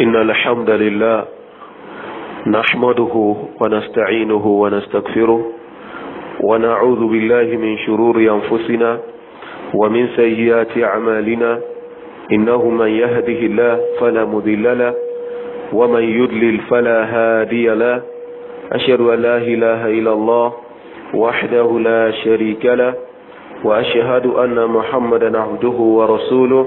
إن الحمد لله نحمده ونستعينه ونستغفره ونعوذ بالله من شرور أنفسنا ومن سيئات أعمالنا إنه من يهده الله فلا مذل له ومن يدلل فلا هادي له أشهد أن لا إله إلا الله وحده لا شريك له وأشهد أن محمدا عبده ورسوله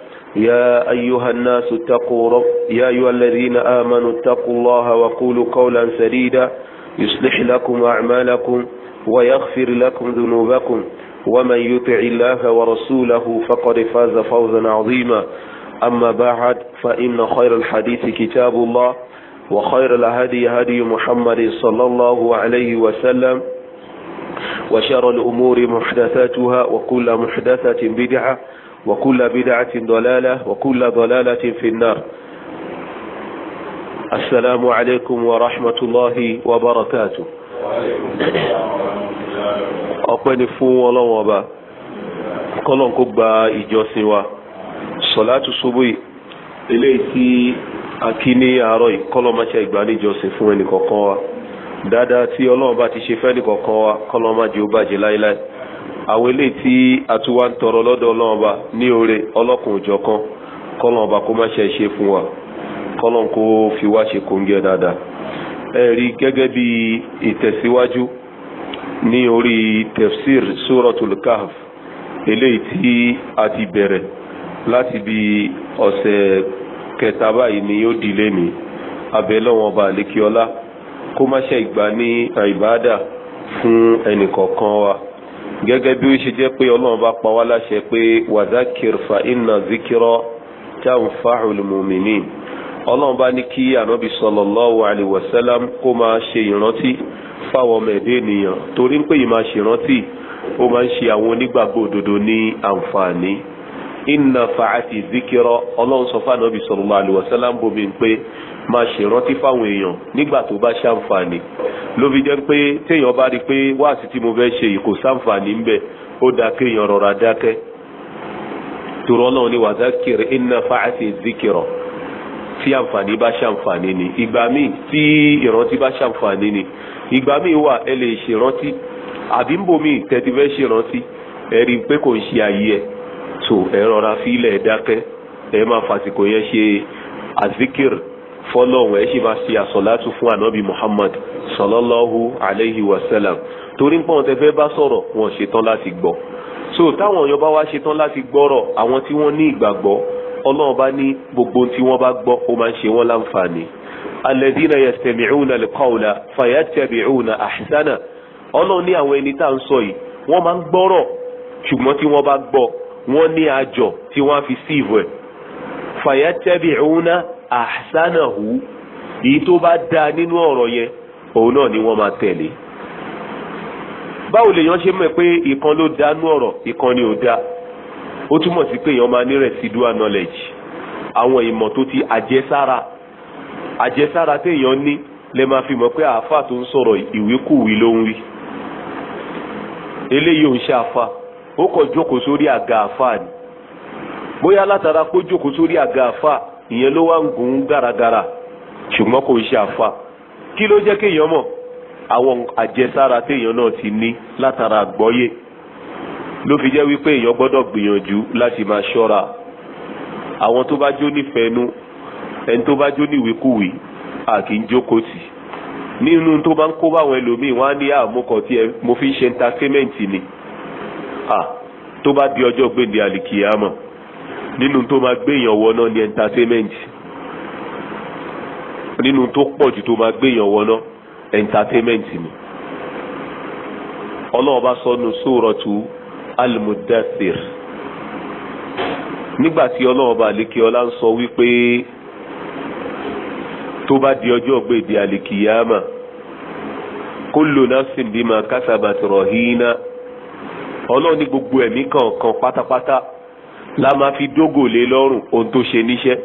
يا أيها الناس اتقوا رب يا أيها الذين آمنوا اتقوا الله وقولوا قولا سديدا يصلح لكم أعمالكم ويغفر لكم ذنوبكم ومن يطع الله ورسوله فقد فاز فوزا عظيما أما بعد فإن خير الحديث كتاب الله وخير الهدي هدي محمد صلى الله عليه وسلم وشر الأمور محدثاتها وكل محدثة بدعة وكل بدعة ضلالة وكل ضلالة في النار السلام عليكم ورحمة الله وبركاته ọpẹ́ni fún ọlọ́wọ́n ọba kọ́lọ́n kó gba ìjọsìn wa sọ̀látù ṣubú eléyìí tí a kí ní àárọ̀ yìí kọ́lọ́n má ṣe ìgbà níjọsìn fún ẹnì kọ̀ọ̀kan wa dáadáa tí ọlọ́wọ́n bá ti ṣe fẹ́ ẹnì kọ̀ọ̀kan wa kọ́lọ́n má jẹ́ ó bàjẹ́ láéláé àwọn eléyìí tí a tún wá ń tọrọ lọ́dọ̀ ọlọ́run ọba ní oore ọlọ́kùn òjọ̀ kan kọ́lọ́n ọba kó má ṣe ṣe fún wa kọ́lọ́n kó fi wá ṣe kóńgẹ́ dáadáa ẹ rí gẹ́gẹ́ bí ìtẹ̀síwájú ní orí tefsir suratul kahf eléyìí tí a ti bẹ̀rẹ̀ láti bí ọ̀sẹ̀ kẹta báyìí ni yóò dìlé ní abẹ́lọ́wọ̀n ọba àlékiọlá kó má ṣe ìgbà ní àìbáàdà fún ẹnìkọ̀ọ̀kan wa. gẹ́gẹ́ bí ó ṣe jẹ́ pé ọlọ́run bá pa wá láṣẹ pé wazakir fa inna zikirọ tanfa'ul mu'minin ọlọ́run bá ní kí ànábì sallallahu alaihi kó máa ṣe ìrántí fáwọn ọmọ ẹ̀dẹ́ ènìyàn torí pé ṣe ìrántí ó máa ń máa ṣèrántí fáwọn èèyàn nígbà tó bá ṣàǹfààní ló fi jẹ́ pé téèyàn bá rí i pé wáàsí tí mo fẹ́ ṣe kò ṣàǹfààní ńbẹ ó dáa kéèyàn rọra dákẹ́ tòrọ náà ni wàzákìrì iná fàáṣì zikirọ̀ tí àǹfààní bá ṣàǹfààní ni ìgbà míì tí ìrántí bá ṣàǹfààní ni ìgbà míì wà ẹ lè ṣèrántí àbí ń bomi tẹ́tí fẹ́ ṣèrántí ẹ rí i pé kò ń ṣe ayé ẹ̀ tó ẹ rọra fílẹ̀ dákẹ́ ẹ máa fàsìkò yẹn ṣe àzikir fọ́lọ́hùn ẹ̀ sì máa ṣe àsọ̀látù fún ànábì muhammad sallallahu alayhi wa sallam torí ń pọ́n tẹ́fẹ́ bá sọ̀rọ̀ wọn ṣetán láti gbọ́ so táwọn èèyàn bá wá ṣetán láti gbọ́rọ̀ àwọn tí wọ́n ní ìgbàgbọ́ ọlọ́run bá ní gbogbo tí wọ́n bá gbọ́ ó máa ń ṣe wọ́n láǹfààní alladhina yastami'una alqawla fayattabi'una ahsana ahsanahu èyí tó bá dáa nínú ọ̀rọ̀ yẹn òun náà ni wọ́n máa tẹ̀lé báwo lèèyàn ṣe mọ̀ pé ìkan ló dáa nú ọ̀rọ̀ ìkan ni ò dáa ó túmọ̀ sí pé èèyàn máa ní residual knowledge àwọn ìmọ̀ tó ti àjẹsára àjẹsára téèyàn ní lè máa fi mọ̀ pé àáfà tó ń sọ̀rọ̀ ìwékùwé ló ń wí eléyìí ò ń ṣe àáfà ó kàn jókòó sórí àga àáfà ni bóyá látara pé jókòó sórí àga àáfà ìyẹn ló wá ń gùn gàràgàrà ṣùgbọ́n kò ṣe àfa kí ló jẹ́ kéèyàn mọ̀ àwọn àjẹsára téèyàn náà ti ní látara àgbọ́yé ló fi jẹ́ wípé èèyàn gbọ́dọ̀ gbìyànjú láti máa ṣọ́ra àwọn tó bá jó nífẹ̀ẹ́nu ẹni tó bá jó níwèékúwì a kì í jókòó tì nínú tó bá ń kó báwọn ẹlòmíì wọn á ní àmúkọ tí mo fi ń ṣe entertainment ni tó bá di ọjọ́ gbèǹde àlìkìyàmọ̀ nínú tó máa gbé èèyàn wọná ní entertainment nínú tó pọ̀ jù tó máa gbé èèyàn wọná entertainment ni ọlọ́run bá sọ nu suratu al-Muddathir nígbà tí ọlọ́run bá àlékè ọlá ń sọ wípé tó bá di ọjọ́ gbèdé àlèkìyàmà kullu nafsin bima kasabat rahina ọlọ́run ní gbogbo ẹ̀mí kọ̀ọ̀kan pátápátá la máa fi dógò lé lọ́rùn ohun tó ṣe níṣẹ́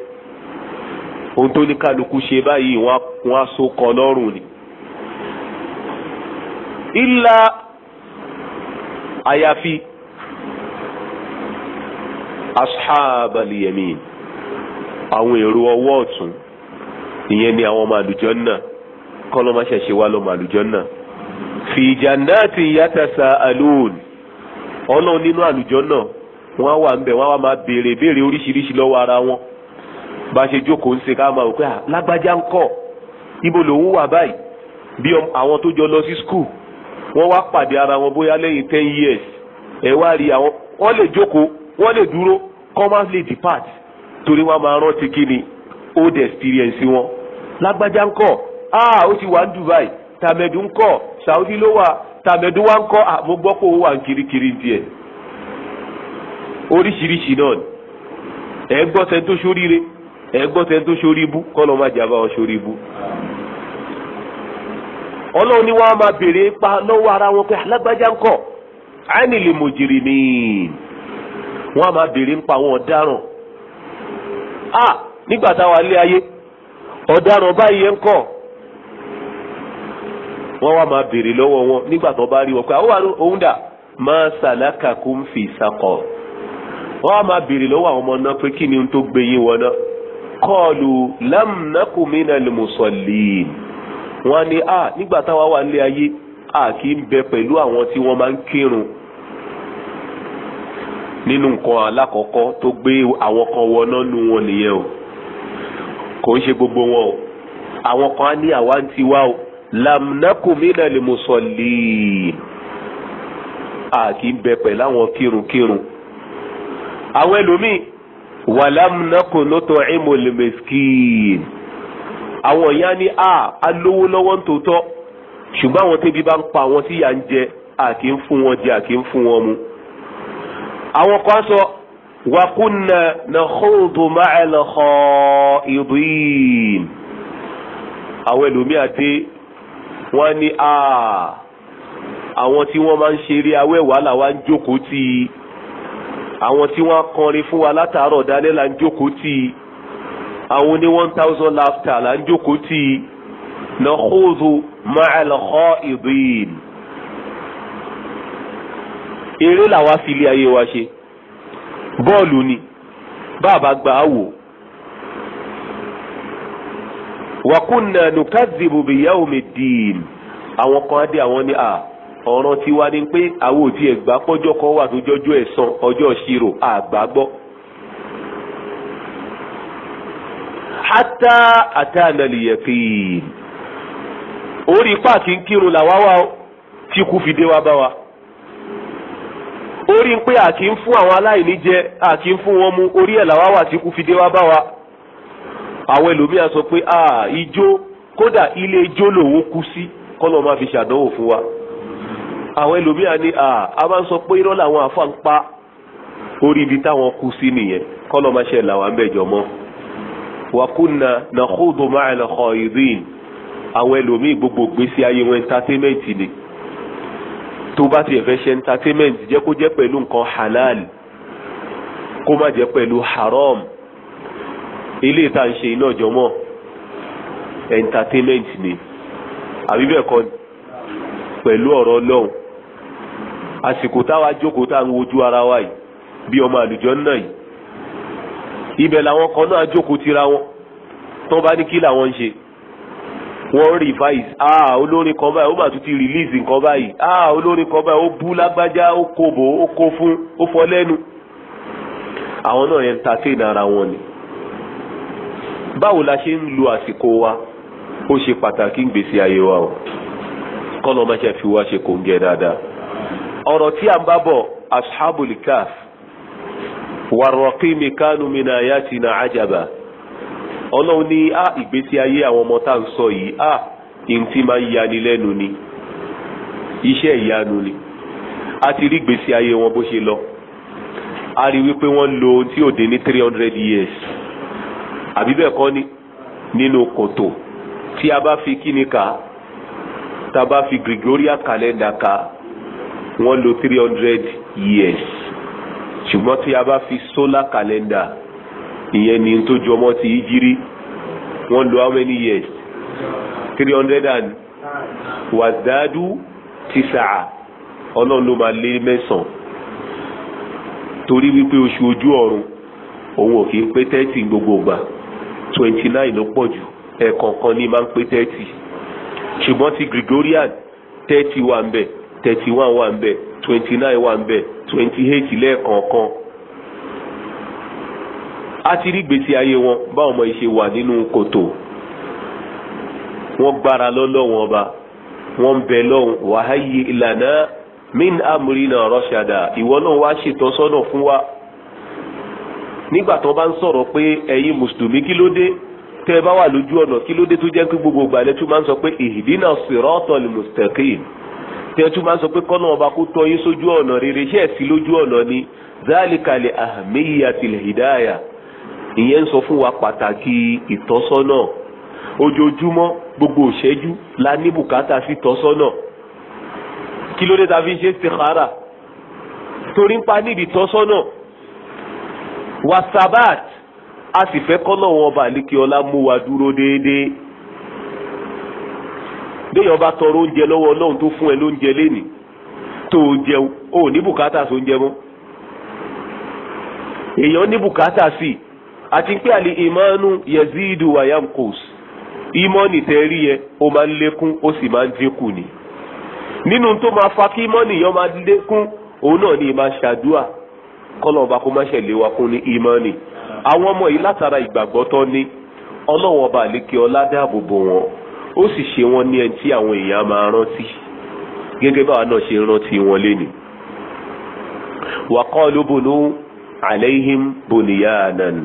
ohun tó ní kálukú ṣe báyìí wọ́n á so kan lọ́rùn ni. ilà àyàfi ashabali yamin àwọn èrò ọwọ́ ọ̀tún ìyẹn ni àwọn ọmọ àlùjọ náà kọ́lọ́ máa ṣẹ̀ṣẹ̀ wá lọ́mọ àlùjọ náà fi jannati yatasa alun ọlọ́run nínú àlùjọ náà wọ́n á wà ń bẹ̀ wọ́n á wà máa béèrè béèrè oríṣiríṣi lọ́wọ́ ara wọn bá ṣe jókòó ń ṣe ká máa wò pé lágbájá ń kọ́ ibo lòun wà báyìí bí àwọn tó jọ lọ sí school wọ́n wá pàdé ara wọn bóyá lẹ́yìn ten years ẹ̀ wá rí àwọn wọ́n lè jókòó wọ́n lè dúró kọ́ lè depart torí wọ́n máa rántí kí ni old experience wọn lágbájá ń kọ́ ah ó ti wà ní Dubai tàmẹ̀dù ń kọ́ Saudi ló wà tàmẹ̀dù wà ń kọ́ ah mo gbọ́ pé òun wà ń kirikiri díẹ̀ oríṣiríṣi náà ni ẹ gbọ́ sẹ́ tó ṣoríire ẹ gbọ́ sẹ́ tó ṣoríbu kọ́ lọ́ má jẹ́ àbá wọn ṣoríbu. ọlọ́run ni wọ́n á máa béèrè pa lọ́wọ́ ara wọn pé alágbájá ń kọ̀ àìní lè mojìrì ni wọ́n á máa béèrè ń pa àwọn ọ̀daràn. a nígbà táwa lé ayé ọ̀daràn báyìí ẹ̀ ń kọ̀ wọ́n wá máa béèrè lọ́wọ́ wọn nígbà tó bá rí wọn pé àwọn òun dà máa sàlákà kó ń fi ìsakọ̀ wọ́n á máa béèrè lọ́wọ́ àwọn ọmọ náà pé kí ni tó gbé yín wọn náà kọ́ọ̀lù lámùnákùnmínà lùmùsọ̀lìn wọ́n á ní à nígbà táwa wà nílé ayé à kì í bẹ pẹ̀lú àwọn tí wọ́n máa ń kírun nínú nǹkan alákọ̀ọ́kọ́ tó gbé àwọn kan wọná nu wọn nìyẹn o kò ń ṣe gbogbo wọn o àwọn kan á ní àwa ń tiwa o lámùnákùnmínà lùmùsọ̀lìn à kì í bẹ pẹ̀lú àwọn kírunkírun. Kirun àwọn ẹlòmíì wàlámùnákò ló tọ ìmọ̀lẹ̀ mẹ́sìkìn àwọn ìyá ni a alówó lọ́wọ́ ń tòótọ́ ṣùgbọ́n àwọn tẹ́bi bá ń pa àwọn tí yà ń jẹ àkì ń fún wọn jẹ àkì ń fún wọn mu. àwọn kan sọ wàkúnnà nàkóòdù máàlùkọ ìdùn àwọn ẹlòmíì àti wọn ni a àwọn tí wọ́n máa ń ṣeré awẹ́wàá làwọn jókòó ti àwọn tí wọ́n kọrin fún wa látàárọ̀ dalẹ́ là ń jókòó tì í àwọn oní one thousand laughter là ń jókòó tì í nakhudu ma'al khaidin eré làwa fi ilé ayé wa ṣe bọ́ọ̀lù ni bàbá gbà á wò wa kunna nukadhibu biyawmi ddin àwọn kan á dé àwọn ní a. Ah ọ̀ràn tiwa ni pé àwọn ò tiẹ̀ gbà pọ́jọ́ kan wà tó jọjọ́ ẹ̀san ọjọ́ ìṣirò àgbàgbọ́. hátà àtànàlìyẹ̀kìn orí páàkì ń kírun làwa wá tí kú fi dé wá bá wa orí pé àkì ń fún àwọn aláìní jẹ àkì ń fún wọn mu orí ẹ̀ làwa wà tí kú fi dé wá bá wa àwọn ẹlòmíà sọ pé ijó kódà ilé ijó lòun kú sí kọ́nà máa fi ṣàdánwò fún wa àwọn ẹlòmíà ní a máa ń sọ pé irọ́ làwọn àfa ń pa orí ibi táwọn kú sí nìyẹn kọ́lọ́ máa ṣe làwọn bẹ̀ jọ mọ́ wàkúnna nàkóòdù máa lọ àwọn ẹlòmíì gbogbo gbèsè ayé wọn entertainment ni tó bá tiẹ̀ fẹ́ ṣe entertainment jẹ́ kó jẹ́ pẹ̀lú nǹkan halal kó má jẹ́ pẹ̀lú haram ilé ìta ń ṣe iná jọmọ́ entertainment ni àbí bẹ́ẹ̀ kọ́ pẹ̀lú ọ̀rọ̀ ọlọ́run àsìkò táwa jókòó tá à ń wojú ara wa yìí bí ọmọ àlùjọ náà yìí ibẹ̀ làwọn kan náà jókòó tira wọn tó bá ní kí làwọn ń ṣe wọ́n revise ah olórin kan báyìí ó mà tún ti release nǹkan báyìí ah olórin kan báyìí ó bú lágbájá ó kòbò ó kó fún ó fọ lẹ́nu àwọn náà entertain ara wọn ni báwo la ṣe ń lo àsìkò wa ó ṣe pàtàkì ìgbésí ayé wa o kọ́ ló má ṣe fi wá ṣe kò ń gẹ dáadáa ọ̀rọ̀ tí a ń bá bọ̀ ashabul kaf warraqimi kanu min ayatina ajaba ọlọ́run ní a ìgbésí ayé àwọn ọmọ tá à ń sọ yìí a ìntì máa ń yani lẹ́nu ni iṣẹ́ ìyanu ni a ti rí ìgbésí ayé wọn bó ṣe lọ a rí wípé wọ́n lo ohun tí ò dín ní three hundred years àbí bẹ́ẹ̀ kọ́ ni nínú kòtò tí a bá fi kíni kà tá a bá fi Gregorian calendar kà wọ́n lò three hundred years ṣùgbọ́n tí a bá fi solar calendar ìyẹn ni tó ju ọmọ ti ìjírí wọ́n lò how many years three hundred and wàdádù tìṣà ọlọ́run ló máa lé mẹ́sàn-án torí wípé oṣù ojú ọ̀run òun ò kì pé thirty gbogbo ìgbà twenty nine ló pọ̀ jù ẹ̀ẹ̀kọ̀ọ̀kan ní máa ń pé thirty ṣùgbọ́n ti Gregorian thirty wà ń bẹ̀ thirty one wà ń bẹ̀ twenty nine wà ń bẹ̀ twenty eight lẹ́ẹ̀kọ̀ọ̀kan a ti rí gbèsè ayé wọn báwọn ọmọ yìí ṣe wà nínú kòtò wọ́n gbára lọ́lọ́wọ́n ọba wọ́n ń bẹ lọ́hùn wàháyé ìlànà min amúrínà rọ́ṣàdà ìwọ náà wá ṣètọ́sọ́nà fún wa nígbà tó bá ń sọ̀rọ̀ pé ẹ̀yin mùsùlùmí kí ló dé tẹ́ ẹ bá wà lójú ọ̀nà kí ló dé tó jẹ́ pé gbogbo ìgbà lẹ́tú máa ń sọ pé ìhìdínà sírọ́tọ̀ ni mùsùtẹ̀kìm tẹ́tù máa ń sọ pé kọ́nà ọba kó tọ́ yín sójú ọ̀nà rere ṣe é sí lójú ọ̀nà ni záàlìkalẹ̀ àmì àtìlẹ̀ ìdáyà ìyẹn ń sọ fún wa pàtàkì ìtọ́sọ́nà ojoojúmọ́ gbogbo òṣẹ́jú la ní bùkátà sí tọ́sọ́nà kí ló dé ta fi ṣe istikhara torí ń pa níbi tọ́sọ́nà wasabat a sì fẹ́ kọ́nà ọba àlékè ọlá mú wa dúró déédéé béèyàn bá tọrọ oúnjẹ lọ́wọ́ ọlọ́run tó fún ẹ lóúnjẹ lénìí tó o jẹun o ò ní bùkátà sóúnjẹ mọ́ èèyàn ní bùkátà sí àti pé àlè ìmánu yezidu wayamkos ìmọ̀nì tẹ́rí yẹ o máa ń lékún ó sì máa ń dínkù ni nínú tó máa fa kí ìmọ̀nì yẹn máa lékún òun náà ni ìmáa ṣàdúà kọ́lọ̀ kó má ṣe wa kún ní ìmọ̀nì àwọn ọmọ yìí látara ìgbàgbọ́ tọ́ ọlọ́wọ́ ọba àlékè ọlá ó sì ṣe wọn ní ẹni tí àwọn èèyàn máa rántí gẹ́gẹ́ báwa náà ṣe rántí wọn lénìí. wàkọ́ ló bònú àlẹ́yìn bòníyàánán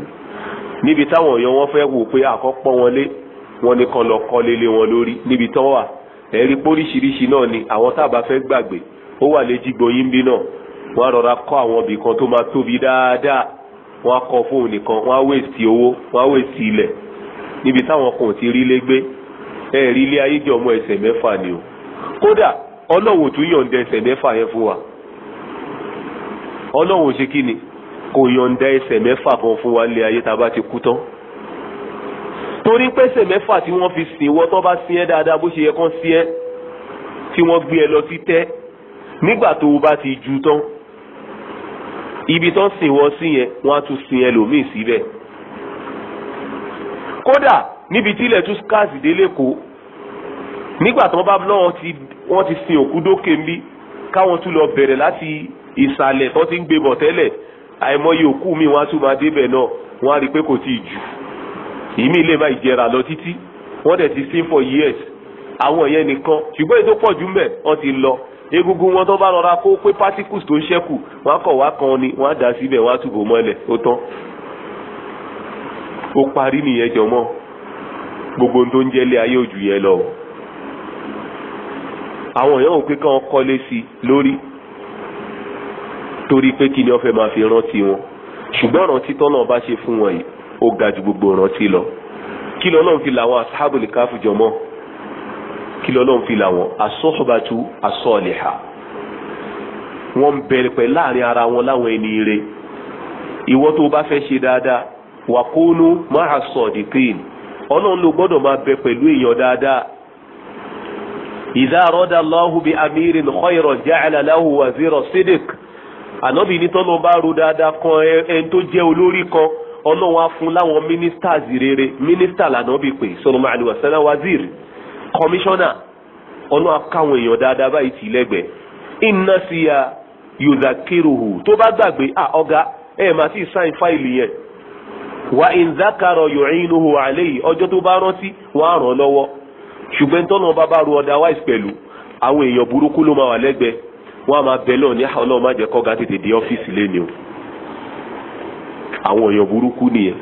níbi táwọn èèyàn wọn fẹ́ wò pé àkọ́pọ̀ wọn lé wọn ní kan lọ kọ́ lélé wọn lórí níbi tán wà ẹ̀rí póríṣiríṣi náà ni àwọn tábà fẹ́ gbàgbé ó wà léjìgbò yín bí náà wọ́n rọra kọ́ àwọn ibì kan tó máa tóbi dáadáa wọ́n á fóun nìkan wọ́n á wèsì owó wọ́n á wèsì ilẹ̀ níbi táwọn kan ò rí lé gbé ẹ̀rí ilé ayé jẹ́ ọmọ ẹsẹ̀ mẹ́fà ni o kódà ọlọ́wọ́ tún yọ̀ǹda ẹsẹ̀ mẹ́fà yẹn fún wa ọlọ́wọ́ ṣe kí ni kò yọ̀ǹda ẹsẹ̀ mẹ́fà kan fún wa ilé ayé tá a bá ti kú tán torí pé ẹsẹ̀ mẹ́fà tí wọ́n fi sìn wọ́n tó bá sin ẹ́ dáadáa bó ṣe yẹ kán sin ẹ́ tí wọ́n gbé ẹ lọ sí tẹ́ nígbà tó o bá ti ju tán ibi tán sìn wọ́n sí yẹn wọ́n á tún sin ẹlòmíì síbẹ̀ kódà níbi tí ilẹ̀ tún scarce dé lẹ́kọ̀ọ́ nígbà tí wọ́n bá lọ́wọ́ wọ́n ti sin òkú dókè ń bí káwọn tún lọ bẹ̀rẹ̀ láti ìsàlẹ̀ tó ti ń gbé bọ̀ tẹ́lẹ̀ àìmọye òkú mi wọ́n á tún máa débẹ̀ náà wọ́n á rí i pé kò tí ì jù ìmí ilé máa ìjẹrà lọ títí wọ́n dẹ̀ ti sin for years àwọn yẹn nìkan ṣùgbọ́n èyí tó pọ̀ jù mẹ́ wọ́n ti lọ egungun wọn tó bá rọra kó pé particles tó ń ṣẹ́kù wọ́n á kọ̀ wá kan ni wọ́n á dà síbẹ̀ wọ́n á túbọ̀ mọ́lẹ̀ ó tán ó parí nìyẹn jọmọ́ gbogbo tó ń jẹ́ ilé ayé òjù yẹn lọ àwọn èèyàn ò pé kí wọ́n kọ́lé sí lórí torí pé kí ni wọ́n fẹ́ máa fi rántí wọn ṣùgbọ́n rántí tọ́nà bá ṣe fún wọn yìí ó ga ju gbogbo rántí lọ kí lọ́nà fi làwọn asábòlì káfù jọmọ́ kí lọ́nà fi làwọn asọ́ọ̀bàtú asọ́ọ̀lẹ̀ha wọ́n bẹ̀rẹ̀ pẹ̀ láàrin ara wọn láwọn ẹni ire ìwọ tó bá fẹ́ ṣe dáadáa wàkónú máa sọ̀dìkìn ọlọ́run ló gbọ́dọ̀ máa bẹ pẹ̀lú èèyàn dáadáa ìdá bi lọ́hùn bíi amírin khayran ja'ala lahu wazira sídìk ànábì ní tọ́lọ́ bá ro dáadáa kan ẹni tó jẹ́ olórí kan ọlọ́run á fún láwọn ministers rere minister lànábì pé sọlọmọ àlùwàsánà wazir commissioner ọlọ́run á káwọn èèyàn dáadáa báyìí lẹ́gbẹ̀ẹ́ iná sí ya tó wa in zakaro yu'inuhu alayhi ọjọ́ tó bá rántí wọ́n á ràn lọwọ ṣùgbọ́n tọ́nà bá bá ru otherwise pẹ̀lú àwọn èèyàn burúkú ló máa wà lẹ́gbẹ̀ẹ́ wọ́n á máa bẹ̀ lọ ní àwọn ah, ọlọ́run má tètè o àwọn èèyàn burúkú nìyẹn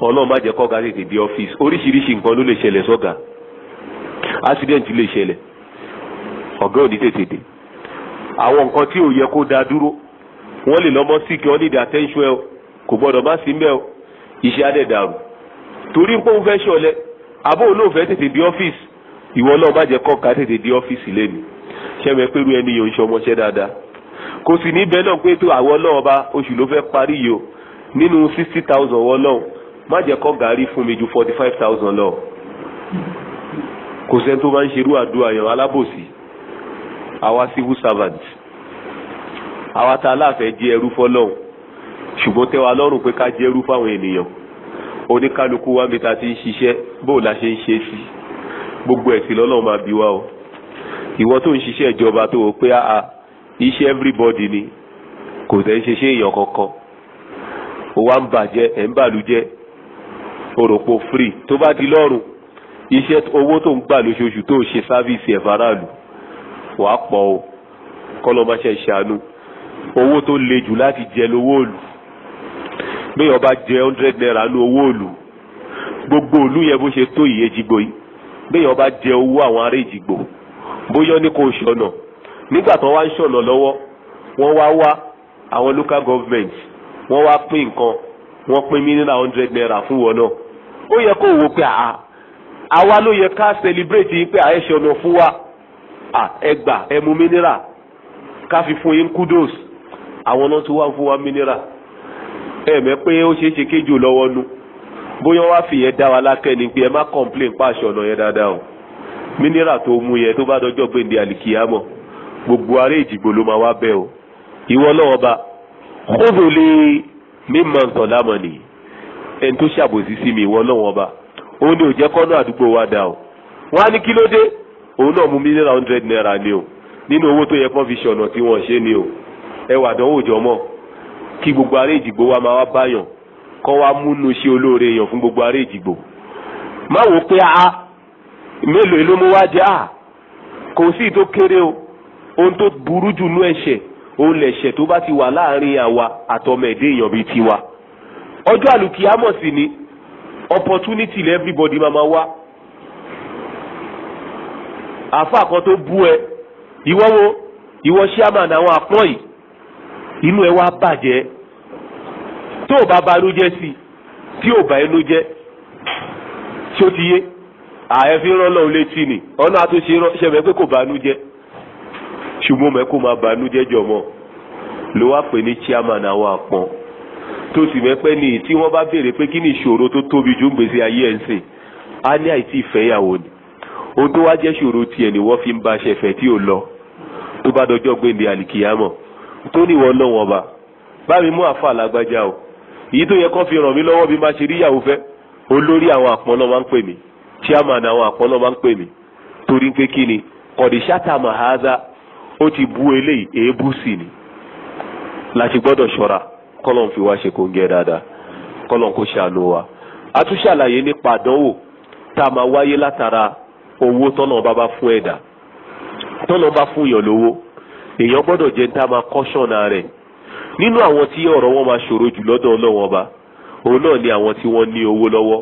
ọla má jẹ́ kọ́ga tètè dé ọ́fíìsì oríṣiríṣi nǹkan ló lè accident lè tètè dé àwọn nǹkan tí ò yẹ kó da dúró lè sí kí iṣẹ́ adẹ̀dàrú torí pé òun fẹ́ ṣọlẹ̀ àbó olóòfẹ́ tètè di ọ́fíìsì ìwọ náà má jẹ́ kọ́ka tètè di ọ́fíìsì lẹ́nu ṣẹ́mi pẹ̀lú ẹni yòó ń ṣọmọṣẹ́ dáadáa kò sì ní bẹ́ẹ̀ náà pé tó àwọn ọlọ́wọ́ bá oṣù ló fẹ́ parí yìí o nínú sixty thousand wọ́n lọ́wọ́ má jẹ́ kọ́ gàárì fún mi ju forty five thousand lọ kò sẹ́ni tó bá ń ṣerú àdúrà yẹn alábòsí àwa civil servant àwa tá a jẹ́ ẹrú fọ́lọ́hún ṣùgbọ́n tẹ́ wa lọ́rùn pé ká jẹ́rú fáwọn ènìyàn oníkálukú wa mi ta ti ń ṣiṣẹ́ bóò la ṣe ń ṣe sí gbogbo ẹ̀sìn lọ́lọ́run máa bí wa o ìwọ tó ń ṣiṣẹ́ ìjọba tó o pé àà iṣẹ́ everybody ni kò tẹ́ ń ṣe ṣe èèyàn kankan o wa ń bàjẹ́ ẹ̀ ń bàlújẹ́ òròpó free tó bá di lọ́rùn iṣẹ́ owó tó ń gbà lóṣooṣù tó ṣe sáfíìsì ẹ̀ faraàlú wàá pọ̀ o kọ́lọ́ máa ṣe ṣàánú owó tó le jù láti jẹ lówó òlù pé ọba jẹ hundred naira ní owó òlù gbogbo òlù yẹn bó ṣe tó ìyẹn jìgbò yìí bẹ́ẹ̀ ọba jẹ owó àwọn ará ìjìgbò bóyá ní kò ṣọ̀nà nígbà tó wá ń ṣọ̀nà lọ́wọ́ wọ́n wá wá àwọn local government wọ́n wá pín nǹkan wọ́n pín mílíọ̀nù hundred naira fún wọn náà ó yẹ kó wò pé àá àwa ló yẹ ká celebrate yìí pé àyè ṣọ̀nà fún wa ẹ gbà ẹ mú mineral ká fi fún yín kudos àwọn náà tún wá fún wa mineral ẹ̀mẹ́ pé ó ṣeé ṣe kéjù lọ́wọ́ nu bóyá wá fìyẹn dá wa lákẹ́ ni pé ẹ má complain pàṣẹ ọ̀nà yẹn dáadáa o mínírà tó mú yẹn tó bá dọjọ́ gbèǹde àlìkìyàmọ̀ gbogbo ará ìdìbò ló máa wá bẹ́ o ìwọ lọ́wọ́ bá kódò lè mímọ sọ̀lámọ̀ nìyí ẹni tó ṣàbòsí sí mi ìwọ lọ́wọ́ bá òun ni ò jẹ́ kọ́nà àdúgbò wa dà o wọ́n ní kí ló dé òun náà mú mínírà hundred naira ni o nínú owó tó yẹ kán fi ṣọ̀nà tí wọ́n ṣe ni o ẹwà àdánwò jọmọ́ kí gbogbo ará ìdìgbò wa máa wá báyàn kọ́ wa múnú ṣe olóore èèyàn fún gbogbo ará ìdìgbò má wò pé a mélòó ló mú wá jẹ́ a kò sí tó kéré o ohun tó burú jù nú ẹ̀ṣẹ̀ òun lẹ̀ṣẹ̀ tó bá ti wà láàrin àwa àtọmẹ̀dé èèyàn bíi tiwa ọjọ́ àlùkìyámọ̀ sì ni opportunity lè everybody máa máa wá àfa kan tó bú ẹ ìwọ wo ìwọ ṣíàmà àwọn àpọ́n yìí inú ẹ wá bàjẹ́ tó o bá ba ló jẹ́ sí tí o bá ẹ ló jẹ́ tí ó ti yé ààyè fi rán lọ́wọ́ létí ni ọ̀nà àtúnṣe ṣẹ̀fẹ̀ pé kò bánú jẹ́ ṣùgbọ́n mẹ́kò máa bánú jẹ́ jọ̀mọ́ ló wá pè ní chairman àwọn àpọ́n tó sì mẹ́pẹ́ ní tí wọ́n bá béèrè pé kí ni ìṣòro tó tóbi jù ń gbèsè ayé ẹ̀ ń sìn á ní àìsí ìfẹ́yàwó ni ohun tó wá jẹ́ ṣòro tiẹ̀ ni wọ́n fi ń ba ṣẹ̀fẹ̀ tí ò lọ tó bá dọjọ́ gbé ní àlìkìyàmọ̀ toni ní ìwọ náà wọn bá bá mi mú àfa o èyí tó yẹ kó fi ràn mí lọ́wọ́ bí má ṣe rí ìyàwó fẹ́ olórí àwọn àpọ́n máa ń pè mí chairman àwọn àpọ́n máa ń pè mí torí pé kí ni ó ti bu eléyìí èébú sí ni láti gbọ́dọ̀ ṣọ́ra kọ́lọ́n fi wá ṣe kó ń gẹ dáadáa kọ́lọ́n kó wa nípa àdánwò tá a máa wáyé látara owó tọ́nà bá bá fún ẹ̀dá tọ́nà èèyàn gbọ́dọ̀ jẹ́ tá a máa rẹ̀ nínú àwọn tí ọ̀rọ̀ wọn máa ṣòro jù lọ́dọ̀ ọlọ́wọ́n ọba òun náà ni àwọn tí wọ́n ní owó lọ́wọ́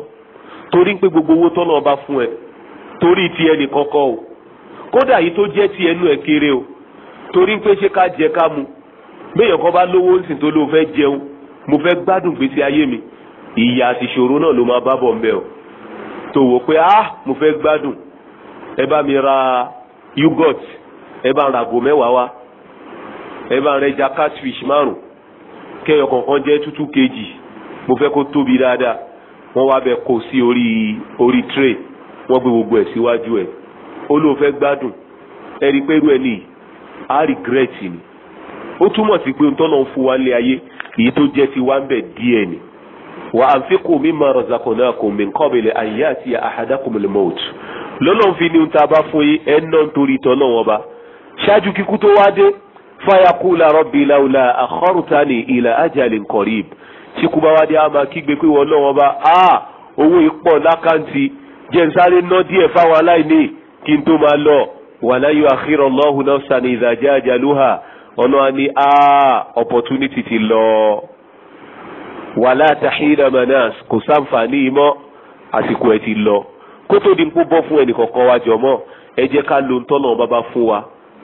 torí pé gbogbo owó tọ́nà ọba fún ẹ torí ti ẹnì kọ́kọ́ o kódà yìí tó jẹ́ ti ẹnu ẹ̀ kéré o torí pé ṣé ká jẹ ká mu béèyàn kan bá lówó ńsìn tó lóun fẹ́ jẹun mo fẹ́ gbádùn gbèsè ayé mi ìyà àti ìṣòro náà ló máa bá bọ̀ mbẹ́ o tó wò pé ah mo fẹ́ gbádùn ẹ bá mi ra yogurt ẹ bá ra àgò mẹ́wàá wá ẹ bá rẹ ja catfish márùn kẹyọ kọ̀ọ̀kan jẹ́ tútù kejì mo fẹ́ kó tóbi dáadáa wọ́n wá bẹ kó sí orí orí tray wọ́n gbé gbogbo ẹ̀ síwájú ẹ̀ ó lóun fẹ́ gbádùn ẹ pé irú ẹ nìyí á regret ni ó túmọ̀ sí pé ntọ́nà ń fún wa lé ayé èyí tó jẹ́ ti wá ń bẹ̀ díẹ̀ ni wa anfiqu mimma razaqnakum min qabli an ya'tiya ahadakumul maut lọ́nà fi ni ta bá fún yín ẹ̀ ń ná nítorí tọ́nà wọn ba ṣáájú kíkú tó wá dé fayakula rabbi laula akhartani ila ajalin qarib tí kú bá wá dé a máa kígbe pé wọ́n lọ́wọ́ bá a owó ìpọ̀ lákàntì jẹ́ n sáré ná díẹ̀ fáwọn aláìní kí n tó máa lọ wala yu'akhirullahu nafsan idha jaa ajaluha ọlọ́wà ní a opportunity ti lọ wala tahina manas kò sáǹfààní mọ́ àsìkò ẹ̀ ti lọ kó tó di ń kó bọ́ fún ẹnì kọ̀ọ̀kan wa jọ̀mọ́ ẹ jẹ́ ká lo ń tọ́nà bàbá fún wa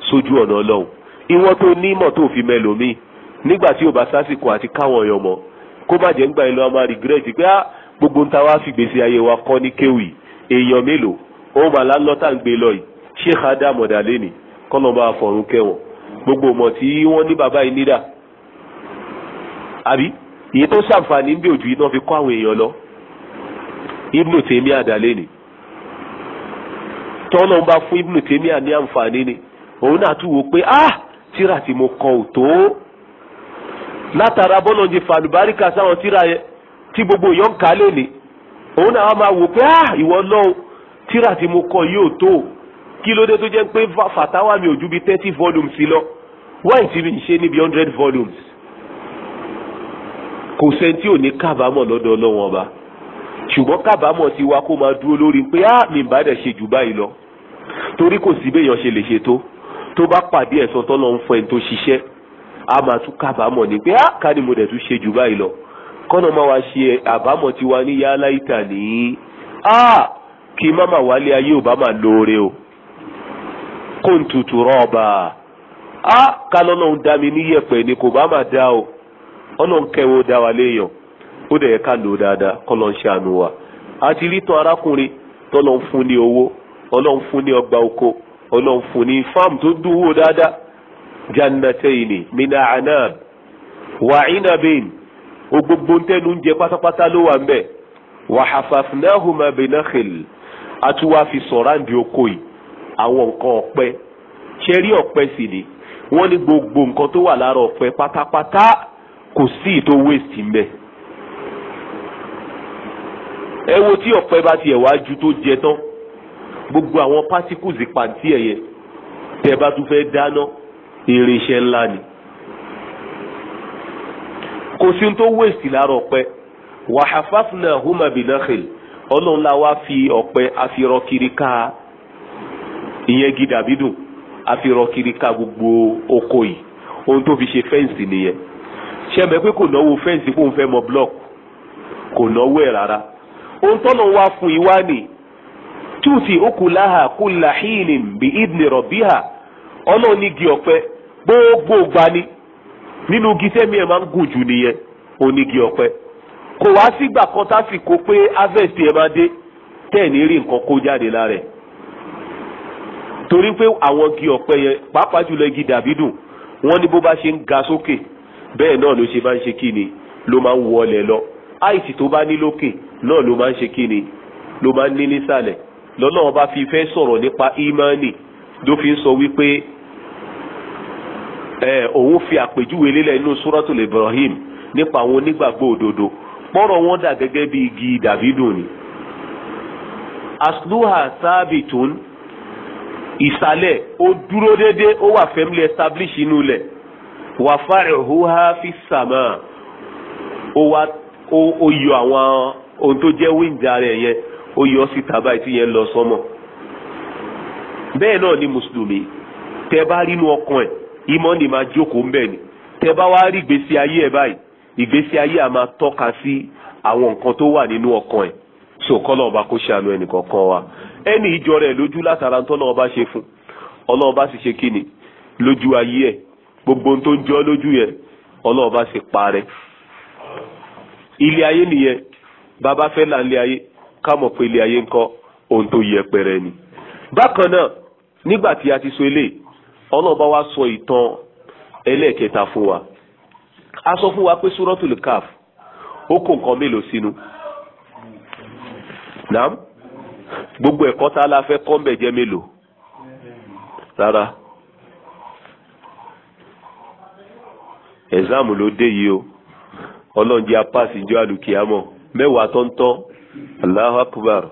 sójú ọ̀nà ọlọ́run ìwọ́n tó nímọ̀ tó fi mẹ́lòmíì nígbà tí ò bá sásìkò àti káwọn èèyàn mọ̀ kó má jẹ́ ńgbà ìlú àmà rìgírẹ́tì pé ah, gbogbo nta wá fi gbèsè ayé wa kọ́ ní kéwì èèyàn mélòó ó mà lálọ́tà ń gbé lọ yìí Sheikh Adam ọ̀dàlẹ́nì kọ́nọ̀bà àfọ̀rún kẹwọ̀n gbogbo ọmọ tí wọ́n ní bàbá yìí nídà àbí èyí tó ṣàǹfààní bí òjò iná fi kọ́ àwọn èèyàn lọ Ibn Taymiyyah àdàlẹ́nì tọ́nà bá fún Ibn Taymiyyah ní àǹfààní ni òun náà tún wò pé ah tíra tí mo kọ ò tó látara bọ́lọ̀ ń jẹ fàlùbáríkà sáwọn tíra yẹn tí gbogbo èèyàn ń kà á lè ní òun náà máa wò pé ah ìwọ lọ́wọ́ tíra tí mo kọ yóò tó kí ló dé tó jẹ́ pé fàtáwà mi ò ju bí thirty volumes lọ wáyé tí mi ń ṣe níbi hundred volumes kò sẹ́ńtì ò ní kábàámọ̀ lọ́dọ̀ ọlọ́wọ́n ọba ṣùgbọ́n kábàámọ̀ ti wa kó máa dúró lórí pé ah mi ń ṣe jù báyìí lọ torí kò sí béèyàn ṣe lè ṣe tó tó bá pàdé ẹ̀san tọ́lọ́ ń fọ ẹni tó ṣiṣẹ́ a máa tún kábàámọ̀ ni pé ah ká ni mo dẹ̀ tún ṣe jù báyìí lọ kọ́nà máa wá ṣe àbámọ̀ tiwa ní yálà ìtà ní ah kí má máa wálé ayé ò bá máa lóore o kó n tutù rọ́ọ̀bà ká lọ́nà ń dá mi ní yẹ̀pẹ̀ ni kò bá máa dá o ọ̀nà ń kẹ́wọ́ dá wa léèyàn ó dẹ̀ yẹ ká lò dáadáa kọ́ lọ́n ṣe àánú wa àti rí tán arákùnrin tọ́lọ́ ń fún ní owó ọlọ́run fún ní ọgbà oko ọlọ́run fún ní fáàmù tó dúró dáadáa jannatayni min anab wa inabin o gbogbo ntẹnu jẹ pátápátá ló wà mbẹ wa hafafnahuma binakhil atuwa fi sọ̀ràǹdì oko yìí àwọn nǹkan ọ̀pẹ ṣẹ́rí ọ̀pẹ sì ni wọ́n ní gbogbo nǹkan tó wà lára ọ̀pẹ pátápátá kò sí ìtò waste mbẹ. ẹ wo tí ọ̀pẹ bá tiẹ̀ wá ju tó jẹ tán gbogbo àwọn particles pàǹtí ẹ̀yẹ tẹ́ bá tún fẹ́ dáná irinṣẹ́ ńlá ni kò sí tó wéèsì lára ọ̀pẹ wàhálàfàfúnà humabinakhil ọlọ́run la wá fi ọ̀pẹ àfirọ́ kiri ká ìyẹn gidi àbídùn àfirọ́ kiri ká gbogbo oko yìí ohun tó fi ṣe fẹ́ǹsì nìyẹn ṣe mẹ́ pé kò náwó fẹ́ǹsì kó ń fẹ́ mọ blọọkù kò náwó ẹ̀ rárá ohun tọ́nà wá fún yìí wá nìyí túùsì okùnláhà kúnlá hílìm bí ìdìní rọ̀bíhà ọlọ́run ní igi ọ̀pẹ gbogbo gbani nínú igi tẹ́mi ẹ̀ máa ń gùn jù nìyẹn onígi ọ̀pẹ kò wá sígbà kan tásìkò pé harvest ẹ̀ máa dé tẹ́ẹ̀ ní rí nǹkan kó jáde lára ẹ̀ torí pé àwọn igi ọ̀pẹ yẹn pàápàá jùlọ igi dàbídùn wọ́n ní bó bá ṣe ń ga sókè bẹ́ẹ̀ náà ló ṣe máa ń ṣe kí ni ló máa ń wọlé lọ àìsí tó bá ní lókè náà ló máa ń ṣe kí ni ló máa ń ní nísàlẹ̀ lọ́nà ọba fi fẹ́ sọ̀rọ̀ nípa ìmánì ló fi ń sọ wípé òun fi àpèjúwe lélẹ̀ inú suratul Ibrahim nípa àwọn onígbàgbọ́ òdodo pọ́rọ̀ wọn dà gẹ́gẹ́ bí igi dàbídù ni asluha sábìtún ìsàlẹ̀ ó dúró dédé ó wà fẹ́mílì establish inú lẹ̀ wà farihuha fi sàmà ó wá ó yọ àwọn ohun tó jẹ́ wíńdà rẹ̀ yẹn ó yọ síta báyìí tí yẹn lọ sọmọ bẹ́ẹ̀ náà ni mùsùlùmí tẹ bá rínú ọkàn ẹ̀ ìmọ̀ ni máa jókòó ńbẹ̀ ni tẹ bá wá rí ìgbésí ayé ẹ̀ báyìí ìgbésí ayé a máa tọka sí àwọn nǹkan tó wà nínú ọkàn ẹ̀ so kọ́lọ̀ ọba kó ṣàánú ẹnì kan wa ẹni ìjọ rẹ̀ lójú látara tó náà ọba ṣe fún ọlọ́ọba sì ṣe kíni lójú ayé ẹ̀ gbogbo ohun tó ń jọ lójú yẹn ọlọ́ọba sì parẹ́ ilé ayé nìyẹn bàbá fẹ́ là ń lé ayé ká mọ̀ pé ilé ayé ń kọ́ ohun tó yẹpẹrẹ ni. bákan náà nígbà tí a ti sọ eléyìí ọlọ́run wa sọ ìtàn ẹlẹ́ẹ̀kẹta fún wa a sọ fún wa pé suratul kaf ó kó nǹkan mélòó sínú. naam gbogbo ẹ̀kọ́ tá a la fẹ́ kọ́ mbẹ̀ jẹ́ mélòó rárá ẹ̀sáàmù ló dé yìí o ọlọ́run jẹ́ apá síjọ́ àlùkìyàmọ̀ mẹ́wàá tọ́ntọ́n Allahu akbar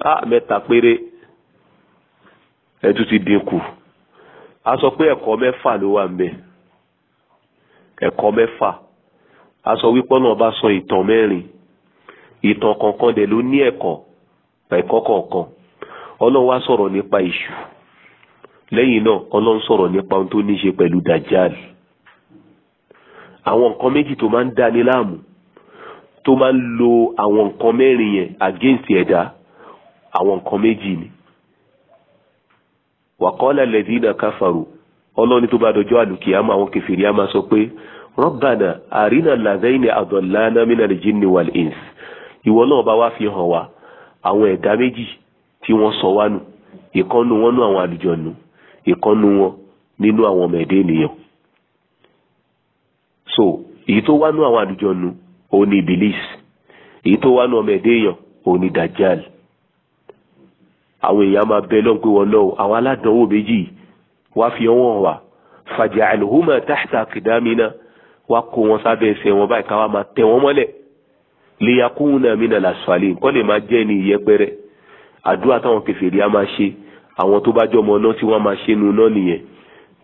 a ah, mẹ́ta péré ẹ tún ti dínkù a sọ pé ẹ̀kọ́ mẹ́fà ló wà ńbẹ̀ ẹ̀kọ́ mẹ́fà a sọ wípé ọ̀nà ọba sọ ìtàn mẹ́rin ìtàn kọ̀ọ̀kan dẹ̀ ló ní ẹ̀kọ́ ẹ̀kọ́ kọ̀ọ̀kan ọlọ́run wá sọ̀rọ̀ nípa ìṣù lẹ́yìn náà ọlọ́run sọ̀rọ̀ nípa ohun tó ní ṣe pẹ̀lú àwọn nǹkan méjì tó tó máa ń lo àwọn nǹkan mẹ́rin yẹn against ẹ̀dá àwọn nǹkan méjì ni wàkọ́lá lẹ́dínà káfàrú ọlọ́ni tó bá dọjọ́ àlùkìyàmọ́ àwọn kẹfìrí a máa sọ pé rọ́bànà àrínà làdẹ́yìnì àdọ̀lánà mínàlì jíní wàl ins ìwọ náà bá wá fi hàn wá àwọn ẹ̀dá méjì tí wọ́n sọ wá nù ìkọ́nu wọn nú àwọn àlùjọ̀nù ìkọ́nu wọn nínú àwọn ọmọ ẹ̀dá ènìyàn so èyí tó wá nú àwọn àlùjọ̀nù òun ni ibilis èyí tó wá nu ọmọ ẹ̀dẹ́ èèyàn òun ni dajjal àwọn èèyàn máa bẹ lọ́n pé wọ́n lọ́wọ́ àwọn aládánwò méjì wá fi ọwọ́n wà fàjà àlùhùmà táṣà kìdámínà wá kó wọn sábẹ́ ẹsẹ̀ wọn báyìí káwá máa tẹ wọn mọ́lẹ̀ lèyàkúnà mínà làṣàlẹ̀ kọ́ lè máa jẹ́ ní ìyẹpẹrẹ àdúrà táwọn kẹfìrí á máa ṣe àwọn tó bá jọmọ náà tí wọ́n máa ṣe nu náà nìyẹn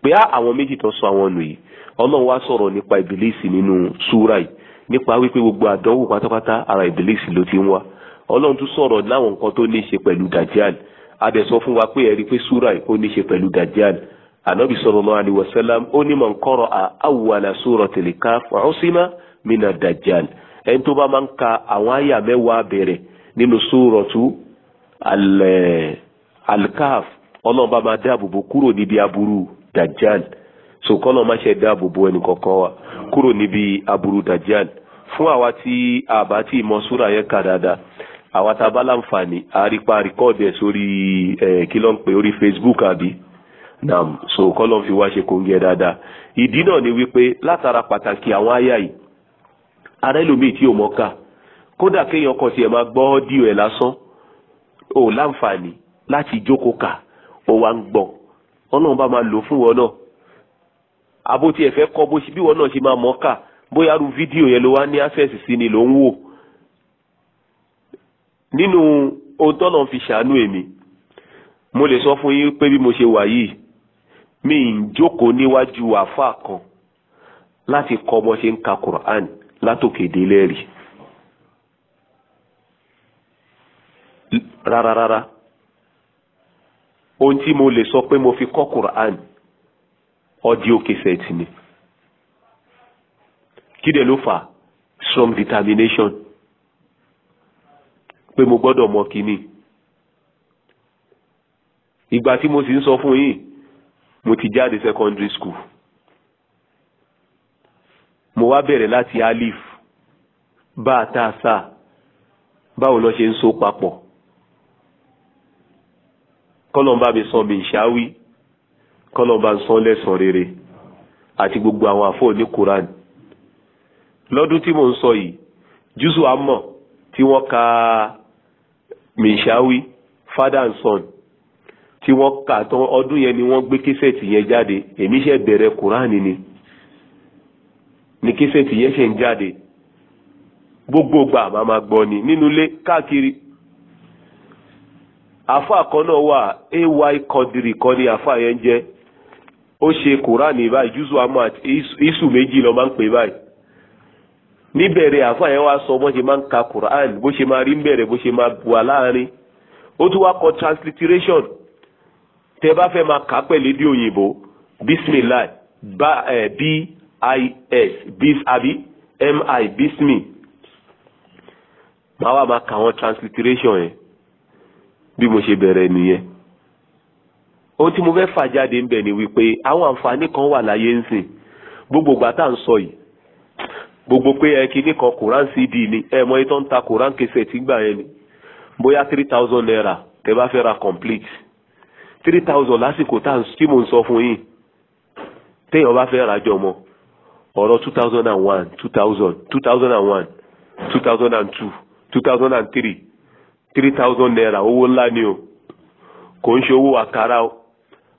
pé àwọn méjì tó sọ àwọn nù yìí ọlọ́run wá sọ̀rọ̀ nípa ìbílíìsì nínú súrà yìí nípa wípé gbogbo àdánwò pátápátá ara ìbílísì ló ti ń wá ọlọ́run tún sọ̀rọ̀ láwọn nǹkan tó ní í ṣe pẹ̀lú dajjal abẹ sọ fún wa pé ẹ̀rí pé súra ó ní í ṣe pẹ̀lú dajjal anabi sallallahu alaihi wasallam ó ní man qara'a sura suratil kahf usima mina dajjal ẹni tó bá máa ń ka àwọn àyà mẹ́wàá bẹ̀rẹ̀ nínú suratu eh, al-kahf ọlọ́run bá máa dáàbò bò kúrò níbi aburú dajjal so kọ́nà má ṣe dáàbò bo ẹnì kọ̀ọ̀kan wa kúrò níbi aburú dajjal fún àwa tí àbá tí ìmọ̀ súra yẹn dáadáa àwa tá bá láǹfààní àrípa rìkọ́ọ̀dù sórí ẹ̀ kí ló ń pè orí Facebook àbí nam so kọ́nà fi wá ṣe kóńgẹ́ dáadáa ìdí náà ni wípé látara pàtàkì àwọn àyà yìí ara ẹlòmíì tí ò mọ̀ ká kódà kéèyàn kan tiẹ̀ máa gbọ́ díò ẹ̀ lásán ò láǹfààní láti jókòó kà ó wá ń gbọ́ ọlọ́run bá máa lò fún wọn náà àbó tiẹ̀ fẹ́ kọ́ bó bí wọn náà ṣe máa mọ̀ ká bóyá ru fídíò yẹn ló wá ní access sí ni ló ń wò nínú ohun tọ́nà fi ṣàánú èmi mo lè sọ fún yín pé bí mo ṣe wà yìí mi ń jókòó níwájú àáfàá kan láti kọ́ bó ṣe ń ka Quran látòkè délẹ̀ rí rárá rárá ohun tí mo lè sọ pé mo fi kọ́ Quran audio cassette ni kí dẹ̀ ló fà strong determination pé mo gbọ́dọ̀ mọ kínní ìgbà tí mo sì ń sọ fún yín mo ti jáde secondary school mo wá bẹ̀rẹ̀ láti alif bá a tá a sá báwo lọ ṣe ń so papọ̀ kọ́lọ̀ ń bá mi sọ mi ìṣáwí kọ́lọ̀ bá ń san lẹ́sàn rere àti gbogbo àwọn àfọ́ ní Quran lọ́dún tí mò ń sọ yìí jùsù àmọ̀ tí wọ́n ka mishawi father and son tí wọ́n kà tán ọdún yẹn ni wọ́n gbé késẹ̀tì yẹn jáde èmi ṣe bẹ̀rẹ̀ Quran ni ni késẹ̀tì yẹn ṣe ń jáde gbogbo gbà màmá gbọ́ ni nínú ilé káàkiri àfa kan wà ay kọdìrì kan ní àfa yẹn jẹ́ ó ṣe kùránì báyìí júzù àmọ́ àti isu méjì lọ máa ń pè báyìí níbẹ̀rẹ̀ àfa yẹn wá sọ bó ṣe máa ń ka quran bó ṣe máa rí ń bẹ̀rẹ̀ bó ṣe máa wà láàrin ó tún wá kọ transliteration tẹ bá fẹ́ máa kà á pẹ̀lú èdè òyìnbó bismillah ba ẹ eh, b i s bis àbí m i bismi máa wá máa kà wọn transliteration yẹn bí mo ṣe bẹ̀rẹ̀ nìyẹn. ohun tí mo fẹ́ fà jáde ń bẹ̀ ni wípé àwọn àǹfààní kan wà láyé ń sìn gbogbo ìgbà tá à ń sọ yìí gbogbo pé ẹ kí ní kan Quran CD ni ẹ mọ itan ta Quran kẹsẹ̀ tí gbà yẹn ni bóyá three thousand naira tẹ bá fẹ́ ra complete three thousand lásìkò tá tí mò ń sọ fún yín téèyàn bá fẹ́ rajọ mọ ọ̀rọ̀ two thousand and one two thousand two thousand and one two thousand and two two thousand and three three thousand naira owó ńlá ni o kò ń ṣe owó àkàrà o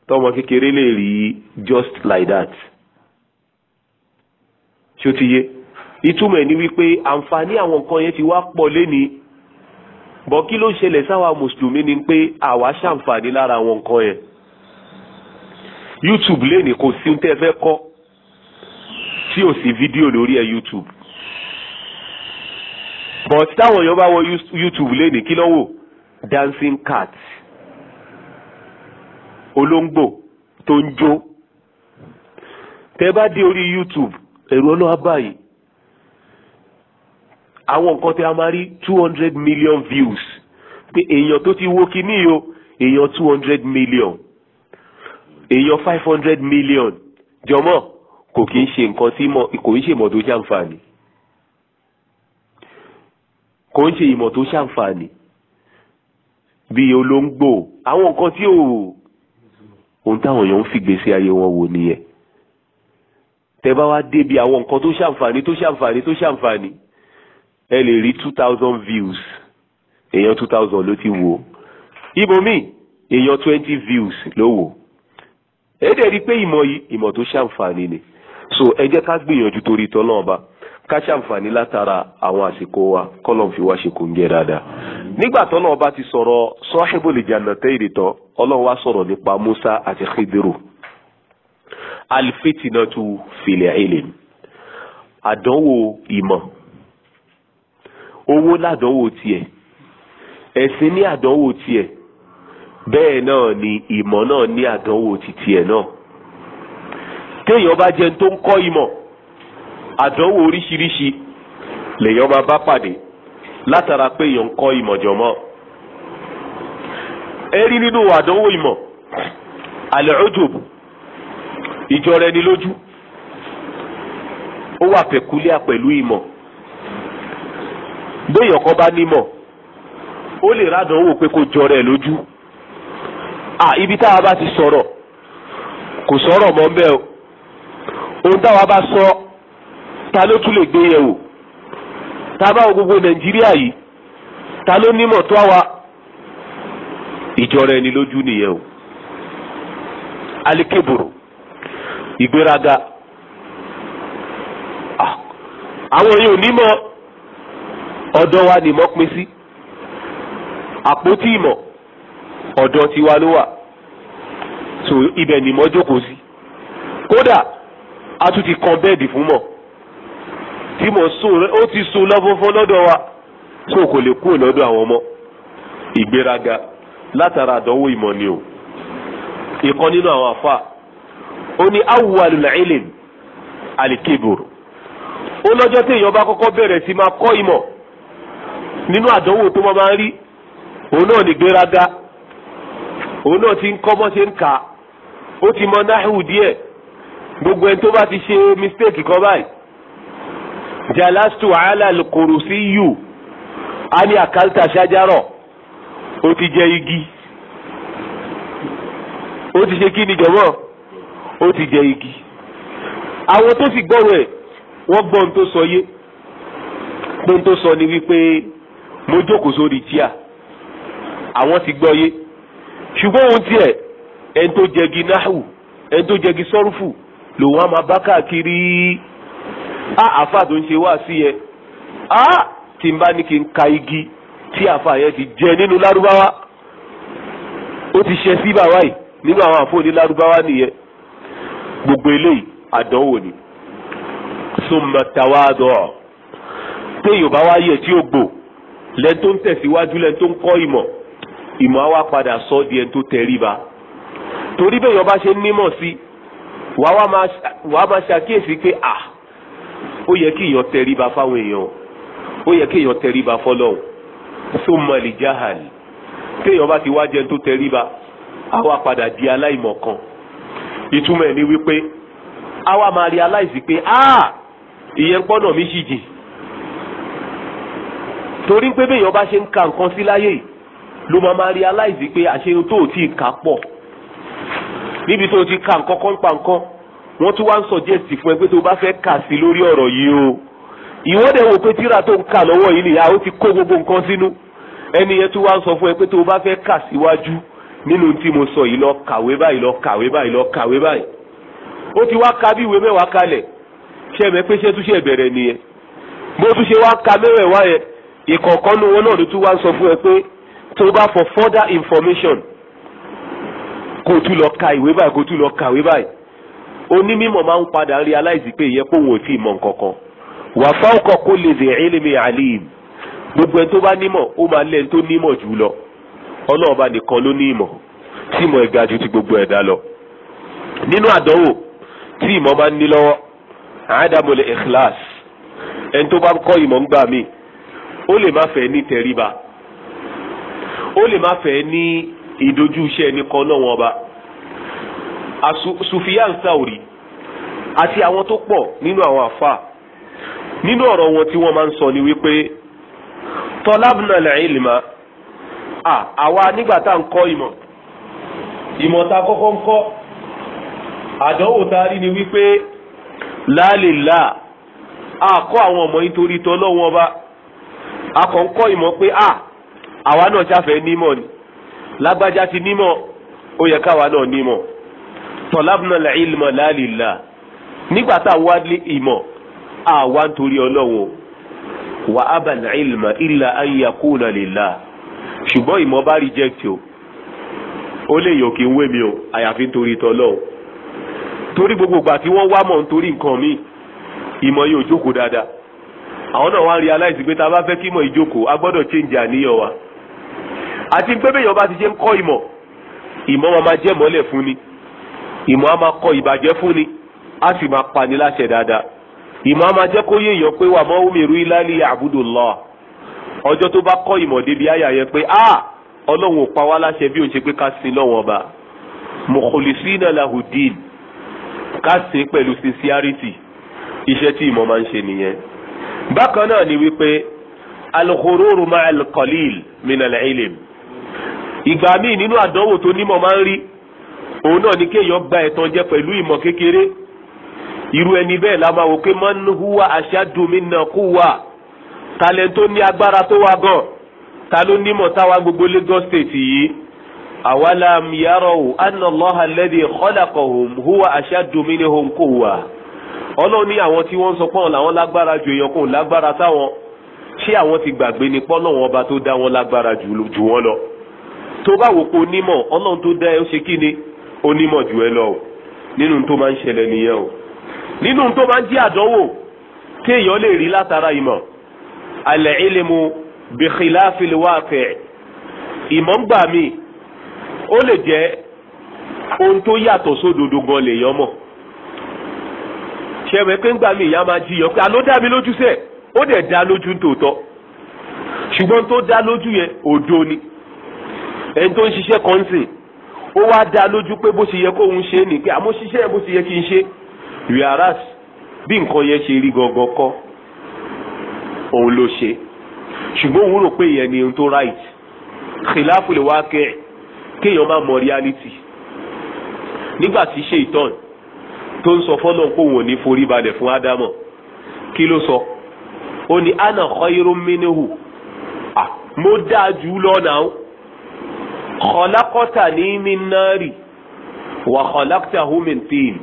tọ́mọ kékeré lè rí just like that ṣó ti yé ìtumọ̀ ẹ̀ ni wípé àǹfààní àwọn nǹkan yẹn ti wá pọ̀ lénìí bọ̀ kí ló ṣẹlẹ̀ sáwa mùsùlùmí ni pé àwa ṣàǹfààní lára àwọn nǹkan yẹn YouTube lénìí kò sí ohun tẹ́ ẹ fẹ́ kọ́ tí ò sí fídíò lórí ẹ̀ YouTube but táwọn èèyàn bá wọ YouTube lénìí kí ló dancing cat olóńgbò tó ń jó tẹ́ bá dé orí YouTube ẹ̀rù ọlọ́wà báyìí àwọn nǹkan tẹ́ a máa rí two hundred million views pé èèyàn tó ti wo kíní o èèyàn two hundred million èèyàn five hundred million jọmọ́ kò kí ń ṣe nǹkan tí kò ń ṣe ìmọ̀ tó ṣàǹfààní kò ń ṣe ìmọ̀ tó ṣàǹfààní bíi olóńgbò àwọn nǹkan tí ò ohun táwọn èèyàn ń fìgbésí ayé wọn wò nìyẹn tẹ bá wá débi àwọn nǹkan tó ṣàǹfààní tó ṣàǹfààní tó ṣàǹfààní ẹ lè rí two thousand views èèyàn two thousand ló ti wò ibòmíì èèyàn twenty views ló wò ẹ dẹ̀ rí i pé ìmọ̀ yìí ìmọ̀ tó ṣàǹfààní ni so ẹ jẹ́ ká gbìyànjú torí tọ́ náà bá ká ṣàǹfààní látara àwọn àsìkò wa kọ́lọ̀ fi wá ṣe kò ń jẹ́ dáadáa nígbà tọ́ náà bá ti sọ̀rọ̀ sọ́hìbòlì jàǹdà tẹ́ ìrètọ́ ọlọ́run wá sọ̀rọ̀ nípa Musa àti Khidiru alifitinatu filẹ̀ ilim àdánwò ìmọ̀ owó ládánwò tiẹ̀ ẹ̀sìn ní àdánwò tiẹ̀ bẹ́ẹ̀ náà ni ìmọ̀ náà ní àdánwò titiẹ̀ náà téèyàn bá jẹun tó ń kọ́ ìmọ̀ àdánwò oríṣiríṣi lèèyàn máa bá pàdé látara pé èèyàn ń kọ́ ìmọ̀ jọ̀mọ́ ẹ̀rí nínú àdánwò ìmọ̀ al-ujub ìjọra ẹni lójú ó wà pẹ̀kúlíà pẹ̀lú ìmọ̀ béèyàn kan bá nímọ̀ ó lè rádánwò pé kó ibi tá bá ti sọ̀rọ̀ kò sọ̀rọ̀ mọ́ mbẹ́ o ohun táwa bá sọ ta ló tún lè gbé yẹ̀ wò ta ló nímọ̀ tó àwa ìjọra ẹni lójú nìyẹn o alikeburu ìgbéraga ah, àwọn yìí ò ní mọ ọ̀dọ̀ wa nìmọ̀ pín sí àpótí ìmọ̀ ọ̀dọ̀ tiwa ló wà so ibẹ̀ nìmọ̀ jókòó sí kódà a tún ti kan bẹ́ẹ̀dì fún mọ̀ tí mo sùn ó ti sùn lọ́fọ́fọ́ lọ́dọ̀ wa so kò lè kúrò lọ́dọ̀ àwọn ọmọ ìgbéraga. látara àdánwò ìmọ̀ ni o ìkan nínú àwọn afa ó ní awwalul ilm alikibur ó lọ́jọ́ tí èèyàn bá kọ́kọ́ bẹ̀rẹ̀ sí máa kọ́ ìmọ̀ nínú àdánwò tó máa rí òun náà ní gbéraga òun náà ti ń kọ́ bọ́ ṣe ń kà ó ti mọ náhù díẹ̀ gbogbo ẹni tó bá ti ṣe mistake kan báyìí jalastu ó ti jẹ igi ó ti ṣe kí ni jọ̀wọ́ ó ti jẹ igi àwọn tó sì gbọ́rọ̀ ẹ̀ wọ́n gbọ́ ohun tó sọ yé ohun tó sọ ni wípé mo jókòó sórí tíà àwọn ti gbọ́ yé ṣùgbọ́n ohun tiẹ̀ ẹni tó jẹgi náhù ẹni tó jẹgi sọ́rùfù lòun á máa bá káàkiri á àáfà tó ń ṣe wá sí yẹ á tí n bá ní kí n ka igi tí àfa yẹn ti jẹ nínú lárúbáwá ó ti ṣe sí bàbá yìí nínú àwọn àfọ̀ní lárúbáwá nìyẹn gbogbo eléyìí àdánwò ni summa tawadu téèyàn bá wáyé tí ó gbò lẹ́ni tó ń tẹ̀síwájú lẹ́ni tó ń kọ́ ìmọ̀ ìmọ̀ á wá padà sọ di ẹni tó tẹríba torí bẹ́ẹ̀ yọba ṣe nímọ̀ sí wàá máa ṣàkíyèsí pé à ó yẹ kí èèyàn tẹríba fáwọn èèyàn ó yẹ kí èèyàn tẹríba fọlọ́hùn summa li jahal téèyàn bá ti wá jẹun tó tẹríba àwa padà di aláìmọ̀ kan ìtumọ̀ ẹ̀ ni wípé àwa máa realize pé ah ìyẹn gbọ́dọ̀ mi sì jìn torí pé béèyàn bá ṣe ń ka nǹkan sí láyé yìí ló máa máa realize pé àṣeyọ tó o ti kà pọ̀ níbi tó o ti ka nǹkan kan pa nǹkan wọ́n tún wá ń suggest fún ẹ pé tó o bá fẹ́ kà sí lórí ọ̀rọ̀ yìí o ìwọ dẹ̀ wò pé tíra tó ń kà lọ́wọ́ yìí nìyà ó ti kó gbogbo nǹkan sínú ẹni yẹn tó wá ń sọ fún ẹ pé tó o bá fẹ́ kà síwájú nínú tí mo sọ yìí lọ kàwé báyìí lọ kàwé báyìí lọ kàwé báyìí ó ti wá ka bí ìwé mẹ́wàá kalẹ̀ ṣe mẹ́ pé ṣé tún ṣe bẹ̀rẹ̀ nìyẹn bó tún ṣe wá ka mẹ́wẹ̀ẹ́wá yẹn ìkọ̀ọ̀kan nu wọn náà ló tún wá ń sọ fún ẹ pé tó o bá for further information kó o tún lọ ka ìwé báyìí kó o tún lọ kàwé báyìí onímọ̀ máa ń padà realize pé ìyẹn pé òun ò tí ì mọ nǹkan kan wà fáwọkọ kó lè dè ẹlẹmi alim gbogbo ẹni tó bá nímọ̀ ó máa lẹ́ni tó nímọ̀ jù lọ ọlọ́ọ̀ba nìkan ló ní ìmọ̀ tí ìmọ̀ ẹ̀ ga ju ti gbogbo ẹ̀dá lọ. nínú àdánwò tí ìmọ̀ bá ní lọ́wọ́ àádámọ̀lẹ̀ ikhlas ẹni tó bá kọ́ ìmọ̀ ń gbà mí ó lè má fẹ́ ní tẹríba ó lè má fẹ́ ní ìdojú iṣẹ́ nìkan náà wọn ba. Sufiyan Sauri àti àwọn tó pọ̀ nínú àwọn àfáà nínú ọ̀rọ̀ wọn tí wọ́n máa ń sọ ni wípé tọ́lábùnà làílìmá à àwa nígbà tá à ń kọ́ ìmọ̀ ìmọ̀ tá a kọ́kọ́ ń kọ́ àdánwò tá a rí ni wípé láàlèlà a kọ́ àwọn ọmọ nítorí tọ́lọ́wọ́n bá a kọ́ ń kọ́ ìmọ̀ pé à àwa náà jáfẹ́ nímọ̀ ni lágbájá ti nímọ̀ ó yẹ káwa náà nímọ̀ tọ́lábùnà làílìmá láàlèlà nígbà tá a wá lé ìmọ̀ àwa nítorí ọlọ́run wà abal ilma illa an yakuna lillah ṣùgbọ́n ìmọ̀ bá reject o ó lè yàn kí n wé mi o àyàfi nítorí tọ́lọ́run torí gbogbo ìgbà tí wọ́n wá mọ̀ nítorí nǹkan mi ìmọ̀ yóò jókòó dáadáa àwọn náà wá realize pé tá a bá fẹ́ kí ìmọ̀ ìjókòó a gbọ́dọ̀ change àníyàn wa àti pé bẹ́ẹ̀ yọba ti ṣe ń kọ́ ìmọ̀ ìmọ̀ máa jẹ́ mọ́lẹ̀ fún ni ìmọ̀ a máa kọ ìbàjẹ́ fún ni a sì máa pani láṣẹ dáadáa ìmọ̀ àmà jẹ́ kó yéèyàn pé wà mọ́ omi ìrú ilá ní abudullah ọjọ́ tó bá kọ́ ìmọ̀ débi àyà yẹn pé a ah, ọlọ́run ò pa wá láṣẹ bí òun ṣe pé ká sin lọ́wọ́n ọba mukhlisina lahudin ká sin pẹ̀lú sincerity iṣẹ́ tí ìmọ̀ máa ń ṣe nìyẹn. bákan náà ni wípé alghurur ma'al qalil minal ilm ìgbà míì nínú àdánwò tó nímọ̀ máa ń rí òun náà ni kéèyàn gba ẹ̀tàn jẹ pẹ̀lú ìmọ̀ kékeré irú ẹni bẹ́ẹ̀ la máa wò pé man huwa ashaddu minna quwwa talẹ̀ tó ní agbára tó wá gan ta ló nímọ̀ táwa gbogbo Lagos state yìí awalam yaraw anna Allaha alladhi khalaqahum huwa ashaddu minhum quwwa ọlọ́run ní àwọn tí wọ́n ń sọ pọ́n làwọn lágbára ju èèyàn kò lágbára táwọn ṣé àwọn ti gbàgbé ni pọ́n lọ́wọ́n ọba tó dá wọn lágbára jù wọ́n lọ tó bá wò pé onímọ̀ ọlọ́run tó dá ẹ ó ṣe kí ni onímọ̀ jù ẹ lọ nínú tó máa ń ṣẹlẹ̀ nìyẹn o nínú tó máa ń jẹ́ àdánwò téèyàn lè rí látara ìmọ̀ alẹ́ ìlẹ̀mú bi khilafil waqi' ìmọ̀ ń gbà mí ó lè jẹ́ ohun tó yàtọ̀ sódodo gan lèèyàn mọ̀ ṣe mẹ́ pé ń gbà mí ìyá máa jiyàn pé àló dá mi lójú sẹ́ẹ̀ ó dẹ̀ dá lójú tòótọ́ ṣùgbọ́n tó dá lójú yẹn òdo ni ẹni tó ń ṣiṣẹ́ kan ó wá dá lójú pé bó ṣe yẹ kóun ṣe é nìkẹ́ àmọ́ ṣiṣẹ́ bó ṣe yẹ kí n ṣe é whereas bí nǹkan yẹn ṣe rí gangan kọ́ òun ló ṣe ṣùgbọ́n òun rò pé ìyẹn ni ohun tó right khilafu lè wá kẹ́ kéèyàn má mọ reality nígbà tí ṣe ìtàn tó ń sọ fọ́nà kó wọn ò ní forí balẹ̀ fún ádámọ̀ kí ló sọ ó ní ana khairun minhu mo dáa jù lọ náà khalaqtani min nari wa khalaqtahu min tin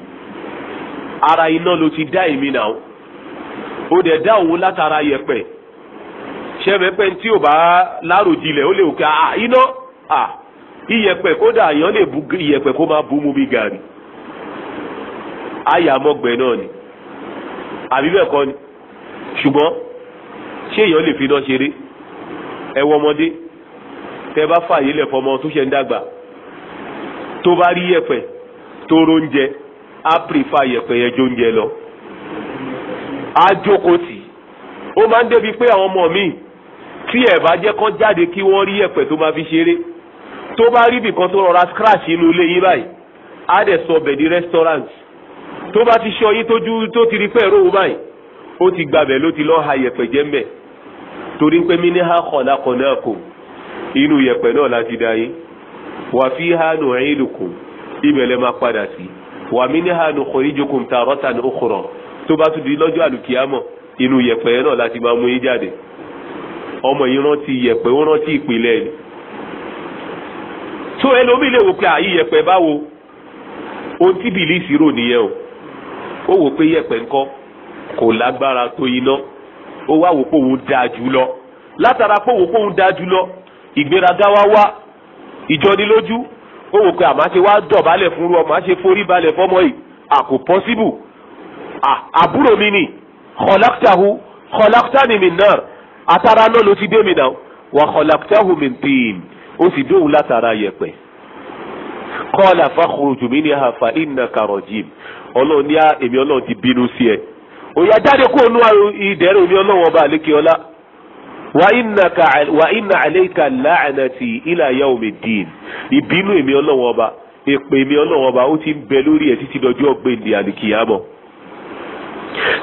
ara iná ló ti dá èmi náà ó dẹ̀ dá òun látara yẹ̀pẹ̀ ṣẹ́mẹ́pẹ́ tí ò bá láròjinlẹ̀ ó lè òkè à iná à iyẹ̀pẹ̀ kódà èèyàn lè bu iyẹ̀pẹ̀ kó máa bu mu bí gàrí àyàmọ́gbẹ́ náà ni àbí bẹ́ẹ̀ kọ́ ni ṣùgbọ́n ṣé èèyàn lè fi iná ṣeré ẹ ọmọdé tẹ bá fààyè lẹ̀ fọmọ tó ṣe ń dàgbà tó bá rí yẹ̀pẹ̀ tó róúnjẹ á pèfà yẹpẹyẹ jóúnjẹ lọ á jókòó tì ó máa ń débi pé àwọn ọmọ mi tí ẹ̀ bá jẹ́ kán jáde kí wọ́n rí yẹ̀pẹ̀ tó máa fi ṣeré tó bá rí ibìkan tó rọra scratch inú ilé yín báyìí á dẹ̀ sọ ọbẹ̀ di restaurant tó bá ti ṣọ yín tójú tó ti rí pẹ̀rọ òun báyìí ó ti gbàbẹ̀ ló ti lọ́ọ́ ha yẹ̀pẹ̀ jẹ́ mbẹ̀ torí pé mí ní ha kọ̀ọ̀lá kan kò inú yẹ̀pẹ̀ náà láti dá yín wà fi hánù ẹ̀yìn lùkùn ibẹ̀ lẹ́ máa padà sí i wa minha nukhrijukum taratan ukhra tó bá tún di lọ́jọ́ àlùkìyámọ̀ inú yẹ̀pẹ̀ náà láti máa mú yín jáde ọmọ yìí rántí yẹ̀pẹ̀ ó rántí ìpìlẹ̀ ni tó ẹlòmíì lè wò pé àyè yẹ̀pẹ̀ báwo ohun tí bìlíìsì rò nìyẹn o ó wò pé yẹ̀pẹ̀ ńkọ́ kò lágbára tó iná ó wá wò pé òun dáa jù lọ látara pé òun dáa jù lọ ìgbéraga wá wá ìjọnilójú ó wò pé àmọ́ ṣe wá dọ̀bálẹ̀ fúnru ọmọ ṣe forí balẹ̀ fọmọ yìí àkò pọ́síbù àbúrò mi ni khalaqtahu khalaqtani min nar atara náà ló ti dé mi náà wà khalaqtahu min tin ó sì dóhùn látara yẹ̀pẹ̀ qala fakhruj minha fa innaka rajim ọlọ́run ní èmi ọlọ́run ti bínú sí ẹ òyà jáde kó o nú ìdẹ́rùn mi ọlọ́run ọba àlékè ọlá wa inna alayka la'nati ila yawmiddin ìbínú èmi ọlọ́wọ́n ọba èpè èmi ọlọ́wọ́n ọba ó ti ń bẹ lórí ẹ̀ títí dọjọ́ gbèǹdé àdìkìyàmọ̀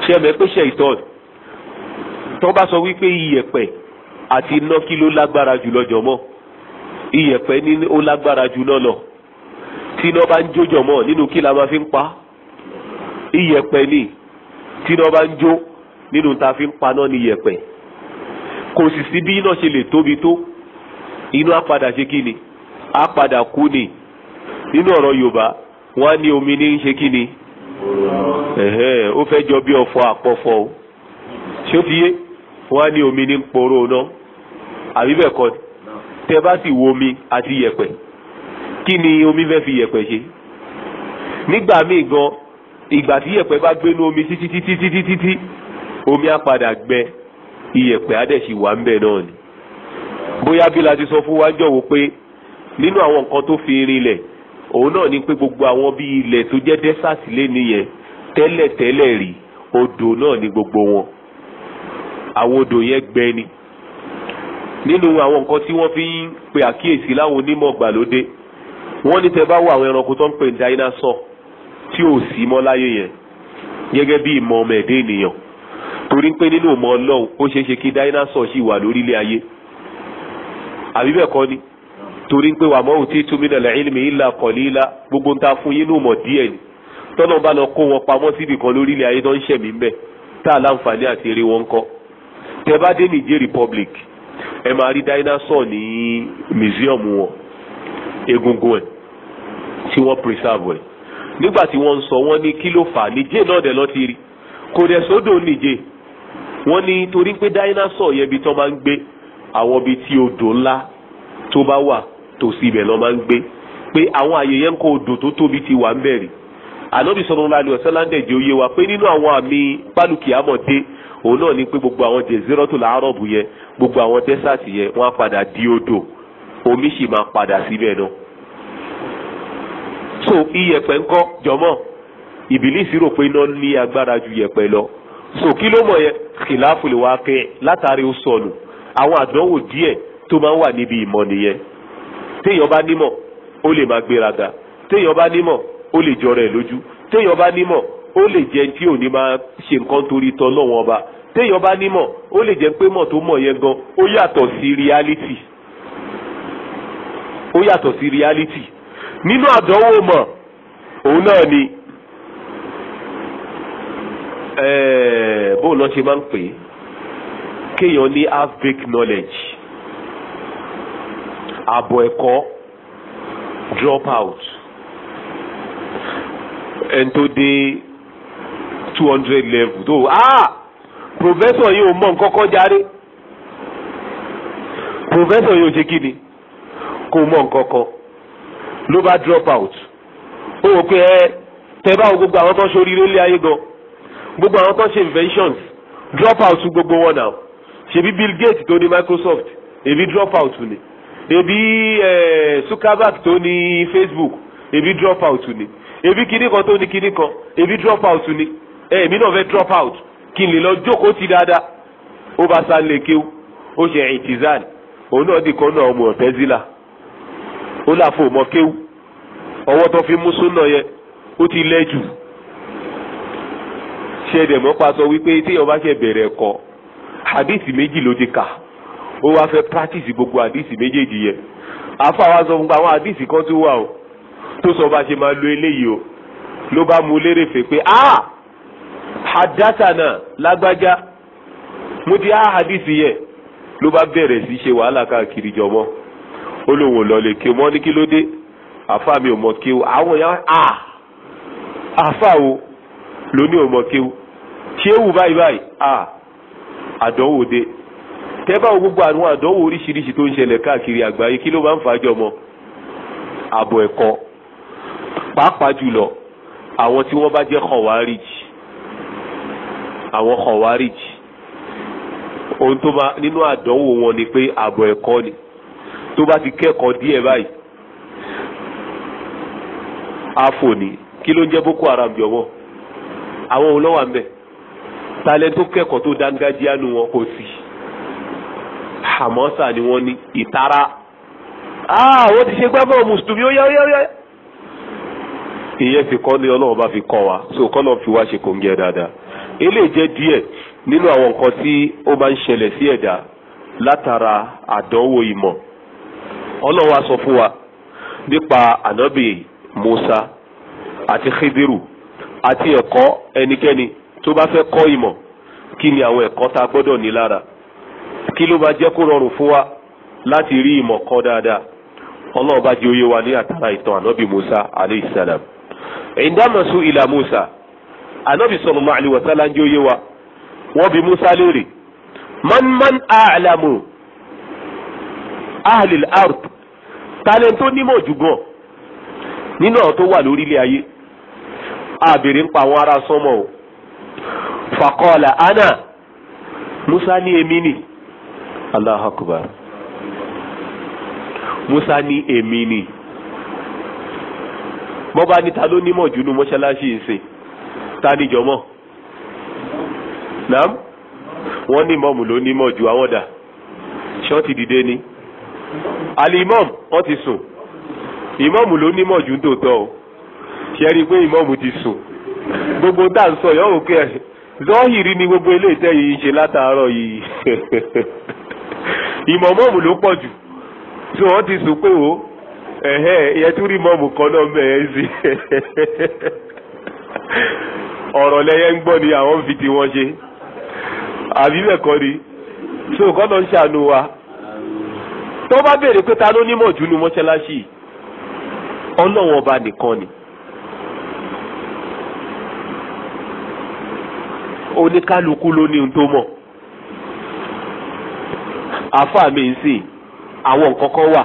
ṣé ẹ̀mẹ́ pé ṣe ìtọ́ tó bá sọ wípé iyẹ̀pẹ̀ àti iná kí ló lágbára jù lọ́jọ́ mọ́ iyẹ̀pẹ̀ ní ó lágbára jù náà lọ tí iná bá ń jójọ́ mọ́ nínú kí la máa fi ń pa iyẹ̀pẹ̀ ni tí iná bá ń jó nínú ta fi ń paná ni iyẹ̀pẹ̀ kò sì sí bí iná ṣe lè tóbi tó iná á padà ṣe kí ni á padà kú ni nínú ọ̀rọ̀ yorùbá wọ́n á ní omi ní í ṣe kí ni ó fẹ́ jọ bí ọ̀fọ̀ àpọ̀fọ̀ o ṣé ó fi yé wọ́n á ní omi ní poro náà àbí bẹ́ẹ̀ kọ́ tẹ bá sì wo omi àti yẹ̀pẹ̀ kí ni omi fẹ́ fi yẹ̀pẹ̀ ṣe nígbà míì gan ìgbà tí yẹ̀pẹ̀ bá gbénú omi títí títí títí títí omi á padà gbẹ iyẹ̀pẹ̀ adẹ̀sí wà ń bẹ̀ náà ni bóyá bí la ti sọ fún wájọ wo pé nínú àwọn nǹkan tó fi rinlẹ̀ òun náà ni pé gbogbo àwọn bíi ilẹ̀ tó jẹ́ dẹ́sàtì lé nìyẹn tẹ́lẹ̀ tẹ́lẹ̀ rí odò náà ni gbogbo wọn àwọn odò yẹn gbẹ ni nínú àwọn nǹkan tí wọ́n fi ń pe àkíyèsí láwọn onímọ̀ gbàlódé wọ́n ní tẹ́ bá wo àwọn ẹranko tó ń pè ní dinosaur tí ò sí mọ́ láyé yẹn gẹ́gẹ́ bí ìmọ̀ ọmọ ẹ̀dá ènìyàn torí pé nínú ọmọ ọlọ́run ó ṣeé ṣe kí dáínásọ̀ sì wà lórílẹ̀ ayé àbí bẹ́ẹ̀ kọ́ ni torí pé wà mọ́ òtí túmínà lẹ́yìnmí ìlà kọ̀lílà gbogbo ń ta fún yín ní ọmọ díẹ̀ ni tọ́nà bá lọ kó wọn pamọ́ síbi kan lórílẹ̀ ayé tó ń ṣẹ̀mí ń bẹ̀ tá a láǹfààní àti eré wọn kọ́ tẹ bá dé Niger Republic ẹ máa rí dáínásọ̀ ní museum wọn egungun ẹ̀ tí wọ́n preserve ẹ̀ nígbà tí wọ́n ń sọ wọ́n ní kí ló fà á Niger náà dẹ̀ lọ́ ti rí kò dẹ̀ sódò níje wọ́n ní torí pé dáínásọ̀ yẹn bí tán máa ń gbé àwọn bíi tí odò ńlá tó bá wà tòsí ibẹ̀ lọ́ máa ń gbé pé àwọn àyè yẹn ń kó odò tó tóbi ti wà ń bẹ̀rẹ̀ ànábì sallallahu alaihi wasallam jẹ́ òye wa pé nínú àwọn àmì pálukì àmọ̀dé òun náà ni pé gbogbo àwọn jaziratul arab yẹn gbogbo àwọn desert yẹn wọ́n á padà di odò omi sì máa padà síbẹ̀ náà. so iyẹ̀pẹ̀ ńkọ́ jọmọ́ ìbílísì rò pé iná ní agbára ju yẹ̀pẹ̀ lọ so kí ló mọ̀ yẹn kìláàfù lè wá kẹ́ látàrí ó sọnù àwọn àdánwò díẹ̀ tó máa ń wà níbi ìmọ̀ nìyẹn téèyàn bá nímọ̀ ó lè máa gbéraga téèyàn bá nímọ̀ ó lè jọra ẹ̀ lójú téèyàn bá nímọ̀ ó lè jẹ́ tí ò ní máa ṣe nǹkan torí tọ́ lọ́wọ́n ọba téèyàn bá nímọ̀ ó lè jẹ́ pé mọ̀ tó mọ̀ yẹn gan ó yàtọ̀ sí reality ó yàtọ̀ sí reality nínú àdánwò mọ̀ òun náà ni Eh, bóun náà ṣe máa ń pè é kéèyàn ní half break knowledge àbọ̀ ẹ̀kọ́ drop out ẹni tó dé two hundred level tó ah professor yìí ò mọ nǹkan kan járe professor yìí ò ṣe kí ni kò mọ nǹkan kan ló bá drop out ó wò pé ẹ eh, tẹ báwo gbogbo àwọn tó ń ṣoríire lé ayé gan gbogbo àwọn tó ṣe inventions drop out gbogbo wọn náà ṣebí Bill Gates tó ní Microsoft èbí drop out ni èbí eh, Zuckerberg tó ní Facebook èbí drop out ni èbí kinní kan tó ní kinní kan èbí drop out ni eh, èmi náà fẹ́ drop out kí n lè lọ jókòó ti dáadáa ó bá sá lè kéwú ó ṣe ìtìzán òun náà di kan náà ọmọ ọ̀tẹ́zílà ó láfo mọ́ kéwú ọwọ́ tó fi mú súnà yẹ ó ti lẹ́jù ṣẹlẹ̀ mọ́pá sọ wípé téèyàn bá ṣe bẹ̀rẹ̀ ẹ̀kọ́ hadisi méjì ló ti kà ó wá fẹ́ practice gbogbo hadisi méjèèjì yẹn afa wa sọ fúnpa àwọn hadisi kan tó wà o tó sọ bá ṣe máa lo eléyìí o ló bá mu lérè fè pé a hadatana lágbájá mo ti há hadisi yẹn ló bá bẹ̀rẹ̀ sí ṣe wàhálà káàkiri jọmọ́ ó lóun ò lọ kí o mọ́ ní kí ló dé àfa mi ò mọ̀ kí o àwọn yẹn a àfa o lóní ò mọ̀ kí o ṣéwù báyìí báyìí à àdánwò dé tẹ́bà wo gbogbo àwọn àdánwò oríṣiríṣi tó ń ṣẹlẹ̀ káàkiri àgbáyé kí ló máa ń fàájọ mọ́ àbọ̀ ẹ̀kọ́ pàápàá jùlọ àwọn tí wọ́n bá jẹ́ kọ̀wárìjì àwọn kọ̀wárìjì ohun tó máa nínú àdánwò wọn ni pé àbọ̀ ẹ̀kọ́ ni tó bá ti kẹ́kọ̀ọ́ díẹ̀ báyìí àfò ni kí ló ń jẹ́ boko haram jọ̀wọ́ àwọn olówó àmbẹ̀ talent tó kẹ́kọ̀ọ́ tó dángájíá nu wọn kò sí àmọ́sà ni wọ́n ní ìtara ah wọ́n ti ṣe gbábọ̀ mùsùlùmí ó yá ó yá ó yá ìyẹn fi kọ́ ni ọlọ́run bá fi kọ́ wa so kọ́ náà fi wá ṣe kòńgẹ́ dáadáa eléyìí jẹ́ díẹ̀ nínú àwọn nǹkan tí ó máa ń ṣẹlẹ̀ sí ẹ̀dá látara àdánwò ìmọ̀ ọlọ́run á sọ fún wa nípa ànábì Musa àti Khidiru àti ẹ̀kọ́ ẹnikẹ́ni tó bá fẹ́ kọ́ ìmọ̀ kí ni àwọn ẹ̀kọ́ tá a gbọ́dọ̀ ní lára kí ló bá jẹ́ kó rọrùn fún wa láti rí ìmọ̀ kọ́ dáadáa ọlọ́run bá jẹ́ oyé wa ní àtàrà ìtàn ànábì musa alayhi salam ìdámọ̀sù ìlà musa ànábì sallallahu alaihi wasallam ń jẹ́ oyé wa wọ́n bi musa léèrè man man ahlil ard talẹ̀ tó nímọ̀ jù nínú àwọn tó wà lórílẹ̀ ayé àbèrè ń pa àwọn ará sánmọ̀ o faqala ana musa ní èmi ni Allahu akbar musa ní èmi ni bọ́ba ní ta ló nímọ̀ jù nú mọ́ṣáláṣí ìsìn ta ni jọmọ́ naam wọ́n ní mọ́mù ló nímọ̀ jù àwọn dà ṣọ́ọ̀tì dìde ni alimọ́m wọ́n ti sùn ìmọ̀mù ló nímọ̀ jù ń tòótọ́ o ṣe rí i pé ìmọ̀mù ti sùn gbogbo tá à ń sọ yọ òkè zọ́hìrì ni gbogbo eléyìí tẹ́ yìí ṣe látàárọ̀ yìí ìmọ̀ mọ́ọ̀mù ló pọ̀ jù tí wọ́n ti sùn pé o ẹ̀hẹ́ ìyẹn tún rí mọ́ọ̀mù kan náà sí ọ̀rọ̀ ń gbọ́ ni àwọn fi ti wọ́n ṣe àbí bẹ́ẹ̀ ni tí òkọ́ náà ń ṣàánú wa tó ni. oníkálukú ló ní ohun tó mọ̀ àáfàá mi ń sìn àwọn nǹkan kan wà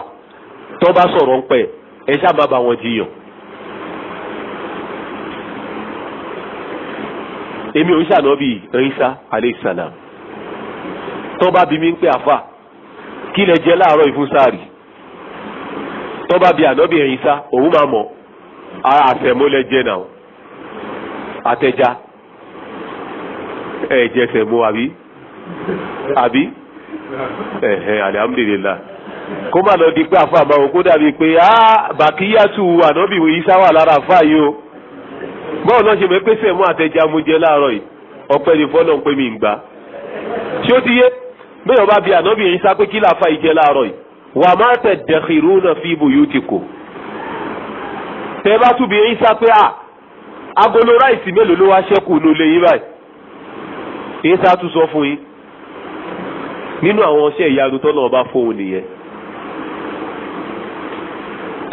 tó bá sọ̀rọ̀ ń pẹ̀ ẹ ṣáà má bá wọn jiyàn. èmi ò ń ṣànábì Ìsá aleyhisalaam tó bá bí mi ń pè àáfàá kí lẹ jẹ láàárọ̀ ìfúnsáàrì tó bá bí ànábì Ìsá òun máa mọ̀ àṣẹmó náà àtẹjá Eh, ẹ jẹsẹ̀ mú àbí àbí ẹ̀hẹ́ alihamudulila kó má lọ di pé àfa àmà òkú dàbí pé á bàkíyàtù ànábì ìsá wà lára àfa yìí o báwo lọ ṣe mọ̀ pé sẹ̀mú àtẹ̀já mo láàárọ̀ yìí ọpẹ́ ní fọ́nà pé mi ń gbà ṣé ó ti yé bẹ́ẹ̀ bá bi ànábì ìsá pé kí làáfà yìí jẹ láàárọ̀ yìí wà má tẹ̀ dẹ̀kìrú náà fi ibò yóò ti kò tẹ́ bá tún bi ìsá pé à agolo ráìsì mélòó ló wá ṣẹ́kù nulẹ̀ yín báyìí èyí tá a tún sọ fún yín nínú àwọn ọṣẹ ìyanu tọ́nà ọba fóun nìyẹn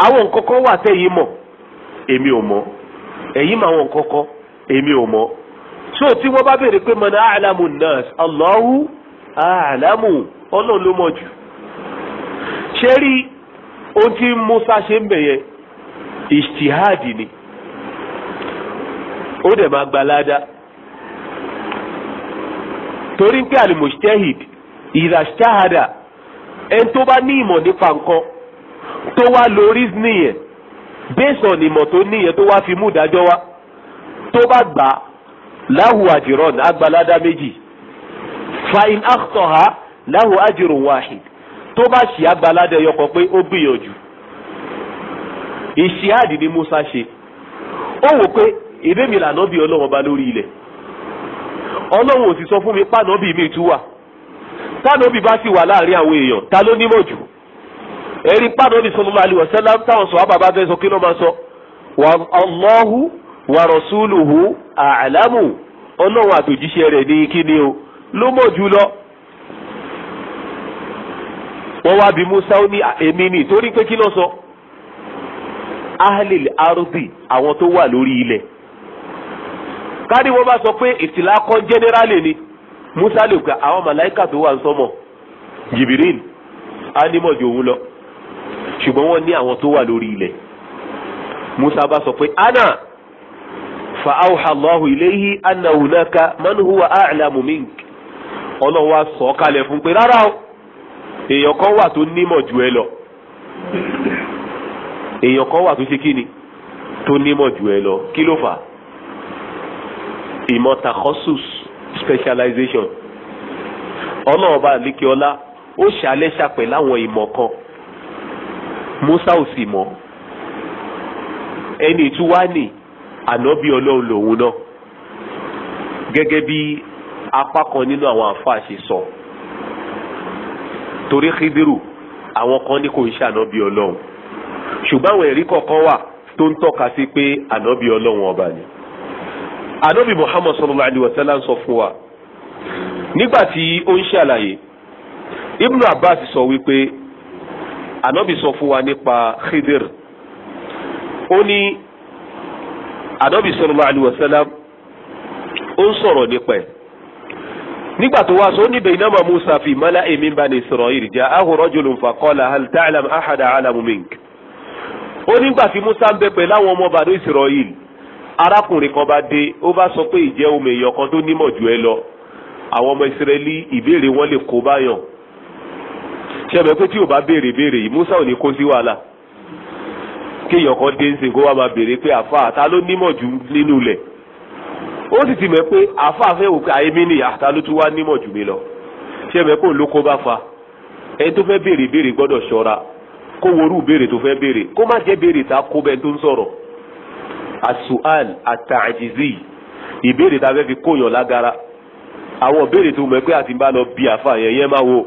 àwọn nǹkan kan wà tẹ́yìn mọ̀ èmi ò mọ̀ ẹ̀yin mọ̀ àwọn nǹkan kan èmi ò mọ̀ so tí wọ́n bá béèrè pé mọ̀nà àlámù nas Allahu àlámù ọlọ́run ló mọ̀ jù ṣé rí ohun tí Musa ṣe ń bẹ̀yẹ ìṣtìhádì ni ó dẹ̀ máa gbalada torí pé alimujtahid ìdàṣáhadà ẹni tó bá ní ìmọ̀ nípa nǹkan tó wá lo reasoning yẹn based on ìmọ̀ tó níyẹn tó wá fi mú ìdájọ́ wá tó bá gbà láhùn àjìrán àgbàládá méjì fain akhtaha láhùn àjìrún wahid tó bá ṣì àgbàládá ẹyọkọ pé ó gbìyànjú ìṣíàdì ni Musa ṣe ó wò pé èdè mi lànà bí ọlọ́wọ́n ba lórí ilẹ̀ ọlọ́run ò sì sọ fún mi pànọ́bì mi tún wà pànọ́bì bá sì wà láàrin àwọn èèyàn ta ló nímọ̀ jù ẹ̀rí pànọ́bì sallallahu alaihi wasallam táwọn sọ àbàbà bẹ́ẹ̀ sọ kí ló máa sọ wà Allahu wà rasuluhu a'lamu ọlọ́run àtòjíṣẹ́ rẹ̀ ní kíni o ló mọ̀ jù lọ wọ́n wá bí Musa ó ní èmi ni torí pé kí ló sọ ahlil ardi àwọn tó wà lórí ilẹ̀ kárí wọ́n bá sọ pé ìtìlá kọ́ ni musa lè gba àwọn màláìka tó wà ń sọmọ lọ ṣùgbọ́n wọ́n ní àwọn tó wà lórí ilẹ̀ musa bá sọ pé ana fa awha allahu ilayhi anna hunaka man huwa a'lamu mink ọlọ́run wá sọ kalẹ fún pé rárá o èèyàn kan wà tó ju ẹ lọ ìmọ̀ takosus specialization ọlọ́ọ̀ba àlékeọlá ó ṣàlẹ́ ṣàpẹ̀ láwọn ìmọ̀ kan Musa ò sì mọ̀ ẹni tí wàá nì ànábì ọlọ́run lòun náà gẹ́gẹ́ bí apá kan nínú àwọn àfáà ṣe sọ torí Khidiru àwọn kan ní kò ń ṣe ọlọ́run ṣùgbọ́n àwọn ẹ̀rí kọ̀ọ̀kan wà tó ń tọ́ka sí pé ànábì ọlọ́run ọba ni ànábì muhammad sallallahu alayhi wa sallam sọ fún wa nígbà tí ó ń ṣàlàyé ibn abbas sọ wípé ànábì sọ fún wa nípa khidir ó ní ànábì sallallahu alayhi wa sallam ó ń sọ̀rọ̀ nípa ẹ̀ nígbà tó wá sọ ní bainama musa fi mala'i min bani isra'il ja'ahu rajulun faqala hal ta'lam ahada alamu mink ó nígbà tí musa ń bẹ pẹ̀lú àwọn ọmọ bani isra'il arákùnrin kan bá dé ó bá sọ pé ìjẹ́ ọmọ èèyàn kan tó nímọ̀ jù ẹ lọ àwọn ọmọ ìsirẹ́lì ìbéèrè wọn lè kó báyàn ṣe mọ̀ pé tí ò bá béèrè béèrè yìí Musa ò ní kó sí wàhálà kéèyàn kan dé ń sìn kó wá máa béèrè pé àfa ta ló nímọ̀ jù nínú ilẹ̀ ó sì ti mọ̀ pé àfa fẹ́ wò pé àyèmí ni àta ló tún wá nímọ̀ jù mí lọ ṣe mọ̀ pé òun bá fa ẹni tó fẹ́ béèrè béèrè gbọ́dọ̀ ṣọ́ra kó worú béèrè tó fẹ́ béèrè kó má jẹ́ béèrè ta kó bẹ́ẹ̀ tó ń sọ̀rọ̀ asual atajizi ìbéèrè tá a fẹ́ fi kóyàn lágara àwọn béèrè tó mọ̀ pé àti bá lọ bí àfa yẹn yẹn máa wo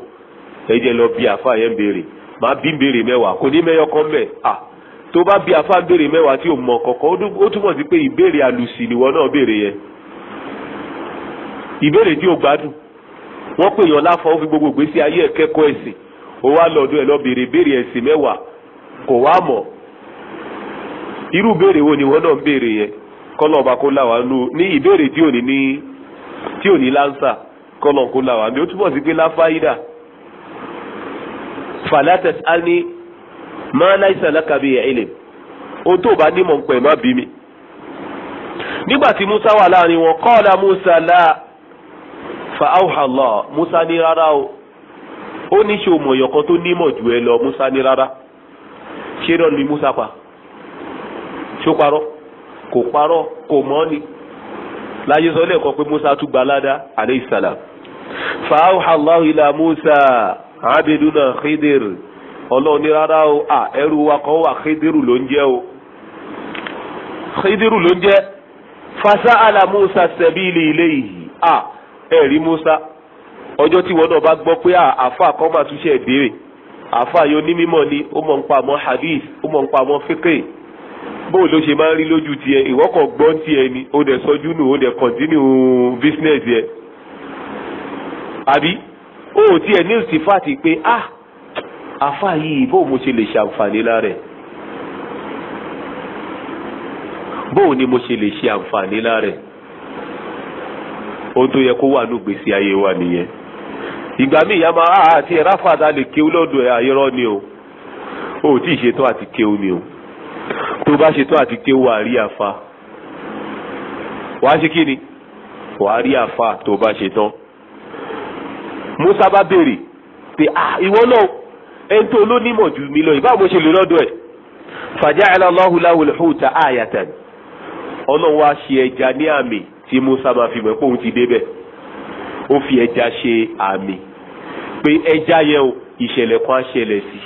ẹ̀jẹ̀ lọ bí àfa yẹn béèrè máa bí béèrè mẹ́wàá kò ní mẹ́yọ kan mẹ́ à tó bá bí àfa béèrè mẹ́wàá tí ò mọ̀ kankan ó túmọ̀ sí pé ìbéèrè àlùsì nìwọ náà béèrè yẹn ìbéèrè tí ò gbádùn wọ́n pè yàn láfọ̀ ó fi gbogbo gbèsè ayé ẹ̀ ẹ̀sìn ó wá lọ́dún ẹ̀ lọ irú béèrè wo ni wọ́n náà ń béèrè yẹn kọ́nà ọba kó láwa nú ní ìbéèrè tí ò ní ní tí ò ní lánsà kọ́nà kó láwa ní ó túbọ̀ sí pé láfáyídà falatas ani máa láìsàn lákàbí ilẹ̀ ohun tó bá nímọ̀ pẹ̀ má bí mi. nígbà tí musa wà láàrin wọn kọ́ọ̀lá musa la fa auhallah musa ní rárá o ó ní ṣe òmòyàn kan tó nímọ̀ jù ẹ lọ musa ní rárá ṣé náà ni musa pa ṣó parọ́ kò parọ́ kò mọ̀ ni láyé sọ lẹ́ẹ̀kan pé musa tún gba aládá aleyhi salam fàáhùn Allahu ila musa abiduna khidir ọlọ́run ní rárá o à ẹrú wa kan wà khidiru ló ń jẹ́ o khidiru ló ń jẹ́ fasa ala musa sẹ́bílì ilé yìí à ẹ̀rí musa ọjọ́ tí wọn náà bá gbọ́ pé àáfà kan máa túnṣe ìbéèrè àáfà yóò ní mímọ́ ni ó mọ̀ ń pa àmọ́ hadith ó mọ̀ ń pa àmọ́ fíkè bóun ló ṣe máa ń rí lójú tiẹ̀ ìwọ́kọ̀ gbọ́n tiẹ̀ ni ó dẹ̀ sọjú nù ó dẹ̀ kọ̀ntínú business yẹ àbí ó tiẹ̀ ní ìsìfàtì pé ah àfa yìí bóun mo ṣe lè ṣàǹfààní lára ẹ̀ bóun ni mo ṣe lè ṣe àǹfààní lára ẹ̀ ohun tó yẹ kó wà ní ìgbésí ayé wa nìyẹn ìgbà míì ìyá máa ah, àti ẹ̀ráfàdà lè kéwú lọ́dọ̀ ẹ̀ ayọ́rọ́ ni o ò tí ì ṣetán àti kéwú ni o tó bá ṣe tó àti ké wà rí àfa wàá ṣe kí ni wàá rí àfa tó bá ṣe tán Musa bá béèrè pé ah ìwọ náà ẹni tó lónímọ̀ jù mí lọ ìbáwo mo ṣe lè lọ́dọ̀ ẹ̀ fàjáàlá Allahu lahu al-huta ayatan ọlọ́run wá ṣe ẹja ní àmì tí Musa máa fi mọ̀ pé òun ti débẹ̀ ó fi ẹja ṣe àmì pé ẹja yẹn o ìṣẹ̀lẹ̀ kan ṣẹlẹ̀ sí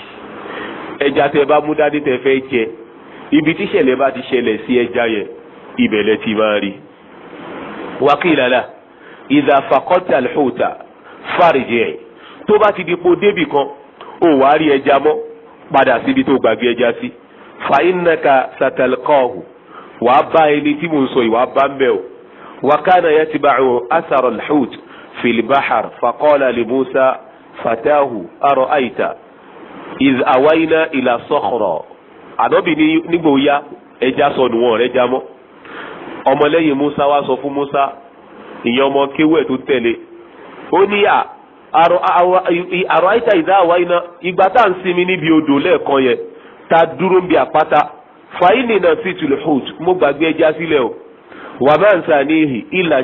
ẹja tẹ bá mú dání tẹ fẹ́ jẹ ibi tí ìṣẹ̀lẹ̀ bá ti ṣẹlẹ̀ sí ẹja yẹn ibẹ̀lẹ̀ ti máa rí. wákìlálà ìdá fàkọ́tì àlùfóòtà fàrìjẹ́ ẹ̀ tó bá ti di po débì kan ò wá rí ẹja mọ́ padà síbi tó gbàgbé ẹja sí. fàyínàkà sàtàlkọ́ọ̀hù wàá bá ẹni tí mò ń sọ ìwà bá ń bẹ̀ o. وكان يتبع أثر الحوت في البحر فقال لموسى فتاه أرأيت إذ أوينا إلى صخرة ànábì nígbò ya ẹja sọ wọn rẹ já ọmọlẹ́yìn Musa wá sọ fún Musa ìyẹn ọmọ kéwẹ́ tó tẹ̀lé ó ní à àrò àìta ìdá àwa iná ìgbà tá ń sinmi níbi odò lẹ́ẹ̀kan yẹn dúró ń àpáta fàyínì náà sì tùlù hood mo o wà máa ń sàn níhì ìlà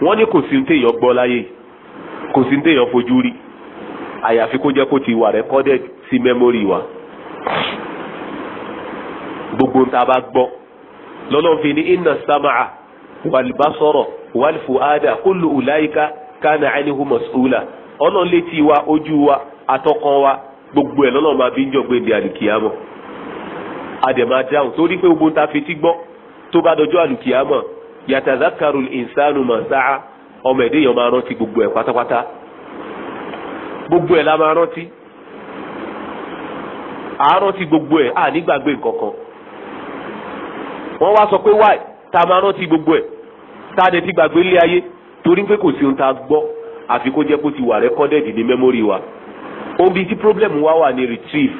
wọ́n ní kò sí ní téèyàn gbọ́ láyé kò sí ní téèyàn fojú rí àyàfi kó jẹ́ kó ti wà recorded sí memory wa gbogbo ń ta bá gbọ́ lọ́lọ́fin ní inna sama'a walbasara walfuada kullu ulaika kana anhu mas'ula ọlọ́run létí wa ojú wa atọ́kàn wa gbogbo ẹ̀ lọ́lọ́run máa fi ń jọ̀gbé di àlùkìyàmọ̀ a dẹ̀ dáhùn torí pé gbogbo ń ta fi ti gbọ́ tó bá dọjọ́ àlùkìyàmọ̀ yàtàzákàrù ìsánù màsáà ọmọ ẹ̀dẹ́ yẹn máa rántí gbogbo ẹ̀ pátápátá gbogbo ẹ̀ la máa rántí àárọ̀ ti gbogbo ẹ̀ à nígbàgbé nkankan wọ́n wá sọ pé wá ta máa rántí gbogbo ẹ̀ tá a dẹ̀ ti gbàgbé lé ayé torí pé kò sí ohun tá a gbọ́ àfi kó jẹ́ kó ti wà rẹ́kọ́dẹ̀dì ní mẹ́mórì wa ohun tí problem wa wà ní retrieve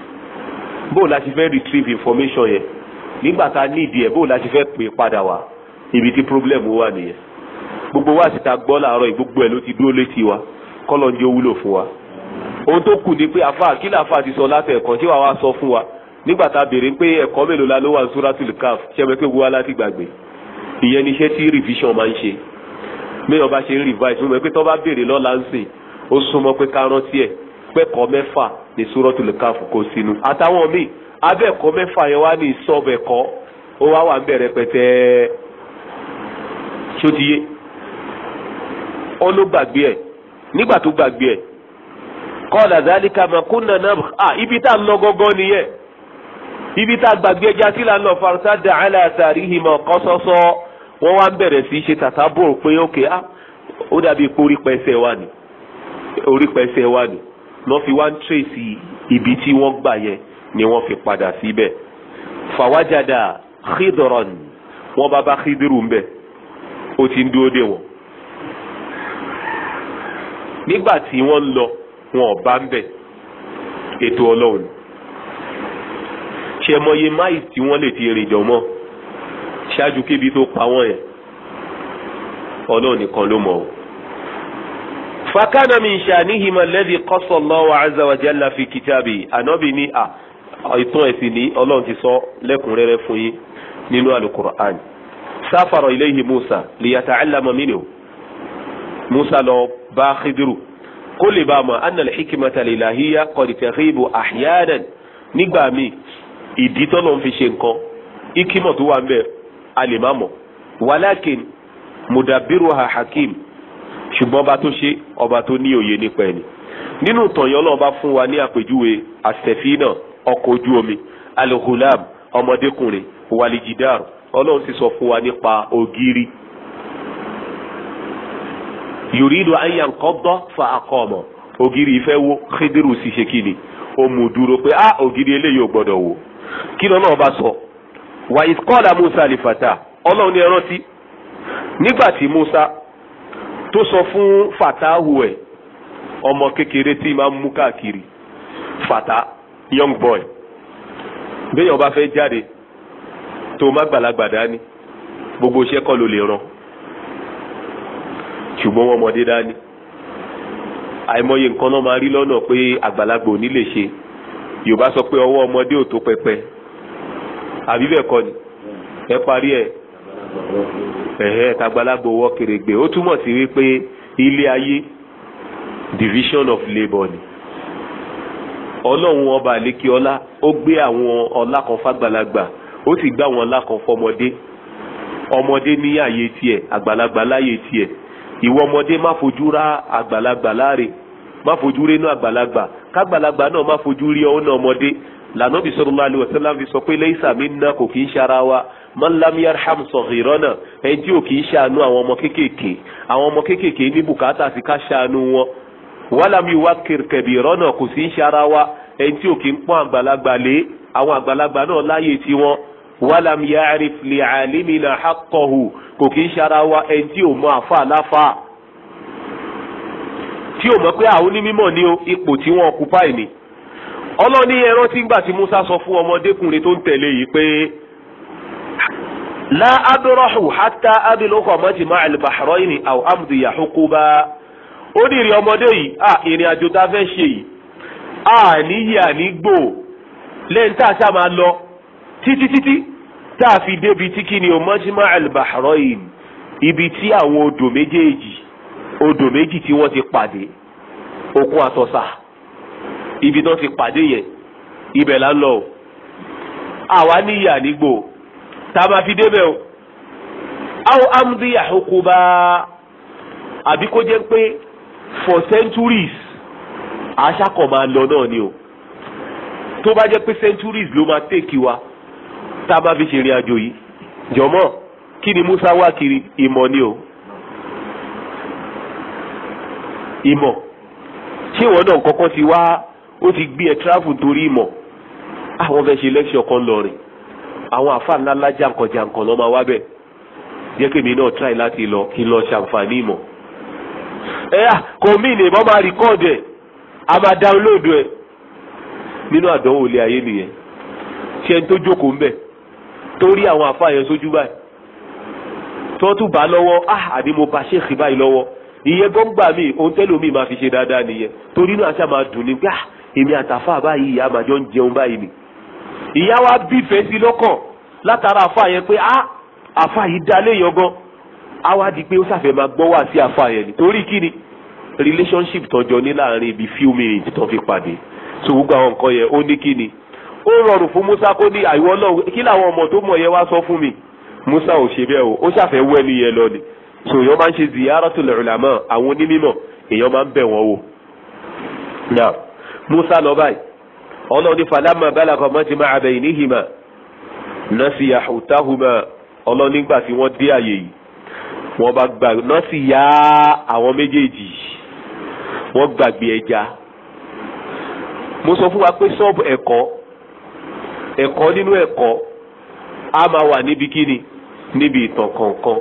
bó o la ṣe fẹ́ retrieve information yẹn nígbà tá a ní ìdí ẹ̀ bó o la ṣe fẹ́ pè padà wá ibi tí problem wà nìyẹn gbogbo wa sì ta gbọ́ làárọ̀ gbogbo ẹ̀ ló ti dúró létí wa kọ́lọ̀ ń jẹ́ fún wa ohun tó kù ni pé àfa kí làfa ti sọ látẹ̀ẹ̀kan tí wàá wá sọ fún wa nígbà tá a béèrè pé ẹ̀kọ́ mélòó la ló wà ní suratul kaf ṣẹ́mi pé wo aláti gbàgbé ìyẹn ni iṣẹ́ tí revision máa ń ṣe mẹ́yàn bá ṣe ń revise fún mi pé tó bá béèrè lọ́la ń sìn ó súnmọ́ pé ká rántí ẹ̀ pẹ́kọ̀ọ́ mẹ́fà ní suratul kaf kó sínú àtàwọn míì abẹ́ẹ̀kọ́ mẹ́fà yẹn wá ní sọ́ọ̀bù ó wá wà ń bẹ̀rẹ̀ pẹ̀tẹ́ ṣó ti yé ó ló gbàgbé ẹ̀ nígbà tó gbàgbé ẹ̀ kọ́ọ̀dà zálíkà mà kó nànà à ibi tá a lọ gọ́gọ́ nìyẹn ibi tá a gbàgbé ẹja sí là ń lọ farisa dà àlà àtàrí ìmọ̀ kọ́sọ́sọ́ wọ́n wá ń bẹ̀rẹ̀ sí í ṣe tàtà bò ó pé ókè á ó dàbí pé orí wà ní orí wà ní wọ́n fi wá ń tírèsì ibi tí wọ́n gbà yẹn ni wọ́n fi padà síbẹ̀ fàwájàdà khidron wọ́n bá bá khidiru ń bẹ́ẹ̀ ó ti ń dúró dè wọ́n nígbà tí wọ́n ń lọ wọn ò bá ń bẹ̀ ètò ọlọ́run ṣe mọye máìs tí wọ́n lè ti rìn jọ mọ́ ṣáájú kébi tó pa wọ́n yẹn ọlọ́run nìkan ló mọ̀ ọ́ fakana min shanihi malẹ́dí qasallahu azza wa jalla fi kitabi ànábì ní à ìtàn ẹ̀sìn ní ọlọ́run ti sọ lẹ́kùnrẹ́rẹ́ fún yín nínú alukur'an sáfàrọ̀ iléyìí musa lìyàtà alámọ̀mínì o musa lọ bá khidiru kó lè bá a mọ̀ anna al-hikmata lilahiya qad taghibu ahyanan nígbà míì ìdí tọ́lọ̀ ń fi ṣe nǹkan ikímọ̀ tó wà ń bẹ̀ a lè má mọ̀ walakin mudabiruha hakim ṣùgbọ́n ọba tó ṣe ọba tó ní òye nípa ẹni nínú tọ̀yọ́ náà fún wa ní àpèjúwe àsẹ̀fínà ọkọ̀ ojú omi alhulam ọlọ́run sì sọ fún wa nípa ògiri yòrídùn ayan kọ́bọ́ fa akọ́mọ ògiri ìfẹ́ wo Khidiru sì ṣe kí ni ó mú dúró pé a ah, ògiri eléyìí ò gbọ́dọ̀ wò kí lọ́nà ọba sọ wà ìkọ́lá Musa alifata ọlọ́run ní ẹrántí nígbà tí Musa tó sọ fún fatahu ẹ̀ ọmọ kékeré tí máa ń mú káàkiri fata young boy bẹ́ẹ̀ ọba fẹ́ jáde tó má gbàlagbà dání gbogbo iṣẹ́ kọ́ ló lè ràn ṣùgbọ́n wọn mọ̀dé dání àìmọye nǹkan náà máa rí lọ́nà pé àgbàlagbà ò ní lè ṣe yorùbá sọ pé ọwọ́ ọmọdé ò tó pẹpẹ àbí bẹ́ẹ̀ kọ́ ni ẹ parí ẹ ẹ̀hẹ́ tàgbàlagbà owó kèrègbè ó túmọ̀ sí wípé ilé ayé division of labour ni ọlọ́run ọba àlékí ọlá ó gbé àwọn ọlá kan fàgbàlagbà ó sì gbá wọn lákan fọmọdé ọmọdé ní àyè tiẹ̀ àgbàlagbà láyè tiẹ̀ ìwọ ọmọdé má fojú rá àgbàlagbà láre má fojú rénú àgbàlagbà kágbàlagbà náà má fojú rí ọ̀nà ọmọdé lànà bí sọ̀rọ̀ láàlú ọ̀sẹ́lá fi sọ pé lẹ́yìísà mi ná kò kì í ṣara wa man lam yarham sọ̀hìrọ́nà ẹni tí ò kì í ṣàánú àwọn ọmọ kéékèèké àwọn ọmọ kéékèèké ní bùkátà sí ká ṣàánú wọn wàlám yìí wá kẹ̀bì rọ́nà kò sí í ṣara wa ẹni tí ò kì í pọ́n àgbàlagbà lé àwọn àgbàlagbà náà láyè tiwọn wàlàm ya'rif li alimina haqqahu kò kì wa tí ò ti mọ̀ pé àwọn onímọ̀ ní ipò tí wọ́n ọkùpá ẹ̀ ni ọlọ́ni ẹran tí gbà tí Musa sọ fún ọmọdékùnrin tó ń tẹ̀lé yìí pé la abrahu hatta abilokọ mọ́jìmá al-bahrayni aw amdiya huquba ó ní ìrìn ọmọdé yìí à ìrìn àjò tá a fẹ́ ṣe yìí à níyì lẹ́yìn tá a lọ títí títí tá a fi débi tí kí ni o mọ́jímọ́ al-bahrain ibi tí àwọn odò méjèèjì odò méjì tí wọ́n ti pàdé òkun àtọ̀sà ibi tó ti pàdé yẹn ibẹ̀ là ń lọ o àwa níyà nígbò tá a máa fi débẹ̀ o àwọn amdi àhókòbá àbí kó jẹ́ pé for centuries aṣákọ̀ máa lọ náà ni o tó bá jẹ́ pé centuries ló máa tèkì wa tá a bá fi ṣe ìrìn àjò yìí jọ̀mọ́ kí ni Musa wá kiri ìmọ̀ ni o ìmọ̀ ṣé ìwọ náà kọ́kọ́ ti wá ó ti gbé ẹ tíráfù torí ìmọ̀ àwọn fẹ́ ṣe lẹ́kṣọ̀ kan lọ́rin àwọn àfa ńlá ńlá jàǹkànjàǹkàn lọ́ máa wá bẹ̀ jẹ́ kèmi náà tíráì láti lọ kí n lọ ṣàǹfààní ìmọ̀ ẹ̀yà kòmíìnì ìbọn máa rìkọ́ọ̀dù ẹ̀ a máa dáwọ́lóòdù ẹ̀ nínú àdánwò ilé ayé nìyẹn ṣé ẹni tó jókòó ń bẹ̀ torí àwọn àfààyàn sójú báyìí tó tún bá lọ́wọ́ ah àbí mo bá ṣèkì báyìí lọ́wọ́ ìyẹn gbọ́ngbà mi òun tẹ́lómi máa fi ṣe dáadáa nìyẹn torí náà aṣá máa dùn ní pé ah èmi àtàfà báyìí ìyá màjọ ń jẹun báyìí ni ìyá wa bífẹ̀ẹ́ sí lọ́kàn látara àfà pé ah àfà yìí dá léèyàn gan á wá di pé ó sàfẹ́ máa gbọ́ wá sí àfà ni torí kí ni relationship tọjọ ní láàrin ibi few tó fi pàdé so gbogbo àwọn nǹkan yẹn ó ní kí ni ó rọrùn fún Musa kó ní àìwọ́ náà kí làwọn ọmọ tó mọ̀ yẹn wá sọ fún mi Musa ò ṣe bẹ́ẹ̀ o ó ṣàfẹ́ wẹ́ ni yẹn lọ ni so èèyàn máa ń ṣe ziyaratul ulama àwọn onímọ̀ èèyàn máa ń bẹ̀ wọ́n wò. na Musa lọ báyìí ọlọ́ọ̀ni falama balakọ mọ́tìmá abaynihima nọ́ọ̀sì yahutahuma ọlọ́ọ̀ni gbà tí wọ́n dé àyè yìí wọ́n bá gbà nọ́ọ̀sì yá àwọn méjèèjì wọ́n gbàgbé ẹja mo sọ fún wa pé sọ́ọ̀bù ẹ̀kọ́ ẹ̀kọ́ nínú ẹ̀kọ́ a máa wà níbi kíni níbi ìtàn kọ̀ọ̀kan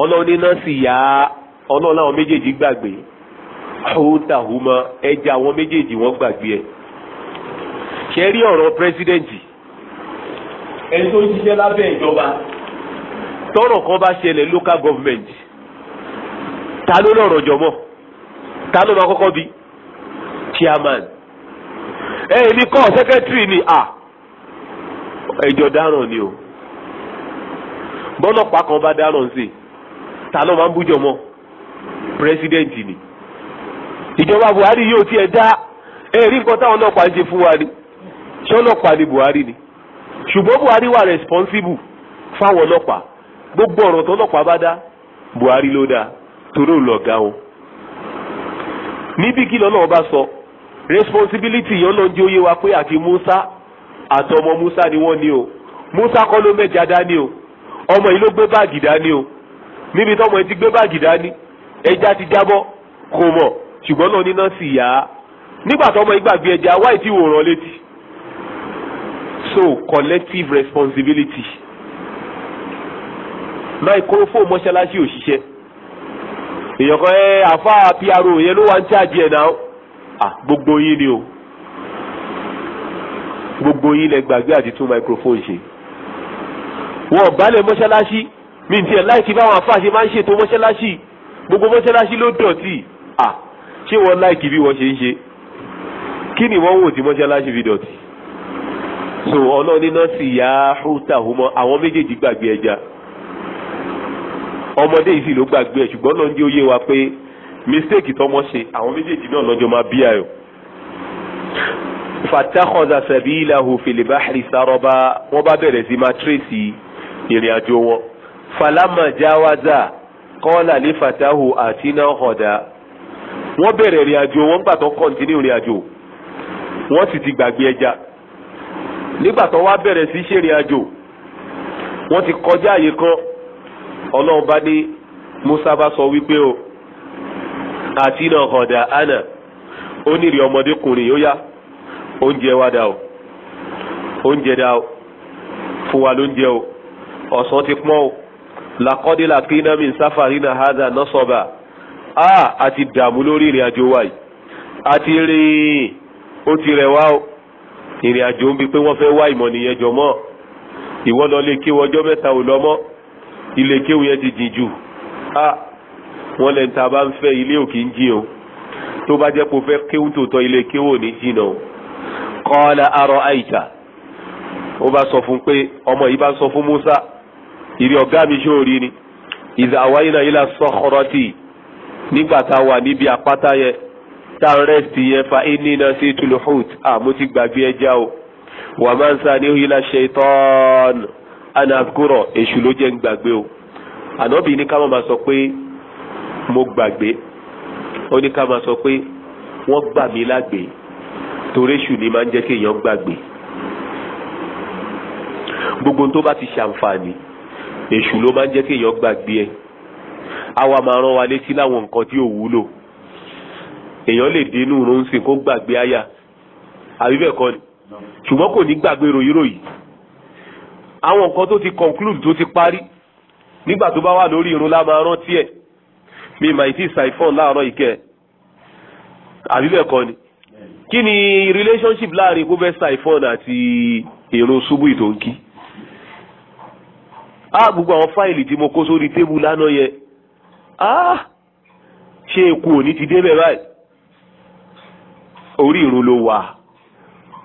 ọlọ́ọ̀ni náà sì yá ọlọ́ọ̀lá àwọn méjèèjì gbàgbé ọ̀húntàhùmá ẹja àwọn méjèèjì wọ́n gbàgbé ẹ̀ ṣe rí ọ̀rọ̀ pírẹsidẹ́ǹtì ẹni tó ń ṣiṣẹ́ lábẹ́ ìjọba tọ́rọ̀ kan bá ṣẹlẹ̀ local government ta ló lọ́rọ̀ jọmọ́ ta ló máa kọ́kọ́ bí chairman ẹ̀ ní kọ́ secretary ni a. Ah ẹjọ́ dáràn ni o bọ́lọ́pàá kan bá dáràn sí ta ló máa ń bújọ mọ́ pírẹsidẹ́ǹtì ni ìjọba Buhari yóò tiẹ̀ dá ẹ̀rí nǹkan táwọn ọlọ́pàá ń ṣe fún wa ni ṣé ọlọ́pàá ni Buhari ni ṣùgbọ́n Buhari wà responsible fáwọn ọlọ́pàá gbogbo ọ̀rọ̀ tó ọlọ́pàá bá dá Buhari ló dáa torí òun lọ̀gá wọn níbi kí lọ́nà ọba sọ responsibility yẹn lọ́njẹ́ ó yé wa pé àti Musa àtọmọ Musa ni wọ́n ní o Musa kọ́ ló mẹ́ja dání o ọmọ yìí ló gbé báàgì dání o níbi tọ́mọ yìí ti gbé báàgì dání ẹja ti jábọ́ kò mọ̀ ṣùgbọ́n náà níná sì yá nígbà tọ́mọ yìí gbàgbé ẹja wáyé tí wò rán létí so collective responsibility microphone mọ́ṣáláṣí òṣìṣẹ́ èèyàn kan ẹ eh, àfa PRO yẹn ló wá ń ṣáàjì ẹ̀ náà ah, gbogbo yín ni o gbogbo yín lẹ gbàgbé àti tún microphone ṣe wọn balẹ̀ mọ́ṣáláṣí mi ti ẹ̀ láìkí báwọn afáàṣe máa ń ṣètò mọ́ṣáláṣí gbogbo mọ́ṣáláṣí ló dọ̀tí à ṣé wọ́n láìkí bí wọ́n ṣe ń ṣe kí ni wọ́n wò tí mọ́ṣáláṣí fi dọ̀tí so ọlọ́ọ̀ni náà sì yá húta humọ́ àwọn méjèèjì gbàgbé ẹja ọmọdé yìí sì ló gbàgbé ẹ ṣùgbọ́n náà ń jẹ́ òye wa pé mistake tọmọ ṣe àwọn méjèèjì náà lọ́jọ́ máa bí ayọ̀ fatakhadha sabilahu fil bahri saraba wọ́n bá bẹ̀rẹ̀ sí máa tírèsì ìrìn àjò wọn. falama jawaza qala li fatahu atina hoda wọ́n bẹ̀rẹ̀ ìrìn àjò wọn gbà tó kọ́ntínú ìrìn àjò wọ́n sì ti gbàgbé ẹja nígbà tó wá bẹ̀rẹ̀ sí ṣe ìrìn àjò wọ́n ti kọjá àyè kan ọlọ́run bá ní musa bá sọ wípé o àti náà hàn ó ní ọmọdékùnrin yóò yá oúnjẹ wa dà o oúnjẹ dà o fún wa lóúnjẹ o ọ̀sán ti pọ́n o làkọ́dé làkínà mi sáfàrí náà hádà nọ́sọ̀bà a àti dààmú lórí ìrìn àjò wa yìí àti rìn ó ti rẹ̀ wá o ìrìn àjò ń bi pé wọ́n fẹ́ wá ìmọ̀ nìyẹn jọ mọ́ ìwọ lọ lè kéwọ ọjọ́ mẹ́ta ò lọ mọ́ ilé kéwù yẹn ti jìn jù a wọ́n lẹ́ńtà bá ń fẹ́ ilé òkè ń jìn o tó bá jẹ́ pé o fẹ́ kéwù tòótọ́ ilé kéwù ò ní jìn náà o kọ́lá arọ àìtà ó bá sọ fún pé ọmọ yìí bá sọ fún Musa ìrì ọ̀gá mi ṣó rí ni ìdá àwáyínà yìí la sọ̀kọ̀rọ̀tì wà níbi àpáta yẹn tá a fa iní náà sí tuluhut àmú ti gbàgbé ẹja o wà máa ń sa ní yìí la ṣetán anagurọ èṣù ló jẹ́ ń gbàgbé o ànábì ní ká máa sọ pé mo gbàgbé ó ní ká máa sọ pé wọ́n gbà mí lágbèé torí èṣù ni máa ń jẹ́ kéèyàn gbàgbé gbogbo tó bá ti ṣàǹfààní èṣù ló máa ń jẹ́ kéèyàn gbàgbé ẹ̀ àwa máa rán wa létí láwọn nǹkan tí ò wúlò èèyàn lè dínú ránṣẹ́ kó gbàgbé àyà àbí bẹ́ẹ̀ ni ṣùgbọ́n kò ní gbàgbé ròyìnròyìn àwọn nǹkan tó ti conclude tó ti parí nígbà tó bá wà lórí irun la máa rántí ẹ̀ mi mà ì tí ì ṣàìfọ́n láàárọ̀ ìkẹ́ àbí bẹ́ẹ̀ ni kí ni relationship láàrin professor ifon àti èrò ṣubú ìtòǹkì á ah, gbogbo àwọn fáìlì tí mo kó sórí tébù lánàá yẹn á ah, ṣé eku òní ti débẹ̀ báyìí orí ìrun ló wà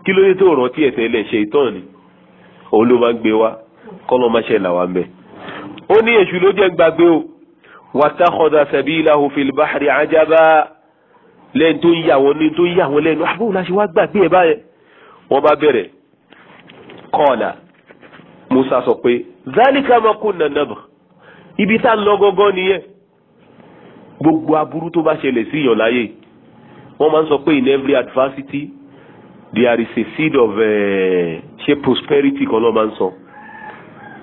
kí ló dé tó rántí ẹ̀sẹ̀ ilẹ̀ ṣe ìtàn ni òun ló máa ń gbé wa kọ́lọ́ máa ṣe làwọn mẹ́ ó ní èṣù ló jẹ́ gbàgbé o wàtá kọ́dà sàbí ìlàhùn fìlbáhàrì àjábá lẹ́yìn tó ń yà wọ́n ní tó ń yà wọ́n lẹ́nu àbúrò ah, la ṣe wá gbàgbé ẹ̀ báyẹn wọ́n bá bẹ̀rẹ̀ kọ́ọ̀là Musa sọ pé zálíkà máa kó nànà bọ̀ ibi tá a lọ gọ́gọ́ nìyẹn gbogbo aburú tó bá ṣẹlẹ̀ sí ìyàn láyé wọ́n máa ń sọ pé in every adversity there is a seed of eh, ṣe uh, prosperity kan náà máa ń sọ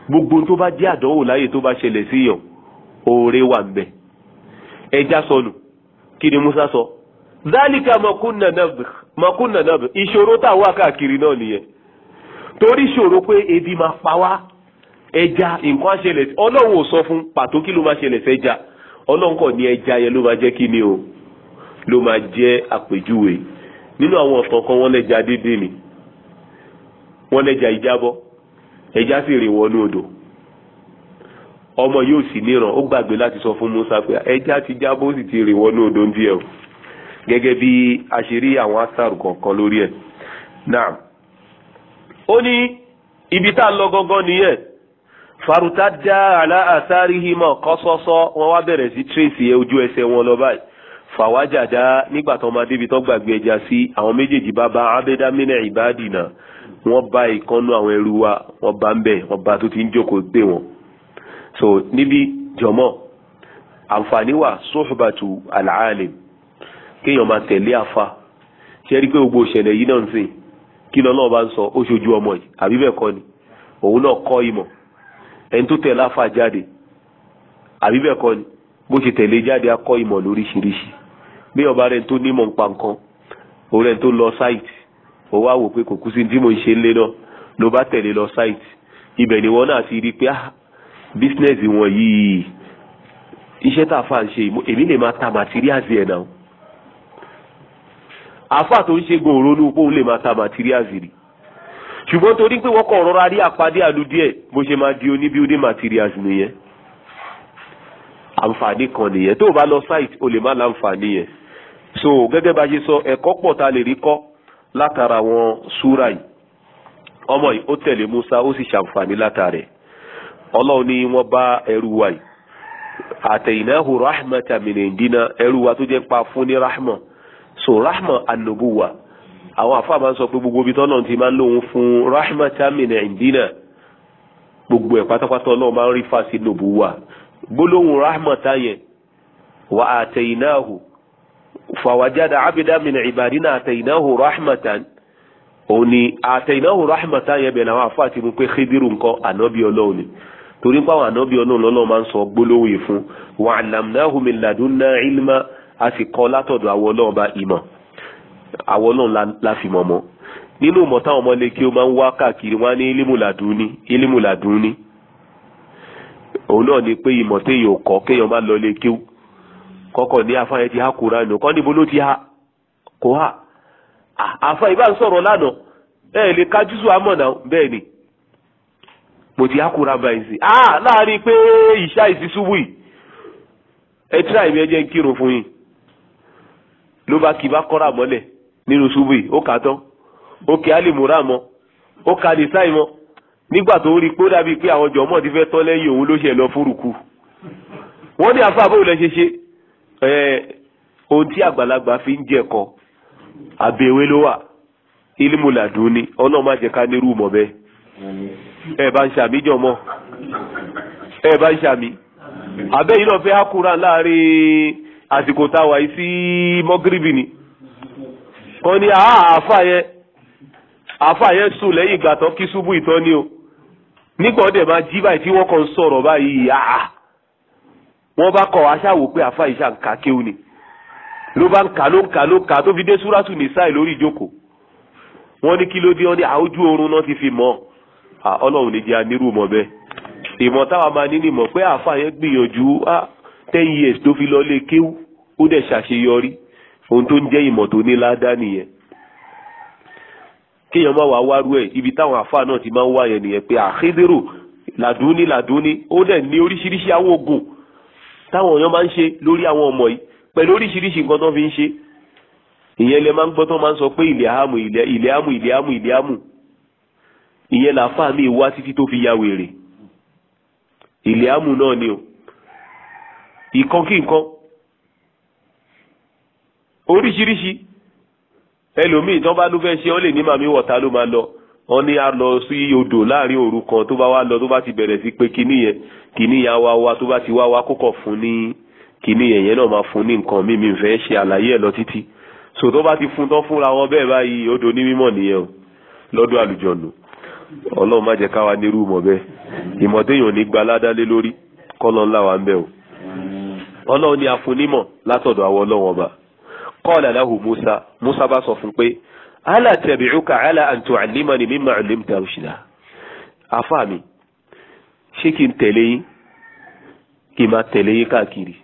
gbogbo tó bá jẹ́ àdánwò láyé tó bá ṣẹlẹ̀ sí ìyàn oore wà ń bẹ ẹja sọnù kí ni Musa sọ. So zálíkà mọ̀kúnnà náà ìṣòro tá a wá káàkiri náà nìyẹn torí ṣòro pé ebi máa pa wá ẹja nǹkan ṣẹlẹ̀ ọlọ́run ò sọ fún pàtó kí ló máa ṣẹlẹ̀ sẹ́jà ọlọ́run kọ̀ ní ẹja yẹn ló máa jẹ́ kí ni o ló máa jẹ́ àpèjúwe nínú àwọn ọ̀tàn kan lẹ́ja dídì ni wọ́n lẹ́ja ìjábọ̀ ẹja sì rìn wọnú odò ọmọ yóò sì níran sọ fún Musa pé ẹja ti jábọ̀ ó sì ti gẹ́gẹ́ bí a ṣe rí àwọn asaru kọ̀ọ̀kan lórí ẹ̀ náà ó ní ibi tá a lọ gangan nìyẹn faruta dá àlá àsáríhìmọ̀ kọ́sọ́sọ́ wọn wá bẹ̀rẹ̀ sí tírèsì ẹ ojú ẹsẹ̀ wọn lọ báyìí fàwájàdá nígbà tó máa débi tó gbàgbé ẹja sí àwọn méjèèjì bá bá abédámínà ìbádìnà wọ́n bá ìkànnú àwọn ẹrú wa wọ́n bá ń bẹ̀ wọ́n bá tó ti ń jókòó gbé wọn so níbi jọmọ àǹfààní wà sóhùbàtù àlàálẹ̀ kéèyàn máa tẹ̀lé àfa ṣe rí pé gbogbo ìṣẹ̀lẹ̀ yìí náà ń sìn kí lọ́nà bá ń sọ ó ṣojú ọmọ yìí àbí bẹ́ẹ̀ kọ́ ni òun náà kọ́ ìmọ̀ ẹni tó tẹ̀lé àfa jáde àbí bẹ́ẹ̀ kọ́ ni bó ṣe tẹ̀lé jáde á kọ́ ìmọ̀ lóríṣiríṣi bí ọba rẹ̀ tó nímọ̀ nípa nǹkan òun rẹ̀ tó lọ sáìtì ó wá wò pé kò kú sí tí mò ń ṣe lé náà ló bá tẹ̀lé lọ sáìtì ibẹ̀ ni àáfà tó ń ṣe gan òrónú pé òun lè máa ta materials rí ṣùgbọ́n torí pé wọ́n kàn rọra rí àpadé àlù díẹ̀ bó ṣe máa di oní building materials nìyẹn àǹfààní kan nìyẹn tó o bá lọ site o lè má láǹfààní yẹn so gẹ́gẹ́ bá ṣe sọ ẹ̀kọ́ pọ̀ ta lè rí kọ́ látara wọn súra yìí ọmọ yìí ó tẹ̀lé Musa ó sì ṣàǹfààní látara ẹ̀ ọlọ́run ni wọ́n bá ẹrú wa yìí àtẹ̀yìnáhù rahmatan min indina ẹrú wa tó jẹ́ pa fún ní rahmatan so rahma anubuwa àwọn àfa máa ń sọ pé gbogbo ibi tọ́lọ́run ti máa ń lóun fún rahma tamina indina gbogbo ẹ̀ pátápátá ọlọ́run máa ń rí fásitì nubuwa gbólóhùn rahma táyẹn wà àtẹ̀yìnáhù fàwájáde abidamina ìbàdínà àtẹ̀yìnáhù rahmatan òun ni àtẹ̀yìnáhù rahmatan yẹn bẹ̀rẹ̀ àwọn àfa ti mú pé khidiru nǹkan ànábì ọlọ́run ni torí pé àwọn ànábì ọlọ́run lọ́lọ́ máa ń sọ gbólóhùn yìí fún wà àlàmnáhù min ladunna a sì kọ́ látọ̀dọ̀ àwọn ọlọ́run bá ìmọ̀ àwọn ọlọ́run la fi mọ̀ mọ́ nínú ìmọ̀ táwọn ọmọlé kí ó máa ń wá káàkiri wọn ní ilimùlàdúní ilimùlàdúní òun náà ni pé ìmọ̀ téèyàn kọ́ kéèyàn má lọ lé kíw kọ́kọ́ ní afáyẹ ti há kúránù kọ́ níbo ló ti há kó há àfa ìbá ń sọ̀rọ̀ lánàá ẹ̀ lè kájú sùn àmọ̀nà bẹ́ẹ̀ ni mo ti há báyìí sí i láàárín pé ìṣá ìsísúwì ẹ tíra ìmí ń kírun fún yín ló bá kí bá kọ́ra mọ́lẹ̀ nínú ṣubú yìí ó kà á tán ó kí alimura mọ́ ó ka nìsáì mọ́ nígbà tó rí pé ó dàbí pé àwọn jọ̀mọ́ ti fẹ́ tán lẹ́yìn òun ló ṣe lọ fúrukú wọ́n ní àfa àbóyè lẹ́ ṣe ṣe ẹ̀ ohun tí àgbàlagbà fi ń jẹ̀kọ́ àbẹ̀wé ló wà ilmu ni ọlọ́run má jẹ́ ká nírú mọ̀ bẹ́ẹ̀ ẹ bá ń ṣàmì jọ̀mọ́ ẹ bá ń ṣàmì àbẹ́yìn náà fẹ́ hákùrà láàrin àsìkò tá a wà yìí sí mọ́gírìbì ni wọ́n ní àáfà yẹn àáfà yẹn sùn lẹ́yìn ìgbà tó kí ṣubú ìtọ́ ni o nígbà ọdẹ máa jí báyìí tí wọ́n kàn ń sọ̀rọ̀ báyìí àá wọ́n bá kọ̀ aṣáwò pé àáfà yìí ṣàǹkà kéwù ni ló bá ń kà ló ń kà ló ń kà tó fi dé súrátù nìsáì lórí ìjókòó wọ́n ní kí ló dé wọ́n ní àójú oorun náà ti fi mọ́ ọlọ́run ní jẹ́ anírú mọ́ bẹ́ẹ̀ ìmọ̀ táwa máa ní ni mọ̀ pé àáfà yẹn gbìyànjú ten years tó fi lọ lé kéwú ó dẹ̀ ṣàṣeyọrí ohun tó ń jẹ́ ìmọ̀ tó ní ládá nìyẹn kéèyàn má wàá wárú ẹ̀ ibi táwọn àfáà náà ti máa ń wá yẹn nìyẹn pé àkédèrò làdúní làdúní ó dẹ̀ ní oríṣiríṣi àwọn oògùn táwọn èèyàn máa ń ṣe lórí àwọn ọmọ yìí pẹ̀lú oríṣiríṣi nǹkan tó fi ń ṣe ìyẹn lè máa ń gbọ́ máa ń sọ pé ilẹ̀ àmù ilẹ̀ àmù ilẹ̀ àmù ilẹ̀ àmù ìyẹn làáfàá mi wá títí tó fi ya wèrè ilẹ̀ àmù náà ni o ìkan kí nǹkan oríṣiríṣi ẹlòmíì tó bá ló fẹ́ ṣe ọ́ lè ní màmí wọ̀ta ló máa lọ wọ́n ní a lọ sí odò láàrin òru kan tó bá wá lọ tó bá ti bẹ̀rẹ̀ sí pé kíní yẹn kíní yẹn wá wá tó bá ti wá wá kókọ̀ fún ní kíní yẹn yẹn náà máa fún ní nǹkan míì fẹ́ ṣe àlàyé ẹ̀ lọ títí so tó bá ti fún tán fúnra wọn bẹ́ẹ̀ báyìí odò ní mímọ̀ nìyẹn o lọ́dọ̀ àlùjọ̀nù ọlọ́run má jẹ́ ká wa nírú ìmọ̀ bẹ́ẹ̀ ìmọ̀ ní gbaládálé lórí kọ́ lọ́nlá wa ń bẹ̀ o ọlọ́run ni afunimọ̀ látọ̀dọ̀ àwọn ọlọ́run ọba qala lahu musa musa bá sọ fún pé ala tabi'uka ala an tu'allimani mimma 'allimta rushda afa mi ṣé kí n tẹ̀lé yín kí n máa tẹ̀lé yín káàkiri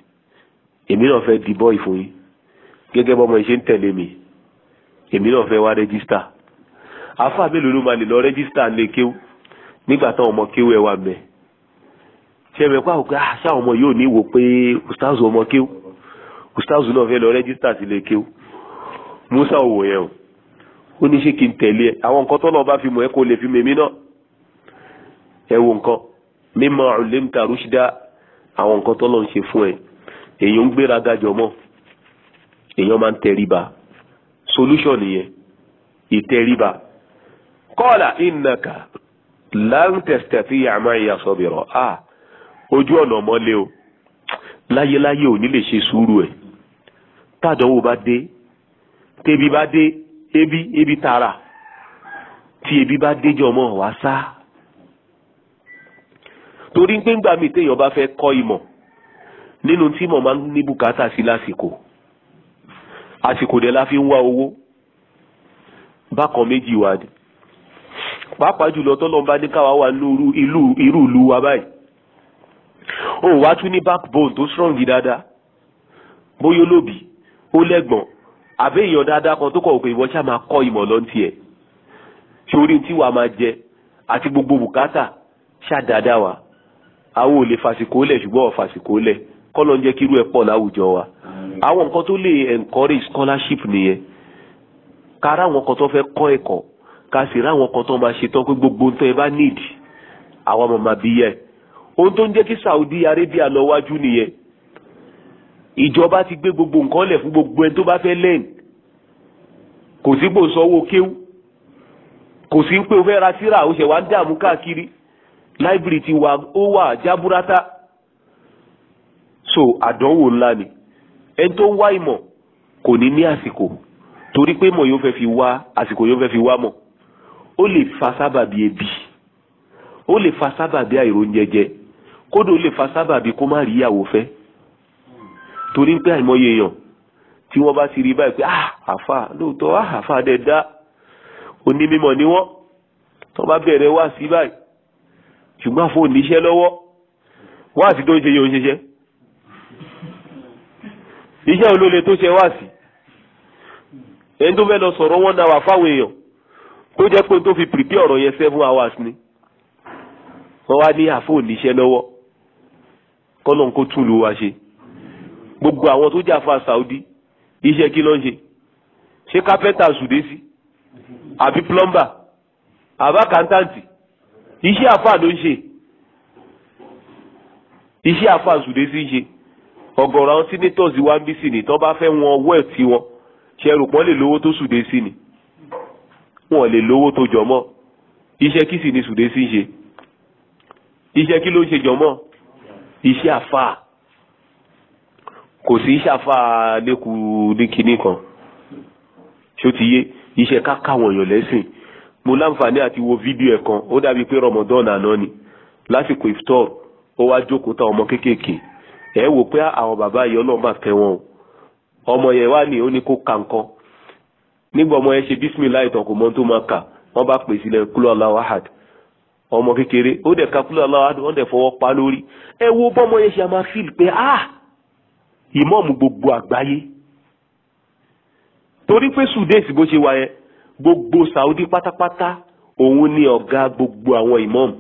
èmi náà fẹ́ di bọ́ì fún yín gẹ́gẹ́ bọ́mọ ìṣe ń tẹ̀lé mi èmi náà fẹ́ wá rẹ́gísítà afa mélòó ló máa lè lọ rẹ́gísítà lè kéwú nígbà táwọn ọmọ kéwú ẹ wà mẹ́ẹ̀ ṣẹ̀mẹ̀ pa òkè àṣà ọmọ yóò ní wò pé ustaz ọmọ kéw ustaz náà fẹ́ lọ rẹ́gísítà sílé kéw musa òwò yẹn o ó ní ṣé kí n tẹ̀lé ẹ àwọn nǹkan tọ́lọ́ bá fi mọ̀ ẹ́ kó lè fi mèmí náà ẹ wo nǹkan mímọ ọ̀lẹ́mìtà rúṣídà àwọn nǹkan tọ́lọ́ ń ṣe fún ẹ èèyàn ń gbéra gajọ mọ́ èèyàn máa ń tẹríba solution nìyẹn ìtẹríba kọ́ọ̀là ìnàkà láǹtẹ̀sítẹ̀ tí yàrá máa ń yà sọ́bìrọ̀ ah ojú ọ̀nà mọ́lé o láyéláyé ò ní lè ṣe sùúrù ẹ̀ tádánwò bá dé tébi bá dé ebi ebi tara tí ebi bá dé jọmọ wá sá torí pé ńgbà míì téèyàn bá fẹ́ kọ́ ìmọ̀ nínú tí mọ̀ máa ń ní bùkátà sí lásìkò àsìkò dẹ̀ la fi ń wá owó bákan méjì wá ni pàápàá jùlọ tọ́lọ́mbá ní káwa wà nínú irú ìlú wa báyìí o wá tún ní backbone tó strong dáadáa bóyá olóbì ó lẹ́gbọ̀n àbẹ́ èèyàn dáadáa kan tó kọ̀ òkè ìwọ ṣáà máa kọ́ ìmọ̀ lọ́ntì ẹ̀ sórí tí wàá máa jẹ àti gbogbo bùkátà ṣáà wa àwọn ò lè fàsìkò lẹ̀ ṣùgbọ́n ò fàsìkò lẹ̀ kọ́ ló ń jẹ́ kírú ẹ̀ pọ̀ láwùjọ wa àwọn nǹkan tó lè encourage scholarship nìyẹn ká ráwọn kan tó fẹ́ kọ́ ẹ̀kọ́ ká sì ráwọn kan tó máa ṣetán pé gbogbo ohun tó ẹ bá need àwa máa máa bí yẹn ohun tó ń jẹ́ kí Saudi Arabia lọ wájú nìyẹn ìjọba ti gbé gbogbo nǹkan lẹ̀ fún gbogbo ẹni tó bá fẹ́ lẹ́yìn kò sí pò sanwó kéwú kò sí pé o fẹ́ ra síra o ṣẹ̀ wá ń dààmú káàkiri láìbírì ti wà ó wà jábúrátá so àdánwò ńlá ni ẹni tó ń wá ìmọ̀ kò ní ní àsìkò torí pé mọ̀ yóò fẹ́ fi wá àsìkò yóò fẹ́ fi wá mọ̀ ó lè fa sábàbí ebi ó lè fa sábàbí àìróúnjẹjẹ kódò lè fa sábàbí kó má rí ìyàwó fẹ́ torí pé àìmọye èèyàn tí wọ́n bá ti rí báyìí pé ah àfa lóòótọ́ ah àfa dẹ̀ dá onímọ̀ ni wọ́n tó bá bẹ̀rẹ̀ wá sí báyìí ṣùgbọ́n àfọ oníṣẹ́ lọ́wọ́ wá sí tó ń ṣe yẹn ò ń ṣiṣẹ́ iṣẹ́ olóle tó ṣe wá sí ẹni tó fẹ́ lọ sọ̀rọ̀ wọn náà wà fáwọn èèyàn tó jẹ́ pé tó fi prepare ọ̀rọ̀ yẹn seven hours ni wọ́n wá ní àfọ oníṣẹ́ lọ́wọ́ kọ́nà kó tún lu wa ṣe gbogbo àwọn tó jàfa Saudi iṣẹ́ kí ló ń ṣe ṣé kápẹ́ntà sùdé sí àbí plọ́mbà àbá kàńtàǹtì iṣẹ́ àfa ló ń ṣe iṣẹ́ àfa sùdé sí ṣe ọ̀gọ̀rọ̀ àwọn senators wa ń bí sí ni tó bá fẹ́ wọn ọwọ́ ẹ̀ tí wọn ṣẹrù pọ́n lè lówó tó sùdé sí ni wọn lè lówó tó jọmọ́ iṣẹ́ kí sì ni sùdé sí ṣe iṣẹ́ kí ló ń ṣe jọmọ́ iṣẹ́ àfà kò sí iṣẹ́ àfà níku níkiní kan ṣó ti yé iṣẹ́ kákàwọ̀n èèyàn lẹ́sìn mo láǹfààní àti wo fídíò ẹ̀ kan ó dàbí pé Ramadan àná ni lásìkò iftar ó wá jókòó ta ọmọ kéékèèké ẹ wò pé àwọn bàbá yìí ọlọ́run bá kẹ́ wọn o ọmọ yẹn wá ní ó ní kó ka nǹkan nígbà ọmọ yẹn ṣe bísímìlá ìtàn kò mọ tó máa kà wọ́n bá pèsè lẹ́kúlọ́ aláwàhàdì ọmọ kékeré ó dẹ̀ kakúlẹ̀ aláwọ̀ ó dẹ̀ fọwọ́ pa lórí ẹ wo bọ́mọ yẹn ṣe máa fíìl pé ah ìmọ̀ọ̀mù gbogbo àgbáyé torí pé sudeesi bó ṣe wà yẹn gbogbo Saudi pátápátá òun ni ọ̀gá gbogbo àwọn ìmọ̀ọ̀mù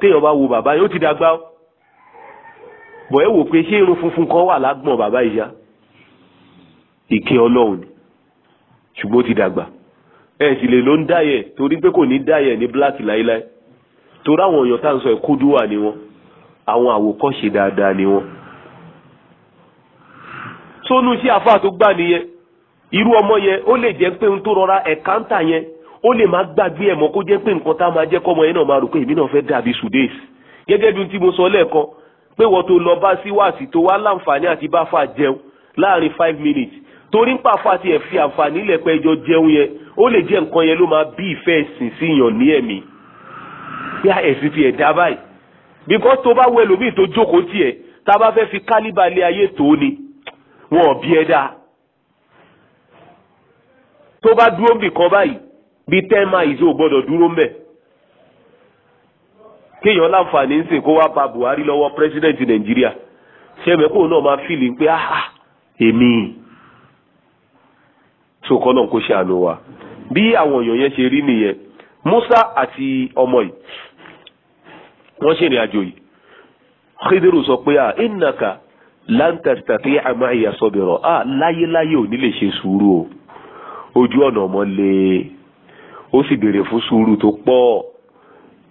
téèyàn bá wo bàbá yẹn ó ti dàgbà ó bọ̀ ẹ wò pé ṣé irun funfun kan wà lágbọ̀n bàbá ìyá ìké ọlọ́run ṣùgbọ́n ó ti dàgbà ẹ sì lè ló ń dáyẹ̀ torí pé kò ní dáyẹ̀ ní black láíláí torí àwọn èèyàn tá à ń sọ ìkúdúwà ni wọn àwọn àwòkọ́ṣe dáadáa ni wọn. sónú sí àfa tó gbà nìyẹn irú ọmọ yẹn ó lè jẹ́ pé n tó rọra ẹ̀ka ń tà yẹn ó lè má gbàgbé ẹ̀ mọ́ kó jẹ́ pé nǹkan tá a máa jẹ́ kọ́mọ yẹn náà máa rò pé èmi náà fẹ́ dàbí sudeis gẹ́gẹ́ bí tí mo sọ lẹ́ẹ̀kan pé wọ́n tó lọ bá síwáàsì tó wá láǹfààní àti bá fà jẹun láàrin five minutes torí ń pàfà tiẹ̀ fi àǹfààní lẹ̀ pẹ́ jẹun yẹn ó lè jẹ́ nǹkan yẹn ló máa bí ìfẹ́ ẹ̀sìn sí yàn ní ẹ̀mí bí ẹ̀sìn ti ẹ̀dá báyìí because tó bá wọ ẹlòmíì tó jókòó tiẹ̀ tá a bá fẹ́ fi kálíbà lé ayé tó ni wọn ò bí ẹ dáa tó bá dúró bì kan báyìí bíi ten miles ò gbọ́dọ̀ dúró mbẹ̀ kéèyàn láǹfààní ń sìn kó wá ba Buhari lọ́wọ́ president Nàìjíríà sẹ́mẹ̀kó náà máa fìlì pé ah, ah èmi sókọ́ náà kó wa bí àwọn èèyàn yẹn ṣe rí nìyẹn Musa àti ọmọ yìí wọ́n ṣe ìrìn àjò yìí Khidiru sọ pé ah innaka lan tastati'a ma'iya ah láyéláyé ò ní lè ṣe sùúrù o ojú ọ̀nà ọmọ le ó sì béèrè fún sùúrù tó pọ̀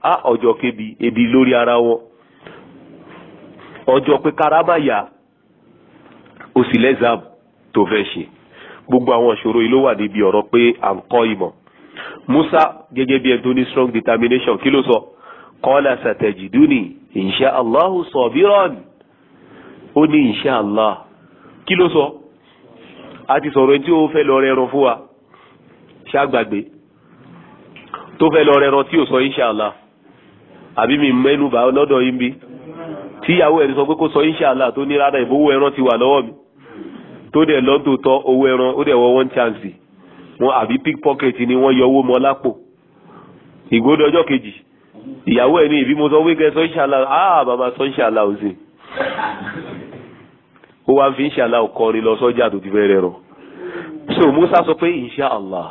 ah ọjọ́ kébi ebi lórí ara wọn ọjọ́ pé karama yá ó sì lẹ́zàm tó fẹ́ ṣe gbogbo àwọn ìṣòro yìí ló wà níbi ọ̀rọ̀ pé à ń kọ́ ìmọ̀ Musa gẹ́gẹ́ bí ẹni tó ní strong determination kí ló sọ kọ́lá sàtẹ̀jìdúnì insha Allahu sabiran ó ní insha Allah kí ló sọ a ti sọ̀rọ̀ ẹni tí ó fẹ́ lọ rẹran fún wa ṣàgbàgbé tó fẹ́ lọ rẹran tí ò sọ insha Allah àbí mi mẹ́nu bá lọ́dọ̀ yín bí tíyàwó ẹni sọ pé kó sọ insha Allah tó ní rárá ìbówó ẹran ti wà lọ́wọ́ mi tó dẹ̀ lọ́dọ̀tọ̀ owó ẹran ó dẹ̀ wọ one chance wọn àbí pickpocket ni wọ́n yọ owó mọ́ lápò ìgbódò ọjọ́ kejì ìyàwó ẹ̀ ní ìbí mo sọ wíkẹ́ sọ inshallah áà ah, bàbá sọ inshallah òsì ó wá fi inshallah kọrin lọ sọ́jà tó ti fẹ́ rọ so Musa sọ pé inshallah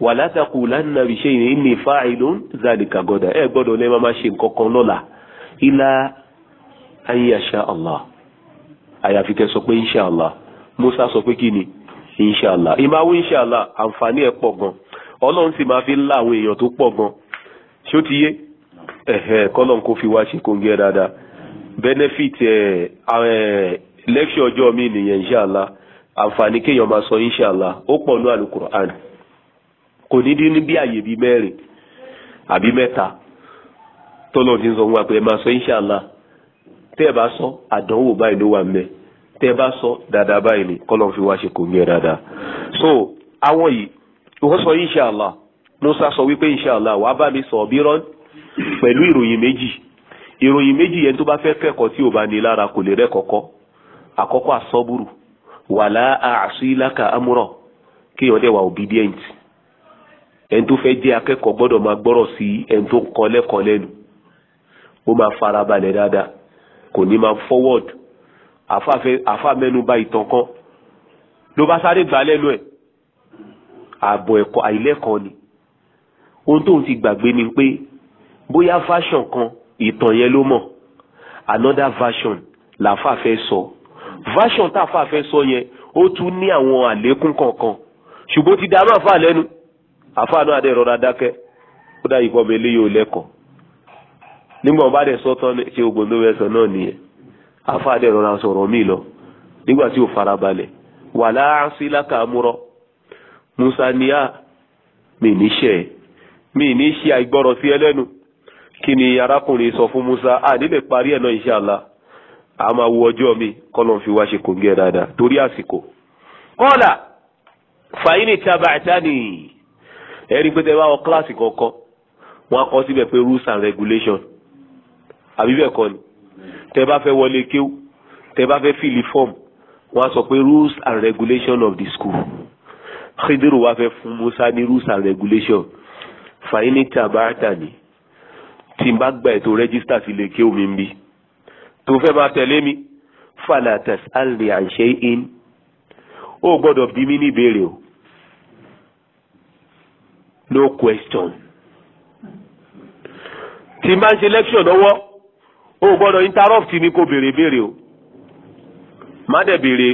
wala taqulanna bi shay'in inni fa'ilun dhalika goda ẹ gbọ́dọ̀ lẹ́ máa ma ṣe nǹkan kan lọla illa an yasha Allah àyàfi kẹ́ sọ pé Allah. Musa sọ pé kí ni inshàlá ìmáwó inshàlá àǹfààní ẹ̀ pọ̀ gan ọlọ́run sì máa fi ń la àwọn èèyàn tó pọ̀ gan ṣó ti yé ẹ̀hẹ̀ kọ́lọ́n kó fi wá ṣe kóńgẹ́ dáadáa benefit ẹ̀ lecture ọjọ́ mi nìyẹn inshàlá àǹfààní kéèyàn máa sọ inshàlá ó pọ̀ ní alukur'an kò ní dín ní bí àyè bíi mẹ́rin àbí mẹ́ta tọ́lọ́ ti ń sọ fún wa pé ẹ máa sọ inshàlá tẹ́ ẹ bá sọ àdánwò báyìí ló wà mẹ́ẹ̀ tẹ́ bá sọ dáadáa báyìí ni kọ́lọ́n fi wá ṣe kò ní ẹ̀ dáadáa so àwọn yìí wọ́n sọ inshàlá musa sọ wípé inshàlá wàá bá mi sọ bírọ́n pẹ̀lú ìròyìn méjì ìròyìn méjì yẹn tó bá fẹ́ kẹ́kọ̀ọ́ tí ò bá ní lára kò lè rẹ́ kọ́kọ́ àkọ́kọ́ àsọ́bùrù wàlá àṣìláka amúrọ̀ kéèyàn dẹ̀ wà obedient ẹni tó fẹ́ jẹ́ akẹ́kọ̀ọ́ gbọ́dọ̀ máa gbọ́rọ̀ sí ẹni tó ń kọ́ lẹ́kọ̀ọ́ lẹ́nu ó máa farabalẹ̀ dáadáa kò ní máa forward àfa mẹ́nuba ìtàn kan ló bá sáré gbà lẹ́nu ẹ̀ ààbọ̀ ẹ̀kọ́ àìlẹ́kọ̀ọ́ ni ohun tóun ti gbàgbé ni pé bóyá version kan ìtàn yẹn ló mọ̀ another version làáfà fẹ́ sọ version táàfà fẹ́ sọ yẹn ó tún ní àwọn àlékún kọ̀ọ̀kan ṣùgbọ́n ti dànù àfà lẹ́nu àfà náà adé rọra dákẹ́ ó dá ìkọ́ eléyìí ò lẹ́kọ̀ọ́ nígbà wọn bá dẹ̀ sọ ṣe ògbóǹdó rẹ̀ náà nìyẹn àfáàdé rọra sọ̀rọ̀ mí lọ nígbà tí ó farabalẹ̀ wà láàásí lákàmúrọ̀ musa ní à mí níṣẹ́ mí níṣẹ́ àìgbọ́rọ̀ sí ẹlẹ́nu kí ni arákùnrin sọ fún musa à nílẹ̀ parí ẹ̀ náà inṣàlá a máa wo ọjọ́ mi kọ́lọ̀ fi wá ṣe kòǹgẹ́ dáadáa torí àsìkò kọ́là fàyínì tabàtánì ẹ̀rí pé tẹ́ bá wọ kíláàsì kọ̀ọ̀kan wọ́n á kọ́ síbẹ̀ pé rules and regulations àbí bẹ́ẹ̀ kọ́ ni tẹ́ bá fẹ́ wọlé kéwú tẹ́ fẹ́ fìlì fọ́ọ̀mù wọ́n á sọ pé rules and regulation of the school khidiru wá fẹ́ fún musa ní rules and regulation fàyínní tàbáàtà ni tí n bá gba ètò rẹ́gísítà sí lè kéwú mi ń bí tó fẹ́ máa tẹ̀lé mi fàlà tẹ̀sánlẹ̀ àṣẹ in ó gbọ́dọ̀ bí mi ní ìbéèrè o no question tí n bá ń ṣe lecture lọ́wọ́ o gbọ́dọ̀ interrupt mi kó béèrè béèrè o má dẹ̀ béèrè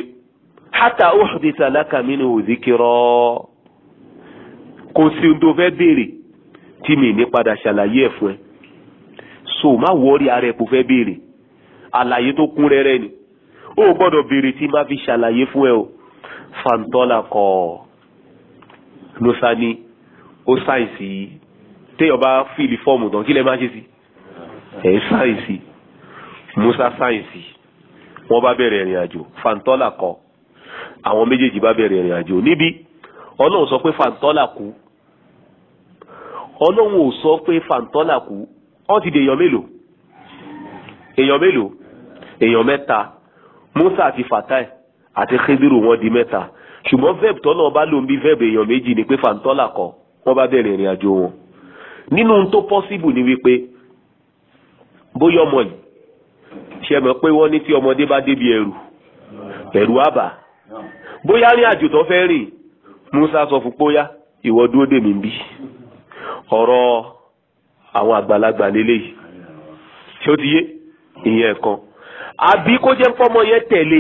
hata uhdisa laka minu zikirọ́ kò sí ohun tó fẹ́ béèrè tí mi ní padà ṣàlàyé ẹ̀ fún ẹ so má wọrí ara ẹ̀ kò fẹ́ béèrè àlàyé tó kún rẹ́rẹ́ ni o gbọ́dọ̀ béèrè tí má fi ṣàlàyé fún ẹ o fantola kọ lósa ni ó sáyẹ̀nsì téèyàn bá fìlì fọ́ọ̀mù tán kí lè má ṣe sí ẹ̀ sáyẹ̀nsì musa sáyẹ̀nsì wọ́n bá bẹ̀rẹ̀ ìrìn àjò fàǹtọ́là kọ àwọn méjèèjì bá bẹ̀rẹ̀ ìrìn àjò níbi ọlọ́run sọ pé fàǹtọ́là kú ọlọ́run ò sọ pé fàǹtọ́là kú wọ́n ti di èèyàn mélòó èèyàn mélòó èèyàn mẹ́ta musa àti fatai àti khediru wọ́n di mẹ́ta ṣùgbọ́n veb tọ́nà bá lòun bí veb èèyàn méjì ni pé fàǹtọ́là kọ wọ́n bá bẹ̀rẹ̀ ìrìn àjò wọn nínú tó pọ́síbù ni wípé bóyá ọmọ yìí ṣe mọ̀ pé wọ́n ní tí ọmọdé bá débi ẹrù ẹrù àbà bóyá ní àjò tó fẹ́ rìn Musa sọ fún póyá ìwọ dúró dè mí bí ọ̀rọ̀ àwọn àgbàlagbà lélẹ́yìí ṣé ó ti yé ìyẹn kan àbí kó jẹ́ pọ́mọ yẹn tẹ̀lé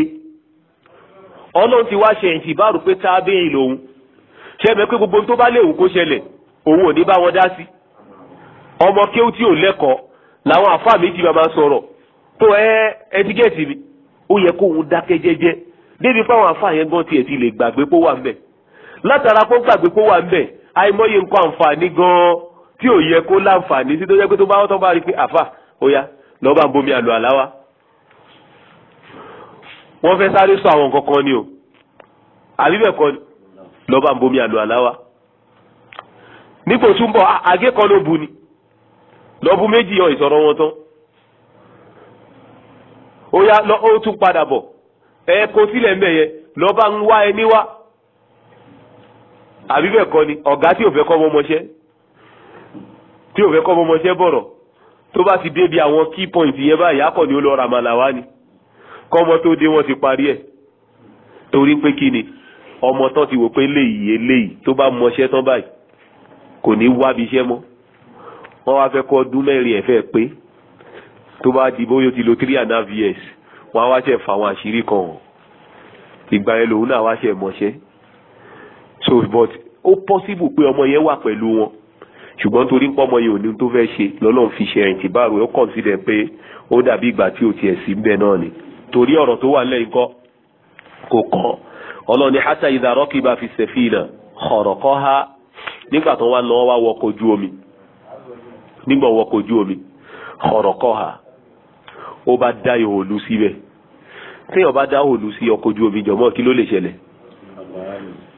ọlọ́run ti wá ṣe ìtìbárù pé tábìlì lòun ṣe mọ̀ pé gbogbo tó bá léwu kó ṣẹlẹ̀ òun ò ní bá wọn dá sí ọmọ kéwù tí ò lẹ́kọ̀ọ́ làwọn àfáà méjì máa sọ̀rọ̀ so ẹ ẹtíkẹ́ẹ̀tì mi ó yẹ kó òun dákẹ́ jẹ́jẹ́ débi pé àwọn àǹfààní gan tiẹ̀ ti lè gbàgbé pó wà ń bẹ̀ látara kó gbàgbé pó wà ń bẹ̀ àìmọye nǹkan àǹfààní gan tí ò yẹ kó láǹfààní sí tó yẹ pé tó bá wọ́n tó bá rí pé àfà ó yá lọ́ọ́ bá ń bomi àlọ́ àláwá wọ́n fẹ́ sáré sọ àwọn nǹkan ni o àbí bẹ́ẹ̀ kọ́ lọ́ọ́ bá ń bomi àlọ́ àláwá nípò túnbọ̀ àgé ló bu ni lọ́ọ́ bu méjì yọ ìsọ̀rọ̀ wọn tán ó yá lọ ó tún padà bọ̀ ẹ kó sílẹ̀ ń bẹ̀ yẹn lọ́ba ń wá ẹni wá àbí bẹ́ẹ̀ kọ́ ni ọ̀gá tí ò fẹ́ kọ́ ọmọọmọṣẹ́ tí ò fẹ́ kọ́ ọmọọmọṣẹ́ bọ̀rọ̀ tó bá ti débi àwọn key point yẹn báyìí akọ ni ó lọ ra màlàwá ni kọ́mọ tó dé wọ́n ti parí ẹ̀ torí pé kí ni ọmọ tán ti wò pé léyìí eléyìí tó bá mọṣẹ́ tán báyìí kò ní wábi iṣẹ́ mọ́ wọ́n wá fẹ́ kọ́ ọdún mẹ́rin ẹ̀ fẹ́ pé tó bá di bóyá ó ti lo three and a half years wọ́n á wá ṣe fà àwọn àṣírí kan ìgbà yẹn lòun náà wá ṣe mọ̀ṣẹ́ so but ó possible pé ọmọ yẹn wà pẹ̀lú wọn ṣùgbọ́n torí ń pọ́ ọmọ yẹn ò ní tó fẹ́ ṣe lọ́lọ́run fi ṣe ẹ̀yìn tìbáàrò ó consider pé ó dàbí ìgbà tí ò tiẹ̀ sí bẹ́ẹ̀ náà ni torí ọ̀rọ̀ tó wà lẹ́yìn kọ́ kò kàn ọlọ́ni hata ìdàrọ́kì bá fi ṣẹ̀fìnà ọ̀rọ̀ kọ́ ha nígbà tó wà lọ́wọ́ wá wọkọ̀ ojú omi nígbà wọkọ̀ ojú omi ọ̀rọ̀ kọ́ ha ó bá dá òòlù síbẹ̀ téèyàn bá dá òòlù sí ọkọ̀ ojú omi jọ̀mọ́ kí ló lè ṣẹlẹ̀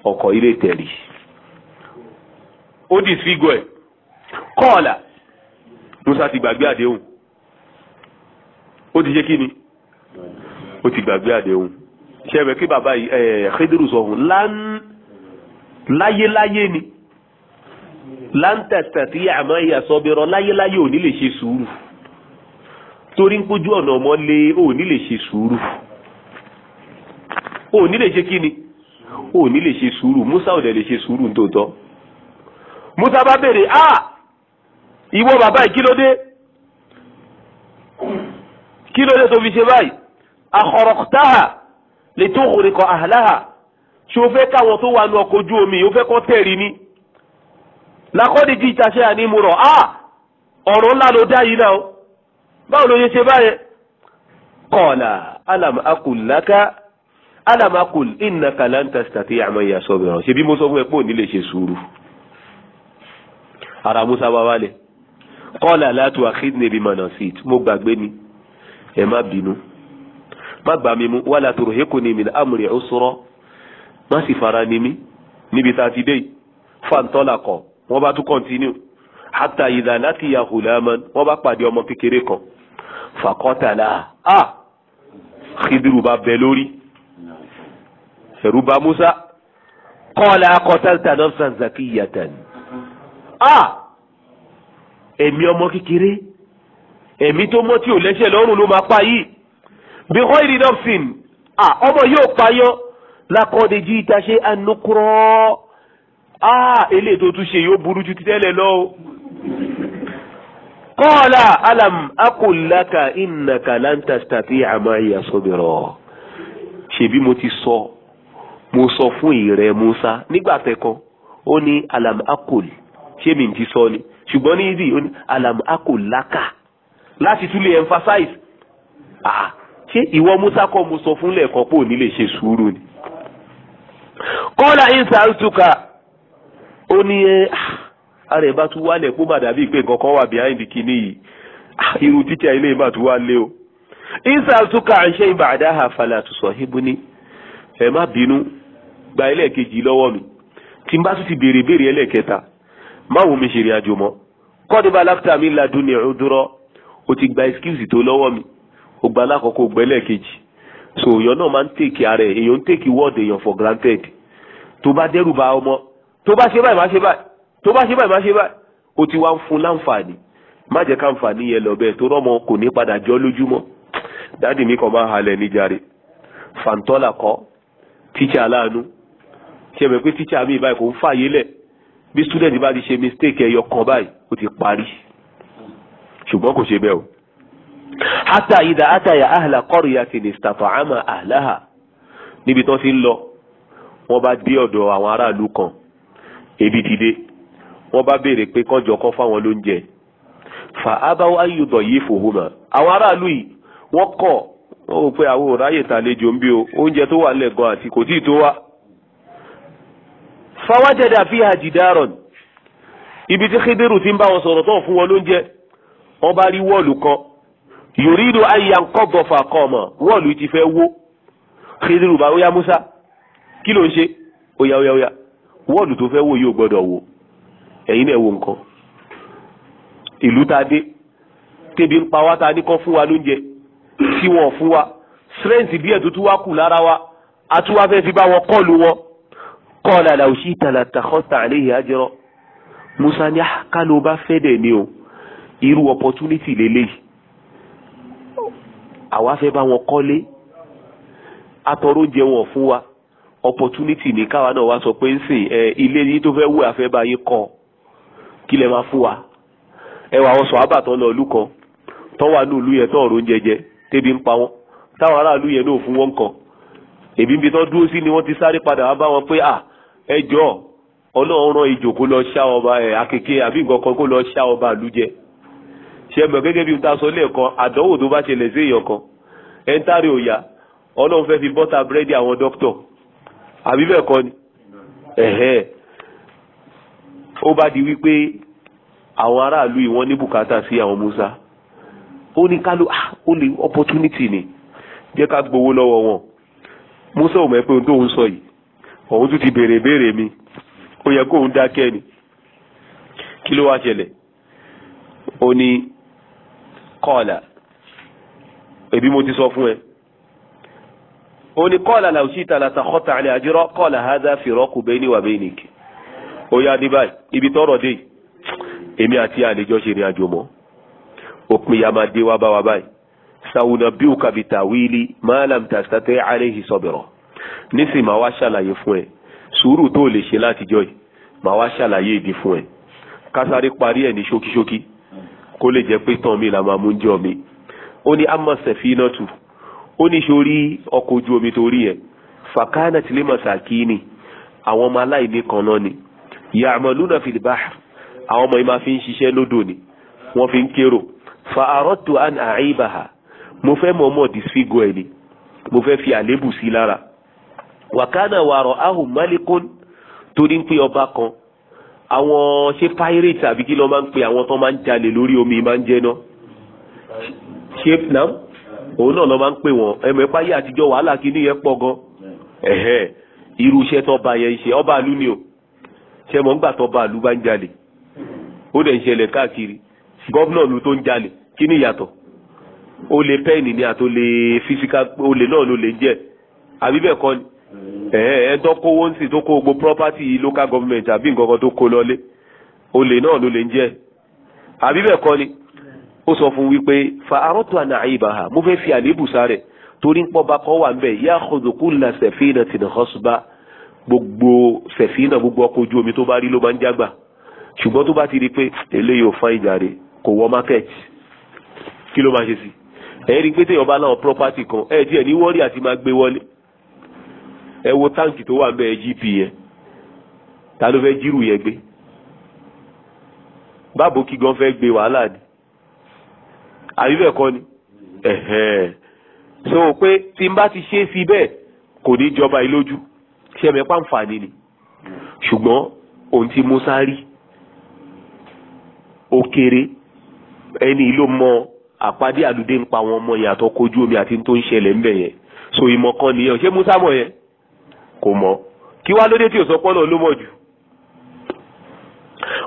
ọkọ̀ ilé tẹ̀lé ó dìsígò ẹ̀ kọ́ọ̀là musa ti gbàgbé àdéhùn ó ti ṣe kí ni ó ti gbàgbé àdéhùn ṣẹ̀mẹ̀ kí bàbá ẹ̀ xediru sọ fún láyéláyé ni láńtẹ̀tẹ̀ tí àmọ́ ìyàsọ́ bí rọ láyéláyé ò ní lè ṣe sùúrù torí ń pójú ọ̀nà ọmọ lé òní lè ṣe sùúrù òní lè ṣe kí ni òní lè ṣe sùúrù Musa ò dẹ̀ lè ṣe sùúrù nítòótọ́ Musa bá béèrè a ìwọ bàbá yìí kí ló dé kí ló dé tó fi ṣe báyìí àkọ̀rọ̀kọ̀táhà lè tó òrìkọ̀ àhàláhà ṣé o fẹ́ káwọn tó wà ní ọkọ̀ ojú omi o fẹ́ kọ́ tẹ̀rí ni lakọ́dìjì ìtàṣẹ́ ànímúrọ̀ a ọ̀rọ̀ ńlá ló dá yìí náà báwo ló yẹ ṣe báyẹn kọ́ọ̀là alam akul laka alam akul innaka lan tastati'a ma ya sabira ṣe bí mo sọ fún ẹ pé òní lè ṣe sùúrù ara musa wá wálẹ̀ kọ́ọ̀là la tu'akhidhni bima nasit mo gbàgbé ni ẹ má bínú má gbà mí mú wala turhiqni min amri usra má sì fara ni mí níbi tá a ti dé fàǹtọ́là kọ̀ wọ́n bá tún kọ́ntínú hatta idha laqiya ghulaman wọ́n bá pàdé ọmọ kékeré kan fakọtala a ah! khidiru ba bẹ lórí ẹ̀rù bà musa kọọla akọtalta nọfisa zaki yatan a ah! ẹ̀mí ọmọ kékeré ẹ̀mí tó mọ tí o lẹ́ṣẹ̀ lọ́rùn ló máa pa yìí bí kọ́ìrì nọfsin a ah! ọmọ yóò payọ lakọdeji ita ṣe anukurọ a eléyìí tó tún ṣe yóò burú ju títẹ́lẹ̀ lọ o kọ́ọ̀lá alam akullaka innaka lan tastati'a ma'iya sabira ṣebí mo ti sọ mo sọ fún ìrẹ musa nígbà tẹkọ ó ní alam akul ṣé mi ti sọ ni ṣùgbọ́n ní ìdí ó ní alam akullaka láti tún lè emphasize ah ṣé ìwọ musa kọ́ mo sọ fún lẹ́ẹ̀kan pò ní lè ṣe sùúrù ni kọ́ọ̀lá in ó ní ẹ́ ah ara ẹ̀ bá tún wálẹ̀ kó má dàbí pé nǹkan kan wà behind kínní yìí ah, irú títí ilé ìmọ̀ tó wá lé o isa tuka àṣẹ ìbàdà àfàlà àtúnṣọ ìbúni ẹ má bínú gba ẹlẹ́ẹ̀kejì lọ́wọ́ mi tí n bá tún ti béèrè béèrè ẹlẹ́ẹ̀kẹta má wo mi ṣèrìn àjò mọ́ kọ́ni bá láfíà mi ladùn ní ọdúnrọ́ o ti gba excuse tó lọ́wọ́ mi o gba alákọ̀ọ́kọ́ o gba ẹlẹ́ẹ̀kejì so èèyàn náà máa ń tèkì ara ẹ̀ èèyàn ń tèkì wọ́ọ̀dù èèyàn for granted tó bá dẹ́rù bà ọmọ tó bá ṣe báyìí má ṣe báyìí tó bá ṣe báyìí má ṣe báyìí ó ti wá ń fún láǹfààní má jẹ́ káǹfààní yẹn lọ bẹ́ẹ̀ tó rọ́mọ kò ní padà jọ lójúmọ́ dáàdì mi kàn máa halẹ̀ níjàre fàǹtọ́là kọ́ tíṣà aláàánú ṣe mẹ́ pé tíṣà mi báyìí kò ń fààyè lẹ̀ bí student bá ti ṣe mistake ẹyọ kan báyìí ó ti parí ṣùgbọ́n kò ṣe bẹ́ẹ̀ o. hata ida ataya ahla qaryatin istata'ama ahlaha níbi tí wọ́n ti ń lọ wọ́n bá dé ọ̀dọ̀ àwọn aráàlú kan ebi ti dé wọ́n bá béèrè pé kọ́jọ kọ́ fáwọn lóúnjẹ fa abawo ayùdọ̀ yìí fòhùmà àwọn aráàlú yìí wọ́n kọ̀ wọ́n wò pé àwọn òráyè tàlejò ń bí o oúnjẹ tó wà lẹ́gàn àti kò tí ì tó wá. fawájẹ́dà fi hàjìdárọ̀n ibi tí khidiru ti ń bá wọn sọ̀rọ̀ tó fún wọn lóúnjẹ wọ́n bá rí wọ́ọ̀lù kan yòrídò ayànkọ́bọ̀ fàkọ́ọ̀mọ̀ wọ́ọ̀lù ti fẹ́ wó khidiru bá ó musa kí ló ń ṣe ó yá ó wọ́ọ̀lù tó fẹ́ wó yóò gbọ́dọ̀ wó ẹ̀yin náà wo nǹkan ìlú tá a dé tẹ́bi ń pa wá tá a ní kọ́ fún wa lóúnjẹ tí wọ́n fún wa strength díẹ̀ tó tún wá kù lára wa a tún wá fẹ́ fi bá wọn kọlu wọn kọ́ọ̀lá làwọn sí ìtàlà tàkọ́tà àléyìí musa ní ah, kálọ̀ bá fẹ́ dẹ̀ ni o irú opportunity lélẹ́yìí àwa fẹ́ bá wọn kọ́lé atọrọ oúnjẹ wọn fún wa opportunity ní káwa náà wá sọ pé ń sìn ẹ ilé yìí tó fẹ́ wù àfẹ́ bá kọ́ ọ kí lẹ máa fún wa ẹ wà wọn sọ àbàtàn lọ ìlú kan tọ́ wà ní ìlú yẹn tọ́ ọ̀rọ̀ oúnjẹ jẹ tẹ́bi ń pa wọn táwọn aráàlú yẹn náà fún wọn kan èbí ibi tó dúró sí ni wọ́n ti sáré padà wá bá wọn pé à ẹ jọ ọlọ́run rán ìjò kó lọ ṣá ọba ẹ̀ akeke àbí nǹkan kan kó lọ ṣá ọba àlújẹ ṣe mọ̀ gẹ́gẹ́ bí n ta sọ lẹ́ẹ̀kan àdánwò tó bá ṣẹlẹ̀ sí èèyàn kan ẹ̀ ń tàrí òyà ọlọ́run fẹ́ fi bọ́tà búrẹ́dì àwọn dókítọ̀ àbí bẹ́ẹ̀ kọ́ ni ẹ̀hẹ́ ó bá di wípé àwọn aráàlú yìí wọ́n ní bùkátà sí àwọn Musa ó ní kálù ah, ó lè opportunity ni jẹ́ ká gbowó lọ́wọ́ wọn Musa ò mọ̀ pé ohun tó ń sọ yìí òun tún ti béèrè béèrè mi ó yẹ kóun dákẹ́ ni kí ló wá ṣẹlẹ̀ ó ní kọ́ọ̀là ẹbí mo ti sọ fún ẹ ó ní kọ́ọ̀là làwọn sì ta làtà kọ́ta àlẹ́ àjẹrọ́ kọ́ọ̀là hádà fìrọ́kù bẹ́ẹ̀ ni wà bẹ́ẹ̀ nìkì ó yá dé báyìí ibi tọ́rọ̀ dé yìí èmi àti àlejò ṣe ìrìn àjò mọ́ òpin ya máa dé wá bá wa báyìí sàwùnà bí òkà fi tàwílì máàlàm tàṣàtẹ àléhì sọbẹrọ nísìnyí màá wá ṣàlàyé fún ẹ sùúrù tó lè ṣe látijọ́ yìí màá wá ṣàlàyé ìdí fún ẹ kásáré parí ẹ ní ṣókíṣókí kó lè jẹ pé tán mi là máa mú jọ mi ó ní amọ̀sẹ̀fì náà tù ó ní sórí ọkọ̀ ojú omi torí ẹ̀ fàkánà tìlẹ́mọ̀sàkì ni àwọn ọmọ aláìní kan náà ni yàmọ̀lúnà fìlìbáhà àwọn ọmọ yìí máa fi ń ṣiṣẹ́ lódò ni wọ́n fi ń kérò fa àrọ́tò àn àìbàhà mo fẹ́ mọ̀ mọ̀ disfigo ẹ̀ ni mo fẹ́ fi àlébù sí lára wàkánà wàrọ̀ ahùn málékún torí ń pé ọba kan àwọn ṣé pirate àbí kí ló máa ń pe àwọn tó máa ń jalè lórí omi máa ń jẹ́ náà ṣé nam òun náà ló máa ń pè wọ́n ẹ̀mọ ẹ̀pá yé àtijọ́ wàhálà kí ni yẹn pọ̀ gan irú iṣẹ́ tó ba yẹn ṣe ọba àlú ni o ṣé mọ̀ ń gbà tó ba àlú bá ń jalè ó dẹ̀ ń ṣẹlẹ̀ káàkiri gọ́vnà lu tó ń jalè kí ni ìyàtọ̀ ó lè pẹ́ẹ̀nì ni àti ó lè físíkà ó lè náà ló lè jẹ́ àbí bẹ́ẹ̀ kọ́ ni ẹ̀ẹ́ ẹ̀dọ́ tó kó gbogbo property local government àbí nǹkan kan tó kó lọlé ó lè náà ló lè jẹ́ àbí bẹ́ẹ̀ kọ́ ni ó sọ fún wípé fa arọ́tò àná àyíbáha mo fẹ́ fi àlébù sáré torí ń pọ́ba kọ́ wà ń bẹ̀ yá àkọ́dùkú la sẹ̀fínà tìǹkọ́sùbà gbogbo sẹ̀fínà gbogbo ọkọ̀ ojú omi tó bá rí ló máa ń jágbà ṣùgbọ́n tó bá ti rí i pé eléyìí ò fún ìjàre kò wọ market kí ló máa ṣe sí ẹ rí i pé téèyàn property kan ẹ díẹ̀ ní wọ́ọ̀rì àti máa gbé wọlé ẹ wo táǹkì tó wà bẹ́ẹ̀ gp yẹn ta ló fẹ́ jírù yẹn gbé báàbò kí gan fẹ́ gbé wàhálà ni àbí bẹ́ẹ̀ kọ́ ni so pé tí n bá ti ṣe é sí bẹ́ẹ̀ kò ní jọba ilójú ṣẹ́mi pàǹfààní ni ṣùgbọ́n ohun tí Musa rí ó kéré ẹni ló mọ àpàdé àlùdé ń pa àwọn ọmọ yẹn àtọkọjú omi àti tó ń ṣẹlẹ̀ ńbẹ̀ yẹn so ìmọ̀ kan nìyẹn ṣé Musa mọ̀ yẹn kò mọ̀ kí wá lóde tí òsọpọ̀ náà ló mọ̀ jù.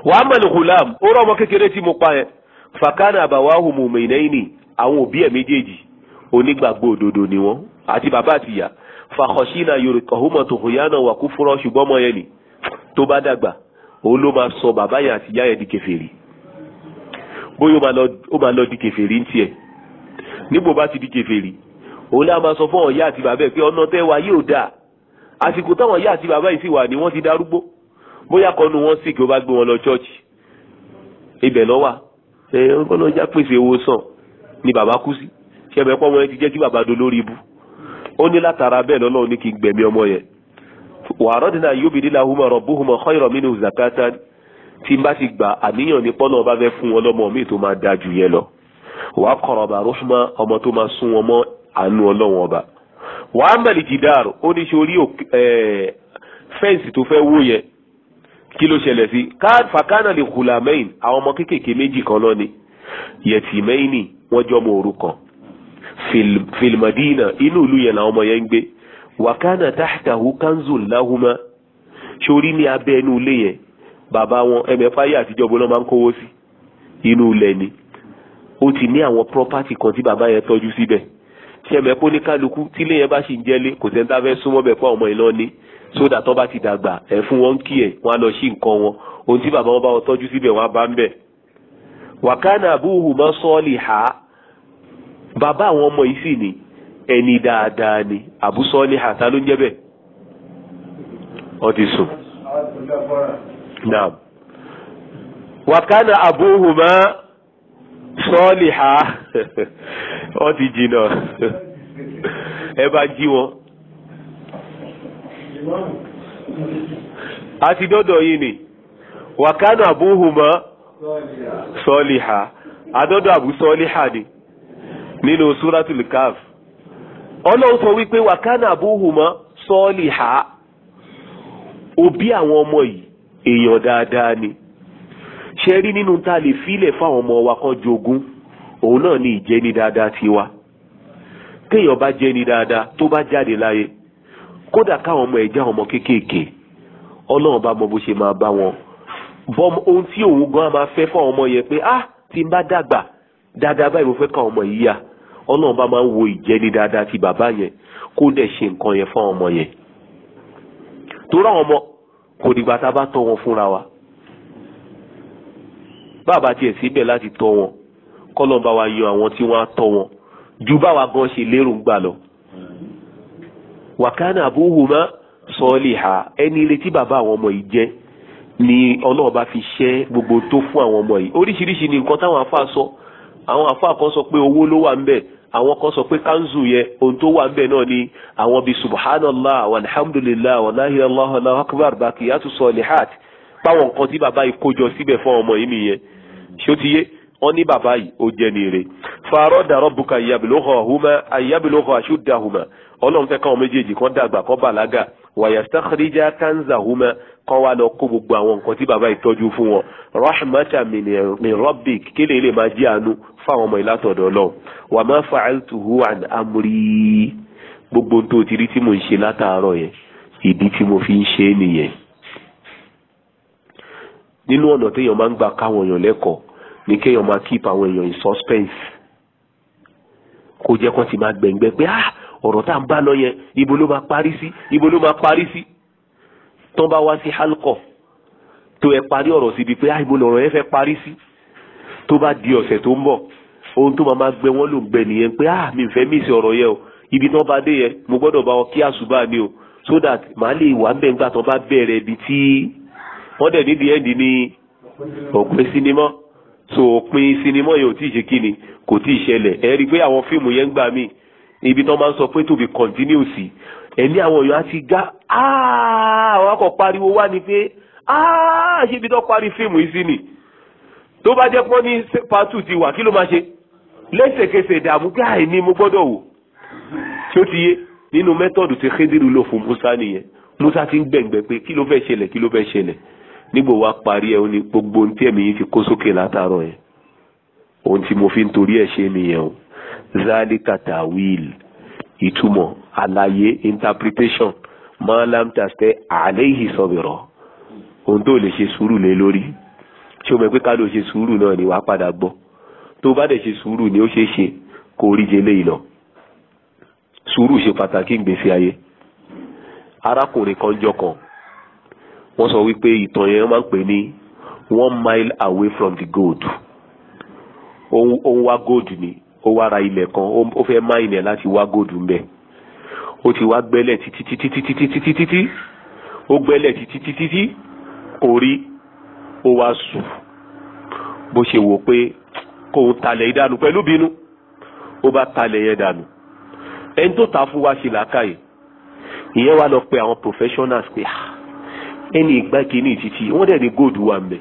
wàá mọ̀lù hulam ó rọ ọmọ kékeré tí mo pa yẹn fakana àbáwáhùn mùmìnẹ́yìnì àwọn òbí ẹ̀ méjèèjì onígbàgbọ́ òdodo ni wọ́n àti bàbá àti ìyá fakọ̀ṣínà yorùbá ọ̀húnmọ̀ tòhùnyánà wà kú fúnra ṣùgbọ́n mọ̀ yẹn ni tó bóyá ó máa lọ di kèfèrí ń tiẹ̀ níbo bá ti di kèfèrí òun náà máa sọ fún ọ̀yá àti bàbá ẹ̀ pé ọ̀nà tẹ́ wa yóò dáa àsìkò táwọn ọ̀yá àti bàbá yìí sì wà ní wọ́n ti darúgbó bóyá kọ́nu wọn sì kí ó bá gbé wọn lọ chọ́ọ̀chì ibẹ̀ lọ wà ẹ̀ ń kọ́nà já pèsè owó sàn ni bàbá kú sí ṣẹ̀mẹ̀ pọ́ wọn ti jẹ́ kí bàbá dolórí ibu ó ní látara bẹ́ẹ̀ lọ́lọ́run ní kí n gbẹ̀mí ọmọ yẹn wàá rọ́dínà yóò bí tí n bá ti gbà àníyàn ní pọ́nà ọba fẹ́ fún wọn mi tó máa da jù yẹn lọ wàá kọ̀rọ̀ ọba rúfúnmá ọmọ tó máa sún wọn mọ́ àánú ọlọ́wọ́n ọba wàá mẹ́lì jìdáàrò ó ní ṣe orí fẹ́ǹsì tó fẹ́ wó yẹn kí ló ṣẹlẹ̀ sí fàkánà lè hùlà mẹ́yìn àwọn ọmọ kéékèèké méjì kan lọ́ni yẹtì mẹ́yìn wọ́n jọ ọmọ òrukàn fìlmàdínà inú ìlú yẹn làwọn ọmọ yẹn ń gbé wàkánà táhtàhù kánzùn láhùmá ṣorí ní abẹ́ inú ilé yẹn bàbá wọn ẹgbẹ̀fà yìí àtijọ́ bọ́lá máa ń kówó sí inú ilẹ̀ ni ó ti ní àwọn property kan tí bàbá yẹn tọ́jú síbẹ̀ ṣẹ̀mẹ̀ kó ní kálukú tílé yẹn bá sì ń jẹ́lé kò sẹ́ńtà fẹ́ súnmọ́ bẹ̀ fún àwọn ọmọ ìlọ ní sódà tó bá ti dàgbà ẹ̀ fún wọn kí ẹ̀ wọn á lọ sí nǹkan wọn ohun tí bàbá wọn bá wọn tọ́jú síbẹ̀ wọn á bá ń bẹ̀. wàkánà abúhù mọ́ sọ́ọ̀lì ha bàbá àwọn ọmọ yìí sì ni ẹni dáadáa ni àbúsọ́ọ̀lì ha ta ló ń jẹ́ bẹ́ẹ̀ ọ ti sùn. نعم وكان أبوهما صالحا ó ti jìnnà ẹ bá jí wọn. a ti dọ́dọ̀ yìí ni wàkánà àbúhùmá sọ́ọ̀lìhà adọ́dọ̀ àbú nínú káf ọlọ́run sọ wípé wàkánà àbúhùmá sọ́ọ̀lìhà òbí àwọn ọmọ yìí èèyàn dáadáa ni ṣe rí nínú tá a lè filẹ̀ fáwọn ọmọ wa kan jogún òun náà ni ìjẹni dáadáa tiwa téèyàn bá jẹni dáadáa tó bá jáde láyé kódà káwọn ọmọ ẹ̀já ọmọ kéékèèké ọlọ́run bá mọ bó ṣe máa bá wọn bọ́m ohun tí òun gan máa fẹ́ fáwọn ọmọ yẹn pé ah tí n bá dàgbà dáadáa báyìí mo fẹ́ káwọn ọmọ yìí yá ọlọ́run bá máa ń wo ìjẹni dáadáa ti bàbá yẹn kó dẹ̀ ṣe nǹkan yẹn fáwọn ọmọ yẹn torí àwọn ọmọ kò dìgbà tá a bá tọ́ wọn fúnra wa bàbá tiẹ̀ síbẹ̀ láti tọ́ wọn kọ́lọ́n bá wa yọ àwọn tí wọ́n á tọ́ wọn ju báwa gan ṣe lérò ń gbà lọ. wàkánà àbúhùmá sọ́ọ́lì ha ẹni ilé bàbá àwọn ọmọ yìí jẹ́ ni ọlọ́run bá fi ṣẹ́ gbogbo tó fún àwọn ọmọ yìí oríṣiríṣi ni nǹkan táwọn afá sọ àwọn afá kan sọ pé owó ló wà ń bẹ́ẹ̀ àwọn kan sọ pé kanzu yẹ ohun tó wà nbẹ náà ni àwọn bíi subhanallah walhamdulillah walahi allah allah akbar bakiyatu solihat báwọn nǹkan tí bàbá yìí kójọ síbẹ̀ fún ọmọ yìí nìyẹn ṣé ó ti yé wọn ní bàbá yìí ó jẹ nìire fàárọ̀ dàrọ̀ buka ìyàbìlóhọ̀ huma ìyàbìlóhọ̀ àṣùdà huma ọlọ́run fẹ́ káwọn méjèèjì kan dàgbà kan bàlágà wàyà sàkìrìjà kanza huma kan wà lọ kó gbogbo àwọn nǹkan tí bàbá yìí tọ́jú fún wọn rahmatan min rabbik kí lè lè máa jẹ́ àánú fáwọn ọmọ yìí látọ̀dọ̀ ọlọ́run wà má fa'altuhu an amri gbogbo tó ti rí tí mo ń ṣe látàárọ̀ yẹn ìdí tí mo fi ń ṣe é nìyẹn nínú ọ̀nà téèyàn máa ń gbà káwọn èèyàn lẹ́kọ̀ọ́ ni kéèyàn máa keep àwọn èèyàn in suspense kó jẹ́ kó ti máa gbẹ̀ngbẹ́ pé ah ọ̀rọ̀ tá à ń bá lọ yẹn ibo ló máa parí sí ibo ló máa parí sí tó bá wá sí halkọ tó ẹ parí ọ̀rọ̀ síbi pé ah ibo lọ̀rọ̀ yẹn fẹ́ parí sí tó bá di ọ̀sẹ̀ tó ń bọ̀ ohun tó máa gbẹ wọ́n ló ń gbẹ nìyẹn pé ah mi fẹ́ mísì ọ̀rọ̀ yẹn o ibi tí wọ́n bá dé yẹn mo gbọ́dọ̀ bá wọn kí àṣùbà ni o so that màá lè wà ń bẹ̀ ńgbà tó bá bẹ̀rẹ̀ ibi tí wọ́n dẹ̀ nídìí ẹ̀ǹdì ni òpin sinimọ́ so òpin sinimọ́ yẹn ò tí ì ṣe kíni kò tí ì ṣẹlẹ̀ ẹ rí i pé àwọn fíìmù yẹn ń gbà mí ibi tí máa ń sọ pé to be continue sí ẹni àwọn èèyàn á ti ga ah! àwọn akọ̀ pariwo wá ni pé ah! ṣé ibi tí wọ́n parí fíìmù lẹ́sẹ̀kẹsẹ̀ ìdààmú pé àìní mo gbọ́dọ̀ wò tí ó ti yé nínú mẹ́tọ̀dù tí Khediru lò fún Musa nìyẹn Musa ti ń gbẹ̀ngbẹ̀ pé kí ló fẹ́ ṣẹlẹ̀ kí ló fẹ́ ṣẹlẹ̀ nígbò wa parí ẹ̀ ó ní gbogbo ohun tí ẹ̀mí yìí ti kó sókè látàárọ̀ yẹn ohun tí mo fi ń torí ẹ̀ ṣe nìyẹn o zalika tawil ìtumọ̀ àlàyé interpretation máa lam tàṣẹ àléhì sọ̀bìrọ̀ ohun tó lè ṣe sùúrù lé lórí ṣé o mọ̀ pé ká ló ṣe sùúrù náà ni wàá padà gbọ́ tó bá dẹ̀ ṣe sùúrù ni ó ṣe é ṣe kó rí jẹ léyìí lọ sùúrù ṣe pàtàkì gbèsè ayé arákùnrin kan jọ kan wọ́n sọ wípé ìtàn yẹn máa ń pè ní one mile away from the gold ó ń wá gold ni ó wá ra ilẹ̀ kan ó fẹ́ má ilẹ̀ láti wá gold ń bẹ̀ ó ti wá gbẹ́lẹ̀ títí títí títí títí títí ó gbẹ́lẹ̀ títí títí títí kò rí ó wá sùn bó ṣe wò pé kò ń talẹ̀ ìdànù pẹ̀lú bínú ó bá talẹ̀ yẹn dànù ẹni tó ta fún wa ṣe làákàyè ìyẹn wá lọ pe àwọn professionals pé ah, ẹni ìgbà kìíní títí wọ́n dẹ̀ ní gold wà mbẹ̀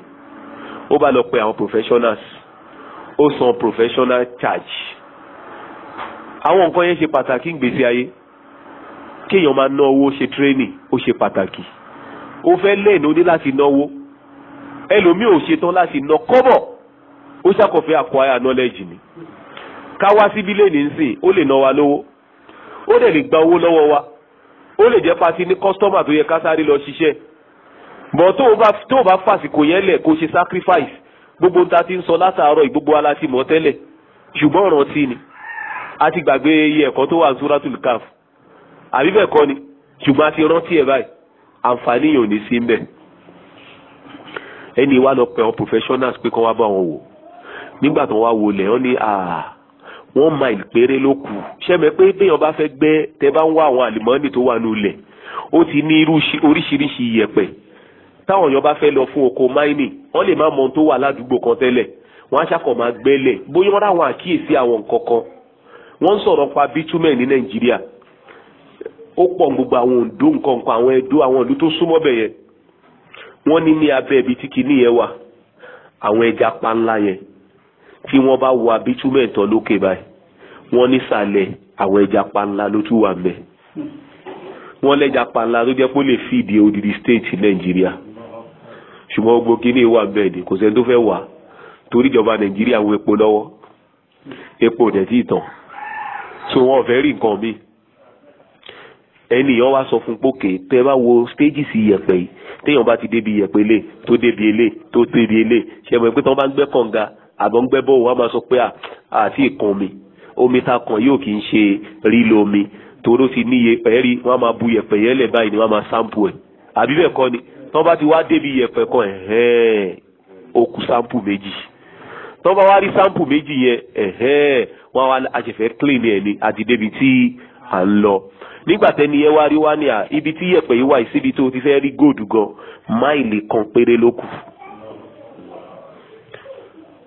ó bá lọ pe àwọn professionals ó san professional charge àwọn nǹkan yẹn ṣe pàtàkì gbèsè ayé kéèyàn máa ná owó ṣe training ó ṣe pàtàkì ó fẹ́ lẹ́ẹ̀nù ní láti náwó ẹlòmíì ò ṣetán láti ná kọ́bọ̀ ó ṣàkọ̀fẹ́ acquire knowledge ni ká wá síbi lẹ́ni nsìn ó lè ná wa lówó ó dẹ̀ lè gba owó lọ́wọ́ wa ó lè jẹ́ pati ní kọ́sítọ́mà tó yẹ ká sáré lọ ṣiṣẹ́ bọ̀ tó o bá tó o bá fàsìkò yẹn lẹ̀ kó ṣe sacrifice gbogbo ta ti ń sọ látàárọ̀ gbogbo ala ti mọ̀ tẹ́lẹ̀ ṣùgbọ́n ọ̀ràn tí ni a ti gbàgbé iye ẹ̀kọ́ tó wà zuratul kaf àbí bẹ́ẹ̀ kọ́ ni ṣùgbọ́n a ti rántí ẹ̀ báyìí àǹfààní yòó ní sí ń bẹ̀ ẹni wá lọ pẹ̀ ọ́ professionals pé kán wá bá wọn wò nígbà tó wá wọlé wọn ní ah, one mile péré ló kù ṣẹ́mi pé béèyàn bá fẹ́ gbẹ́ tẹ́ bá ń wá àwọn àlùmọ́ọ́nì tó wà ní ilẹ̀ ó ti ní irú oríṣiríṣi iyẹ̀pẹ̀ táwọn èèyàn bá fẹ́ lọ fún oko máìnì wọ́n lè má mọ ohun tó wà ládùúgbò kan tẹ́lẹ̀ wọ́n á ṣàkọ̀ máa gbẹ́lẹ̀ bóyá wọ́n ráwọn àkíyèsí àwọn nǹkan kan wọ́n ń sọ̀rọ̀ pa bitumen ní nàìjíríà ó pọ̀ gbogbo àwọn Oǹdó nǹkan kan àwọn Ẹdó àwọn ìlú tó súnmọ́ bẹ̀ yẹn ní ní abẹ́ ibi tí kinní yẹn wà àwọn ẹja panla yẹn tí wọ́n bá wo abitumen tán lókè báyìí wọ́n nísàlẹ̀ àwọn ẹja panla ló tún wà mẹ́ wọ́n lẹ́ja panla tó jẹ́ pé ó lè fìdí odidi state nàìjíríà ṣùgbọ́n gbogbo kíní wà mẹ́ ni kò sẹ́ni tó fẹ́ wà torí ìjọba nàìjíríà wo epo lọ́wọ́ epo ò tẹ̀tí ìtàn so wọn ò fẹ́ rí nǹkan mi ẹnìyàn wá sọ fún pókè tẹ bá wo stages iyẹ̀pẹ̀ yìí téèyàn bá ti débi iyẹ̀pẹ̀ lé tó débi elé tó débi elé ṣe mọ̀ pé tí wọ́n bá ń gbẹ́ kànga àbọ̀ ń gbẹ́ bọ́ wa máa sọ pé àti ìkan mi omi ta kan yóò kì í ṣe lílo omi torí ti níye pẹ̀ẹ́rì wọ́n máa bu yẹ̀pẹ̀ yẹn báyìí ni wọ́n máa sampo ẹ̀ àbí bẹ́ẹ̀ kọ́ ni tọ́ bá ti wá débi yẹ̀pẹ̀ kan ẹ̀hẹ́n ó kù sampo méjì tọ́ bá wá rí sampo méjì yẹn ẹ̀hẹ́n wọ́n wá àṣẹfẹ́ clean ẹ̀ ni àti débi tí à ń lọ nígbà tẹ́ni ẹ wá rí wá ní à ibi tí yẹ̀pẹ̀ yìí wà síbi tó ti fẹ́ rí góòdù gan máìlì kan péré ló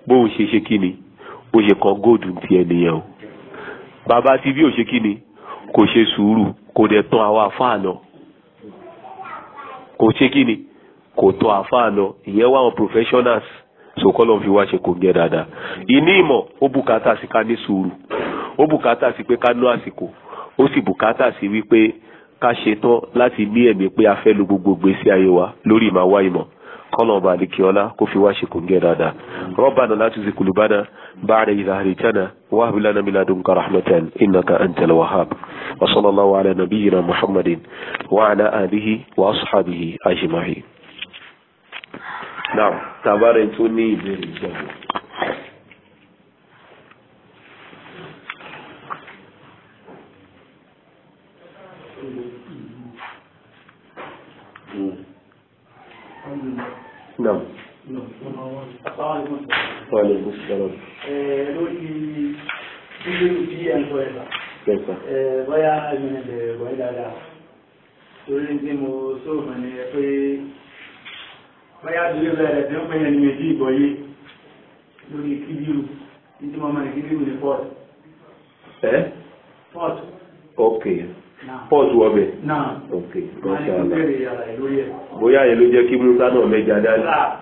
bó o ṣe ṣe kí ni bó ṣe kan góòdù ti ẹnìyẹn o bàbá ti bí ò ṣe kí ni kò ṣe sùúrù kò dẹ̀ tán àwọn àfáà lọ kò ṣe kí ni kò tán àfáà lọ ìyẹn wà wọn professionals so kọ́lọ́n fi wá ṣe kò gẹ́ dáadáa ìní ìmọ̀ ó bùkátà sí ká ní sùúrù ó bùkátà sí pé ká ná àsìkò ó sì bùkátà sí wípé ká ṣetán láti ní ẹ̀mí pé a fẹ́ lo gbogbo gbèsè ayé wa lórí ìmáwá ìmọ̀ kọ́nà ọba àdìkíọ́lá kó fi wá ṣe kò ń gẹ́ dáadáa rabbana la tuzigh qulubana ba'da idh hadaytana wa hab lana min ladunka rahmatan innaka antal wahhab wa sallallahu ala nabiyyina muhammadin wa ala alihi wa ashabihi ajma'in. now tabaare tó ní ìbéèrè ìjọba. Mm-hmm. Nam. Wàlẹ̀ ìlú sọ̀rọ̀. Lórí bíbélù bí ẹ̀ ń sọ ẹ̀ka. Bọ́yá ẹ̀mí ẹ̀bẹ̀ wọ̀nyí dáadáa. Torí tí mo sóòfin ni ẹ pé bọ́yá torí bẹ̀rẹ̀ tí ó pè yẹn ní méjì ìbọ̀yé lórí kíbírù. Ní tí mo mọ̀ ní eh? kíbírù pọ́ọ̀tù ọbẹ̀. ok masha allah bóyá yẹn ló jẹ́ kí musa náà mẹ́ja dání. Ah.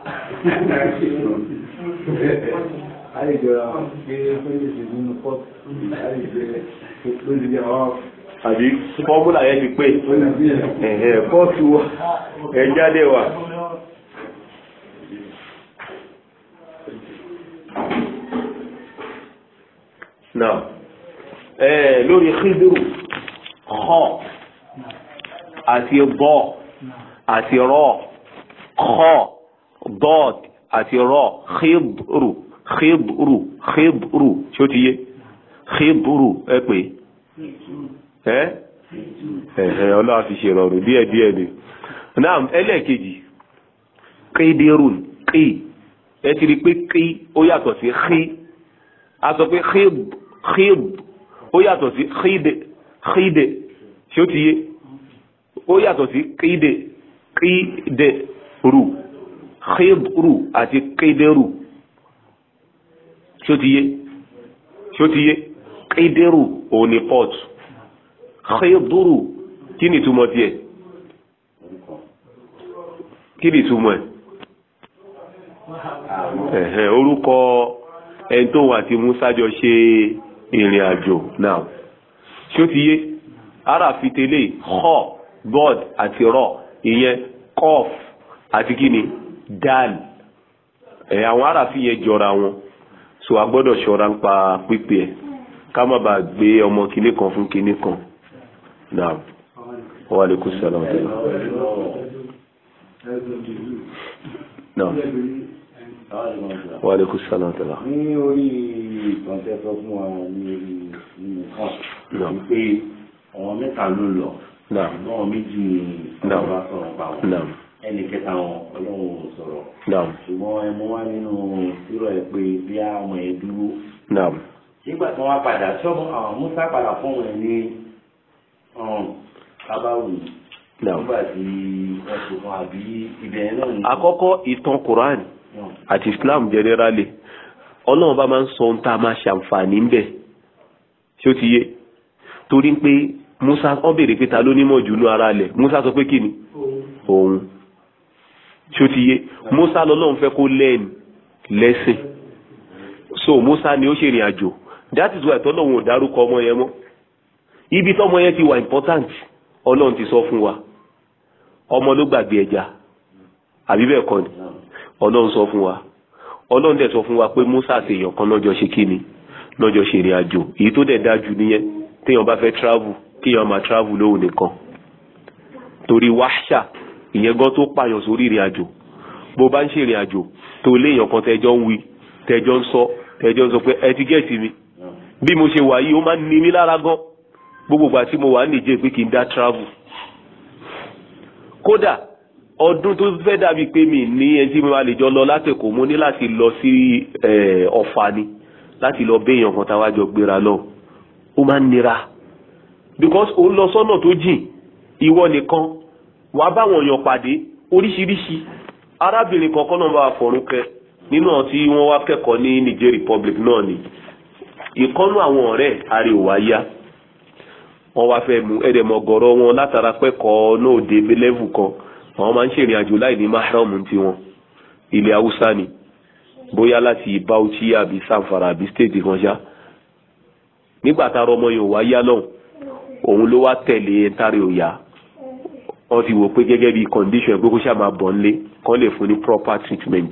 àbí fọ́múlà yẹn ti pé pọ́ọ̀tù ẹ̀ jáde wà. now eh, lórí kíndùrù kọ́ àti bọ́ àti rọ́ kọ́ bọ́d àti rọ́ xibru xibru xibru ṣé o ti yé xibru ẹ pé ẹ ẹ̀hẹ́ ọlọ́wà fi ṣe rọrùn díẹ̀ díẹ̀ ni náà ẹlẹ́ẹ̀kejì kéderun kí ẹ ti rí pé kí ó yàtọ̀ sí xí a sọ pé xib xib ó yàtọ̀ sí xíde kíde ṣé ó ti yé ó yàtọ̀ sí kíde kíde rù kídrù àti kídérù ṣé ó ti yé ṣé ó ti yé kídérù òun ni port kídrù kí ni ìtumọ̀ tiẹ̀ kí ni ìtumọ̀ ẹ̀ orúkọ ẹni tó Musa jọ ṣe ìrìn àjò náà ṣé ó ti yé ara fi tẹ́lẹ̀ họ god àti rọ ìyẹn kọf àti kíni dal ẹ̀ àwọn ara fi yẹn jọra wọn so a gbọ́dọ̀ ṣọ́ra ń pa pípé ẹ̀ ká má bàa gbé ọmọ kinní kan fún kinní kan naam wa aleykum salaam wa naam wa aleykum salaam wa. ní orí ìtàn tẹ́ fún wa ní orí nìkan wípé àwọn mẹ́ta ló lọ náà méjì ni ọba sọ̀rọ̀ bá wọn ẹnì kẹta wọn ọlọ́run ò sọ̀rọ̀ ṣùgbọ́n ẹ mú wá nínú sírọ̀ ẹ pé bí àwọn ẹ dúró nígbà tí wọ́n padà ṣọ́mọ àwọn musa padà fún wọn ní um, kábàwù nígbà tí wọ́n ṣe fún àbí ibẹ̀ náà ni. àkọ́kọ́ ìtàn Quran àti Islam generally ọlọ́run bá máa ń sọ ohun tá a máa ṣàǹfààní ń bẹ̀ tí ó ti yé torí pé Musa ọ béèrè pé ta ló nímọ̀ jù nú ara lẹ̀ Musa sọ pé kí ni òun tí ó ti yé Musa lọ́lọ́run fẹ́ kó lẹ́ẹ̀nì lẹ́sìn so Musa ni ó ṣe ìrìn àjò that is why tọ́lọ́run ò dárúkọ ọmọ yẹn mọ́ ibi tọ́mọ yẹn ti wà important ọlọ́run ti sọ fún wa ọmọ ló gbàgbé ẹja àbí bẹ́ẹ̀ kọ́ ni ọlọ́run sọ fún wa ọlọ́run dẹ̀ sọ fún wa pé Musa àti èèyàn kan lọ́jọ́ ṣe kí ni lọ́jọ́ ṣe ìrìn àjò èyí tó dẹ̀ dájú nìyẹn téèyàn bá fẹ́ travel kéèyàn máa travel lóhùn nìkan torí wáṣà ìyẹn gan tó pààyàn sórí ìrìn àjò bó bá ń ṣe ìrìn àjò tó léèyàn kan tẹjọ́ ń wí tẹjọ́ ń sọ tẹjọ́ ń sọ pé ẹ ti gẹ̀ẹ́sì mi bí mo ṣe wà yìí ó máa ń ni mí lára gan gbogbo ìgbà tí mo wà ní ìjẹ́ pé kí n dá travel kódà ọdún tó fẹ́ dàbí pé mi ní ẹni tí mo máa lè jọ lọ látẹ̀kọ̀ mo ní láti lọ sí ọ̀fà ni láti lọ béèyàn kan táwa jọ gbéra lọ́wọ́ ó máa ń nira because ó ń lọ sọ́nà tó jìn ìwọ nìkan wàá báwọn èèyàn pàdé oríṣiríṣi arábìnrin kankan náà bá fọ̀rún kẹ nínú ọtí wọ́n wá kẹ́kọ̀ọ́ ní Niger Republic náà ni ìkọ́nú àwọn ọ̀rẹ́ àríwá yá wọ́n wá fẹ́ mú ẹ̀dẹ̀mọ̀gọ̀rọ̀ wọn látara pẹ́kọ̀ọ́ náà òde lẹ́vù kan àwọn máa ń ṣèrìn àjò láì ní mahram ti wọn ilẹ̀ haúsá ni bóyá láti Bauchi àbí Zamfara àbí stéètì kan ṣáá nígbà tára ọmọ yòó wá yá lọ́hùn òun ló wá tẹ̀lé tárí òyà wọ́n ti wò pé gẹ́gẹ́ bí condition pé kó ṣáà máa bọ̀ nílé kán lè fún ní proper treatment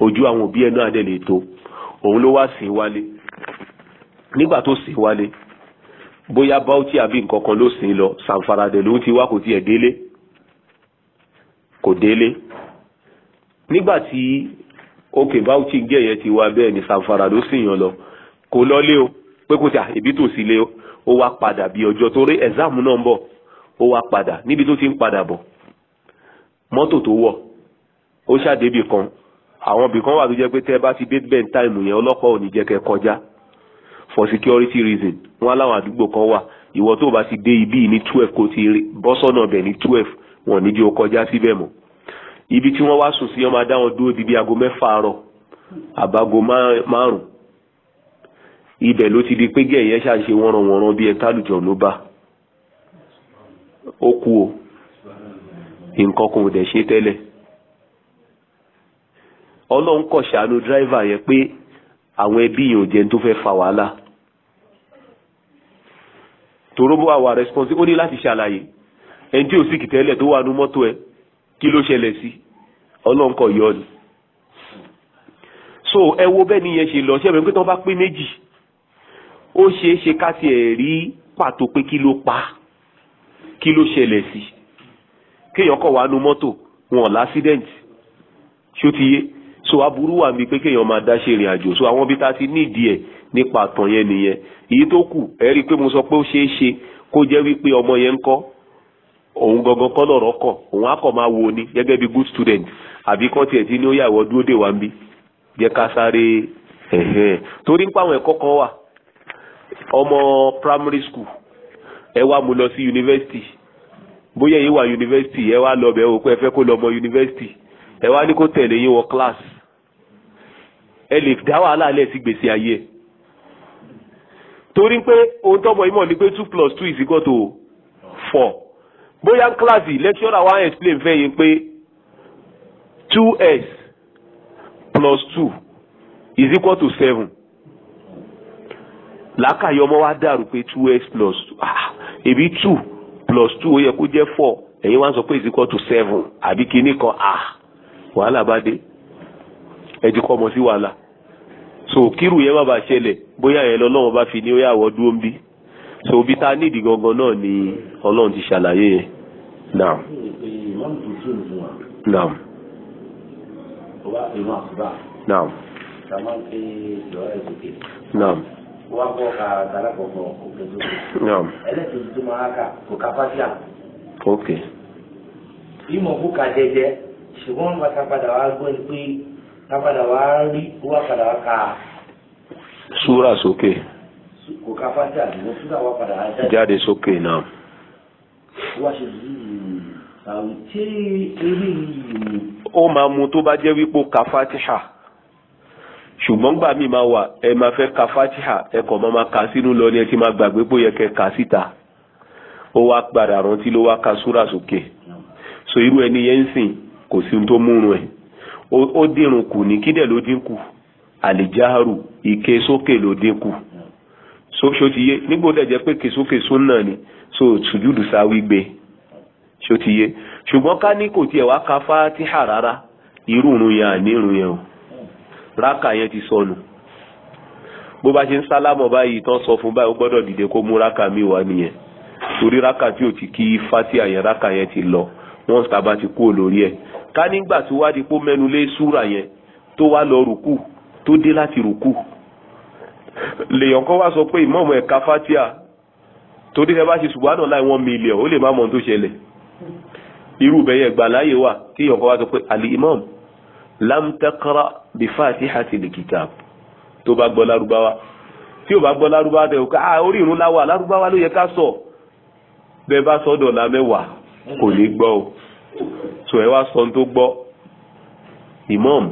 ojú àwọn òbí ẹ̀ náà dẹ̀ lè tó òun ló wá sìn wálé nígbà tó sìn wálé bóyá báwùtí àbí nǹkan kan ló sìn lọ sàǹfàràdẹ̀ ló ti wá kò tiẹ̀ délé kò délé nígbà tí òkè báwùtí gẹ̀yẹ ti wá bẹ́ẹ̀ ni sàǹfàrà ló sìn yàn lọ kò lọ́lé o pé kò tà ìbí tòsí ilé ó wá padà bí ọjọ́ torí ẹ̀sáàmù náà ń bọ̀ ó wá padà níbi tó ti ń padà bọ̀ mọ́tò tó wọ̀ ó ṣàdébì kan àwọn ibì kan wà tó jẹ́ pé tẹ́ bá ti dé bẹ́ẹ̀ táìmù yẹn ọlọ́pàá ò ní jẹ́ kẹ́ kọjá for security reason wọ́n láwọn àdúgbò kan wà ìwọ tó bá ti dé ibí ní twelve kò ti bọ́ sọ́nà bẹ̀ ní twelve wọ́n ní jẹ́ ó kọjá síbẹ̀ mọ́ ibi tí wọ́n wá sùn sí wọ́n máa dúró di bí aago mẹ́fà àárọ̀ àbágo márùn-ún ibẹ̀ ló ti di pé gẹ̀ẹ́yẹ́ ṣàṣe wọ́nranwọ̀nran bí ẹta lùjọ ló bá ó kú o nǹkan kan ò dẹ̀ ṣe tẹ́lẹ̀ ọlọ́run kọ̀ ṣàánú dráìvà yẹn pé àwọn ẹbí yìí ò jẹun tó fẹ́ fa wàhálà tòróbó àwà responsible ó ní láti ṣàlàyé ẹni tí ò sì kìtẹ́lẹ̀ tó wà nú mọ́tò ẹ kí ló ṣẹlẹ̀ sí ọlọ́run kọ̀ yọ ni so ẹ wo bẹ́ẹ̀ ni yẹn ṣe lọ ṣẹ́mi pé tí wọ́n bá pín méjì ó ṣeé ṣe ká tiẹ̀ rí pàtó pé kí ló pa kí ló ṣẹlẹ̀ sí kéèyàn kọ̀ wá mọ́tò wọn lásídẹ̀ǹtì ṣó ti yé so aburú wà mí pé kéèyàn máa dá ṣe ìrìn àjò so àwọn ibi tá a ti nídìí ẹ̀ nípa àtàn yẹn nìyẹn èyí tó kù ẹ rí i pé mo sọ pé ó ṣeé ṣe kó jẹ́ wípé ọmọ yẹn ń kọ́ òun gangan kọ́ lọ̀rọ̀ kọ̀ òun á kọ̀ máa wo ni gẹ́gẹ́ bí good student àbí kọ́ tiẹ̀ ti ní ó yà ìwọ dúró dè wá ń bí jẹ́ ká sáré torí ń pa àwọn ẹ̀kọ́ kan wà ọmọ primary school ẹ wá mú lọ sí yunifásitì bóyá yín wà yunifásitì ẹ wá lọ bẹ̀ òpin ẹ fẹ́ kó lọ mọ university. ẹ wá ní kó tẹ̀lé yín wọ class ẹ lè dá wàhálà lẹ̀ sí gbèsè ayé ẹ torí pé ohun tọ́mọ yìí mọ̀ ni pé two plus two is equal to four bóyá class lecturer wa explain fẹ́ yín pé two s plus two is equal to seven làákàyè ọmọ wa dàrú pé two x plus two ah ebi two plus two ó yẹ kó jẹ́ four ẹ̀yin wá ń sọ pé is equal to seven àbí kinní kan ah wàhálà bá dé ẹ ti kọ́ ọmọ sí wàhálà so kírù yẹn má bàa ṣẹlẹ̀ bóyá yẹn lọ́lọ́wọ́ bá fi ní ó yà dúró ń bí so bí ta nídìí gangan náà ni ọlọ́run ti ṣàlàyé yẹn naam naam naam naam kó wá bọ̀ ká dara kọ̀ọ̀kọ̀ òdodo. ẹlẹ́sìn tó máa kà kò ká fásíà. ok. ìmọ̀ kó ka jẹjẹ ṣùgbọ́n bàtà padà wá gbọ́ ni pé ká padà wá rí kó wá padà wá ká. súra sókè. kò O fásíà ṣùgbọ́n súra wá padà wá jáde. jáde sókè náà. wá ṣe yìí ṣàwùjẹ́ eré yìí. ó máa mú tó bá jẹ́ wípé ká fásíà ṣùgbọ́n gbà mí máa wà ẹ máa fẹ́ ka fatiha ẹ kàn máa máa ka sínú lọ ni ẹ ti máa gbàgbé bó kẹ kà síta ó wá padà rántí ló wá ka súrà sókè so irú ẹni yẹn ń sìn kò sí tó múrun ẹ ó dìrun kù ní kídẹ̀ ló dínkù àlìjáàrù ike sókè ló dínkù so ṣòtìyé nígbò dẹ̀ jẹ́ pé kèsókè súnà ni so sùjúdù sáwí gbé ṣòtìyé ṣùgbọ́n ká ní kò tiẹ̀ wá ka fatiha rárá irú irun yẹn àní irun yẹn o rákà yẹn ti sọnù bó bá ṣe ń sálámọ̀ báyìí tán sọ fún báyìí ó gbọ́dọ̀ dìde kó mú rákà míì wá nìyẹn torí rákà tí ò ti kí fatia yẹn rákà yẹn ti lọ wọn sábà ti kú lórí ẹ̀ ká nígbà tó wá di pé mẹ́nu lé súra yẹn tó wá lọ rùkù tó dé láti rùkù lèèyàn kan wá sọ pé ìmọ̀ọ́mù ẹ̀ka fatia torí ẹ bá ṣe subhanallahi láì wọ́n mílíọ̀n ó lè má mọ̀ tó ṣẹlẹ̀ irú bẹ́yẹ̀ gbà láyé wà tí èèyàn wá sọ pé àlè ìmọ̀ọ́mù lam taqra bi fatihati likitab tó bá gbọ́ lárúbáwá tí ò bá gbọ́ lárúbáwá tẹ̀ ká ah, orí ìrún láwà lárúbáwá ló yẹ ká sọ bẹ́ẹ̀ bá sọ́dọ̀ la mẹ́wàá kò ní gbọ́ o tó ẹ wá sọ tó gbọ́ imam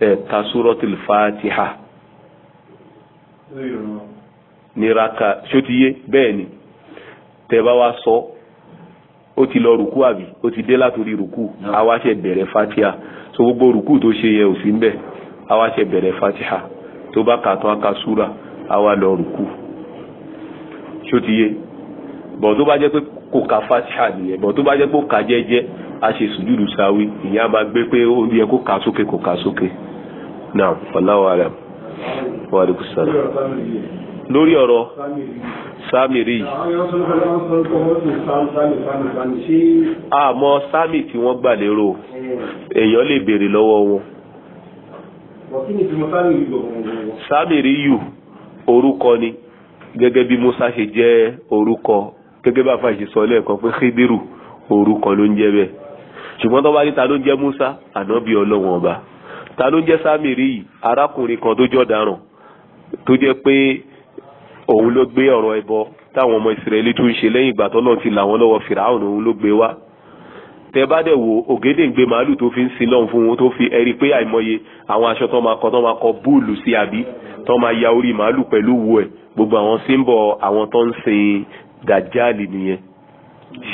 ẹ ka suratul fatiha níraka ṣótiyé bẹ́ẹ̀ ni tẹ́ bá wá sọ ó ti lọ rùkú àbí ó ti dé látòrí rùkú àwa bẹ̀rẹ̀ fatiha so gbogbo rùkú tó ṣe yẹ ò sí ń bẹ̀ àwa ṣe bẹ̀rẹ̀ fatiha tó bá kà tán aka súra àwa lọ rùkú ṣó ti yé bọ̀ tó bá jẹ́ pé kò ka fatiha nìyẹn bọ̀ tó bá jẹ́ pé ó ka jẹ́jẹ́ a ṣe sùjúdù sáwí ìyá máa gbé pé ó yẹ kó ka sókè kò ka sókè náà wallahu alam wa alaikum salam lórí ọ̀rọ̀ sámìrì àmọ́ sámì tí wọ́n gbà lérò èèyàn lè béèrè lọ́wọ́ wọn sámìrì yù orúkọ ni gẹ́gẹ́ bí Musa ṣe jẹ́ orúkọ gẹ́gẹ́ bá fàṣẹ sọ lẹ́ẹ̀kan pé Khidiru orúkọ ló ń jẹ́ bẹ́ẹ̀ ṣùgbọ́n tó bá ní ta ló ń jẹ́ Musa ànábì ọlọ́wọ̀n ọba ta ló ń jẹ́ sámìrì yìí arákùnrin kan tó jọ́ daràn tó jẹ́ pé òun ló gbé ọ̀rọ̀ ẹbọ táwọn ọmọ ìsirẹ́lì tún ṣe lẹ́yìn ìgbà tọ́lọ́ ti là wọ́n lọ́wọ́ fìràhùn òun ló gbé wá tẹ bá dẹ̀ wo ògédèǹgbè màálù tó fi ń sin lọ́hùn fún wọn tó fi ẹ̀rí pé àìmọye àwọn aṣọ tó máa kọ tó máa kọ búùlù sí àbí tó máa ya orí màálù pẹ̀lú wo ẹ̀ gbogbo àwọn símbọ̀ àwọn tó ń sin dàjáàlì nìyẹn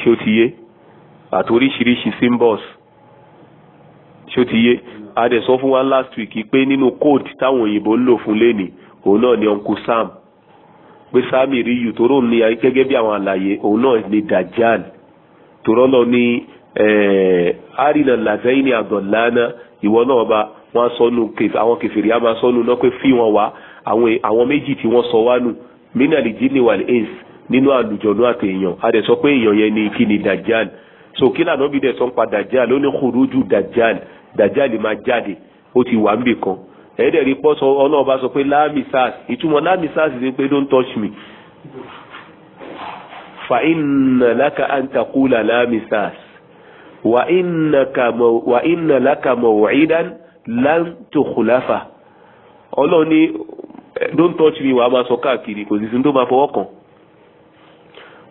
ṣé ó ti yé àti oríṣiríṣi symbols ṣé ó ti yé a dẹ̀ sọ fún wa last week pé nínú code táwọn òyìnbó ń lò fún lẹ́nì òun náà ni uncle sam pé sámìrì yù tó rò ní gẹ́gẹ́ bí àwọn àlàyé òun náà ní dajjal tó rọ́lọ́ ní àrìnà eh, làzẹ́yìn ní àgọ̀lánà ìwọ náà bá wọn sọnù àwọn kẹfìrí a máa sọnù náà pé fi wọn wá àwọn méjì tí wọ́n sọ wá nù mínà lè jí ní wàlẹ̀ ace nínú àlùjọ̀nù àti èèyàn a dẹ̀ sọ pé èèyàn yẹn ni kí ni dajjal so kí lànà bí dẹ̀ sọ ń pa dajjal ó ní khuruju dajjal dajjal máa jáde ó ti wà ń bì kan ẹ̀ẹ́dẹ̀ rí pọ́ sọ ọlọ́run bá sọ pé láàmì sars ìtumọ̀ láàmì sars ni pé don't touch me fa inna laka an taqula láàmì sars wa inna laka maw'idan lan tukhlafa ọlọ́run ní don't touch me wàá máa sọ káàkiri kò sì sí tó máa fọwọ́ kàn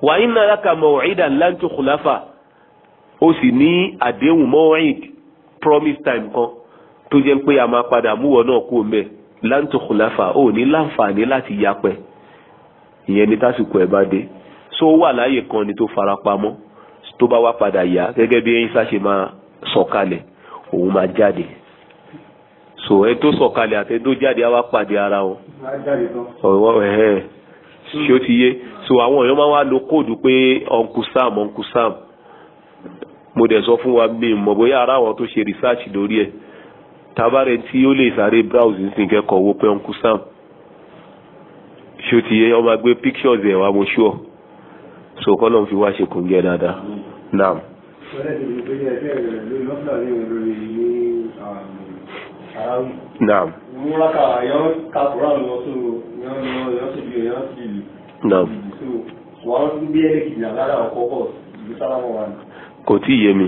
wa inna laka maw'idan lan tukhlafa ó sì ní àdéhùn maw'id promise time kan tó jẹ́ pé a máa padà múwọ̀ náà kó mẹ́ láǹtọ̀kùnláfà ò ní láǹfààní láti yapẹ́ ìyẹn ní tásìkò ẹ̀ bá dé so ó wà láàyè kan ni tó farapamọ́ tó bá wá padà yá gẹ́gẹ́ bí ẹyin sáṣe máa sọ̀kalẹ̀ òun máa jáde so ẹ tó sọ̀kalẹ̀ àti tó jáde á wá pàdé ara wọn ṣé ó ti yé so àwọn èèyàn máa wá lo kóòdù pé uncle sam uncle sam mo dẹ̀ sọ fún wa mi mọ̀ bóyá ara àwọn tó ṣe research lórí ẹ̀ tabarẹ tí ó lè sáré browse ní kẹkọọ owó pé uncle sam ṣé o ti yẹ ọmọ gbé pictures ẹ wá mo ṣúọ so kọ́ ló ń fi wá ṣe kò ń dáadáa naam. kò tí ì yé mi.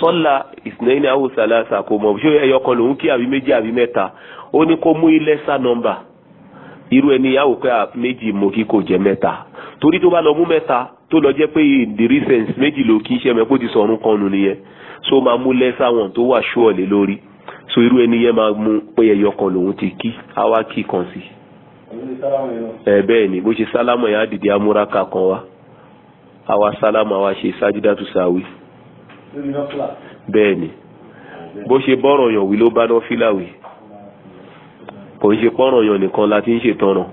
sọ́là ìsìnlẹ́yìn àwọn sàlàsà kò mọ̀ ṣé ẹyọ kan lòun kí àbí méjì àbí mẹ́ta ó ní kó mú ilẹ́sà nọ́mbà irú ẹni yàwó pé méjì mo kí kò jẹ́ mẹ́ta torí tó bá lọ mú mẹ́ta tó lọ jẹ́ pé the reasons méjì ló kí iṣẹ́ mẹ́kó ti sọ̀run kan nù nìyẹn so máa mú lẹ́sà wọn tó wà ṣúọ̀ lé lórí so irú ẹni yẹn máa mú pé ẹyọ kan lòun ti kí á wá kí kan sí. ẹ bẹ́ẹ̀ ni bó ṣe sálámù yẹn á dìde amúraka kan wá bẹ́ẹ̀ ni bó ṣe bọ́rọ̀ yàn wí ló bá náà fíláwì kò ń ṣe pọ́nrọ̀ yàn nìkan la ti ń ṣètọ́nà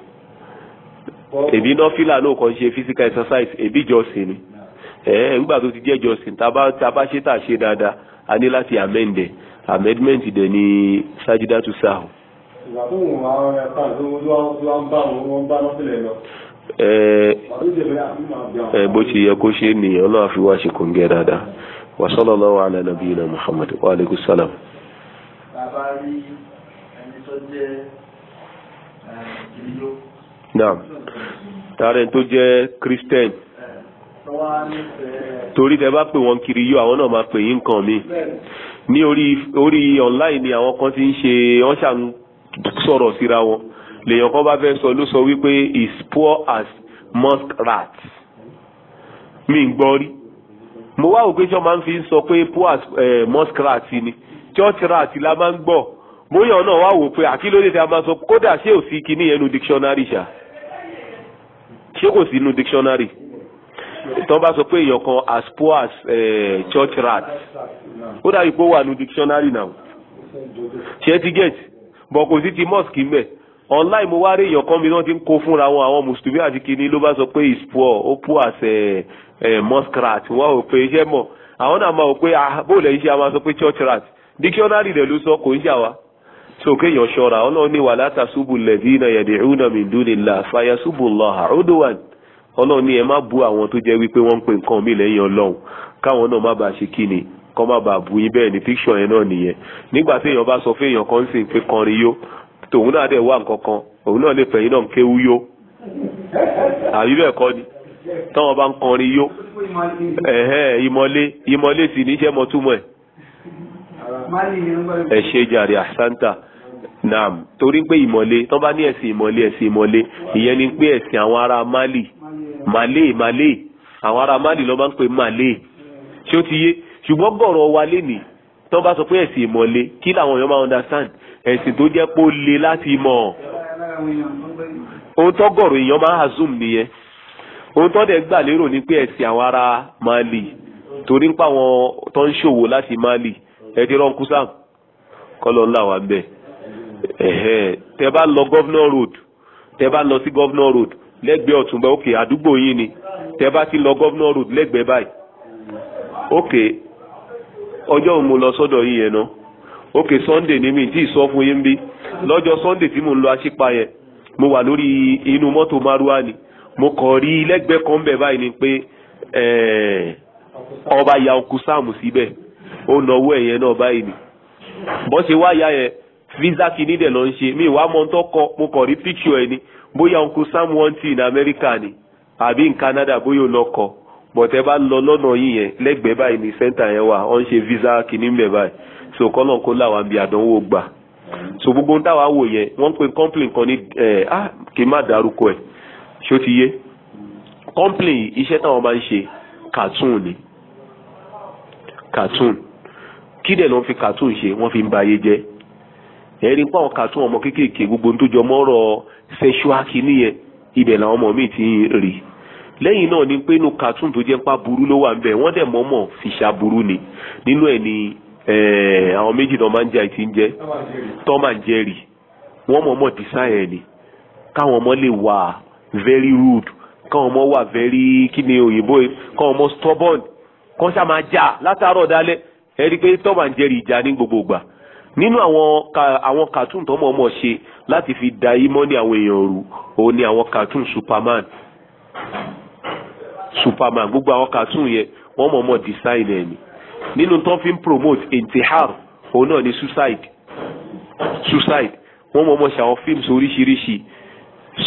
èbí náà fílà náà kàn ń ṣe physical exercise èbí jọ́sìn ni ẹ̀ ńgbà tó ti jẹ́ jọ́sìn tá a bá ṣe tà ṣe dáadáa a ní láti amẹ́ǹdẹ̀ amendment dẹ̀ ní sajida to sahu. tó wù wá ọ̀rẹ́ ká bó ti yẹ kó ṣe nìyẹn náà fi ṣe kò ń gẹ dáadáa wa sallallahu ala nabiyina Muhammad wa aleykum salam. bàbá rí ẹni christian torí tẹ bá pè wọn kiri yó àwọn náà máa pè yín nǹkan mi ní orí orí online ni àwọn kan ti ń ṣe wọn ṣà ń sọ̀rọ̀ síra wọn lèèyàn kan bá fẹ́ sọ ló sọ wípé is poor as musk rat mi ń gbọ́ rí mo wá òpin tí wọ́n máa ń fi sọ pé poor muskrat ni church rat la máa ń gbọ́ bóyá náà wá wò pé àkílódé tí a máa sọ kódà ṣé ò sí kíní ẹnu dictionary ṣá ṣé kò sí inú dictionary tó bá sọ pé èèyàn kan as poor as church rat ó dàbí pé ó wà nù dictionary náà ṣé ti get bọ̀ kò sí ti mosque mbẹ̀ online mo wá rí èèyàn kan mi náà ti ń kó fúnra wọn àwọn mùsùlùmí àti kíní ló bá sọ pé is poor ó poor as Eh, muskrat wọn ò pé iṣẹ́ mọ̀ àwọn náà máa wò pé ah, bóòlù ẹ̀yìn ṣe a máa sọ pé church rat dictionary rẹ̀ ló sọ kò ń ṣà wá so kéèyàn ṣọ́ra ọlọ́run ní wàhálà tasubu lẹ́dínà yad'una min mi lẹ́yìn ọlọ́run káwọn náà má ṣe kí ni kọ́ má bu yín bẹ́ẹ̀ ni yẹn náà nìyẹn nígbà bá sọ kan sì ń táwọn bá ń kọrin yó ìmọ̀lé ìmọ̀lé sì níṣẹ́ mọ́túmọ̀ ẹ̀ ẹ ṣe jàre àṣántà naam torí pé ìmọ̀lé tó bá ní ẹ̀sìn ìmọ̀lé ẹ̀sìn ìmọ̀lé ìyẹn ni pé ẹ̀sìn àwọn ará mali malé malé àwọn ará mali ló bá ń pè malé ṣé ó ti yé ṣùgbọ́n gbọ̀rọ̀ wa lénìí tó bá sọ pé ẹ̀sìn ìmọ̀lé kí làwọn èèyàn máa understand ẹ̀sìn tó jẹ́ pé ó le láti mọ̀ ohun tó èèyàn máa assume nìyẹn ohun tó dẹ̀ gbà lérò ni pé ẹ̀sìn àwọn ará Mali torí ń pa àwọn tó ń ṣòwò láti Mali ẹ ti rán kúsàm kọ́lọ́ ńlá wa ń bẹ̀ tẹ bá lọ governor road tẹ bá lọ sí governor road lẹ́gbẹ̀ẹ́ ọ̀túnbẹ òkè àdúgbò yín ni tẹ bá ti lọ governor road lẹ́gbẹ̀ẹ́ báyìí òkè ọjọ́ òun mo lọ sọ́dọ̀ yín yẹn náà òkè Sunday ni mi tí ì sọ fún yín bí lọ́jọ́ Sunday tí mo ń lọ aṣípa yẹn mo wà lórí inú mọ́tò márúwá ni mo kàn rí lẹ́gbẹ̀ẹ́ kan bẹ̀ báyìí ni pé ọba ya ọkù sáàmù síbẹ̀ ó náwó ẹ̀yẹn náà báyìí ni bó ṣe wá ya yẹn visa kìíní dẹ̀ lọ ń ṣe mi ìwà mọ́tò kọ mo kàn rí picture ẹ̀ ni bóyá ọkù sáàmù wọn ti ní amẹ́ríkà ni àbí ní Canada bóyá ó lọ kọ bọ̀tẹ́ bá lọ lọ́nà yìí yẹn lẹ́gbẹ̀ẹ́ báyìí ni center yẹn wà ó ṣe visa kìíní ń bẹ̀ báyìí so kọ́nà kó láwọn àbí àdánwò gbà so gbogbo ń dáwà wò yẹn wọ́n pe complain kan ní ẹ̀ ah kì í má dárúkọ ẹ̀ ṣó ti yé kọ́ńpìlì iṣẹ́ táwọn máa ń ṣe cartoon ni cartoon kí dẹ̀ ló ń fi cartoon ṣe wọ́n fi ń ba ayé jẹ́ ẹ̀rí pa àwọn cartoon ọmọ kéékèèké gbogbo tó jọ mọ́rọ̀ sexual kìíní yẹn ibẹ̀ làwọn ọmọ míì ti ń rí lẹ́yìn náà ni pé inú cartoon tó jẹ́ pa burú ló wà ń bẹ̀ wọ́n dẹ̀ mọ́mọ́ fi ṣa burú ni nínú ẹ̀ ni àwọn méjì náà máa ń jẹ́ àìtí ń jẹ́ Tom and Jerry wọ́n mọ̀ọ́mọ̀ design ẹ̀ ni káwọn ọmọ lè wà á very rude káwọn ọmọ wà very kí ni òyìnbó yìí káwọn ọmọ stubborn kán ṣá máa jà látàárọ̀ dálẹ̀ ẹ rí i pé tọ́mà ń jẹ́rìí ìjà ní gbogbo ìgbà nínú àwọn ka àwọn cartoon tọ́mọ ọmọ ṣe láti fi da imọ́ ní àwọn èèyàn rú òun ni àwọn cartoon superman superman gbogbo àwọn cartoon yẹn wọ́n mọ̀ ọmọ design ẹ̀ ni nínú tó fi ń promote intihar òun náà ni suicide suicide wọ́n mọ̀ ọmọ ṣàwọn films oríṣiríṣi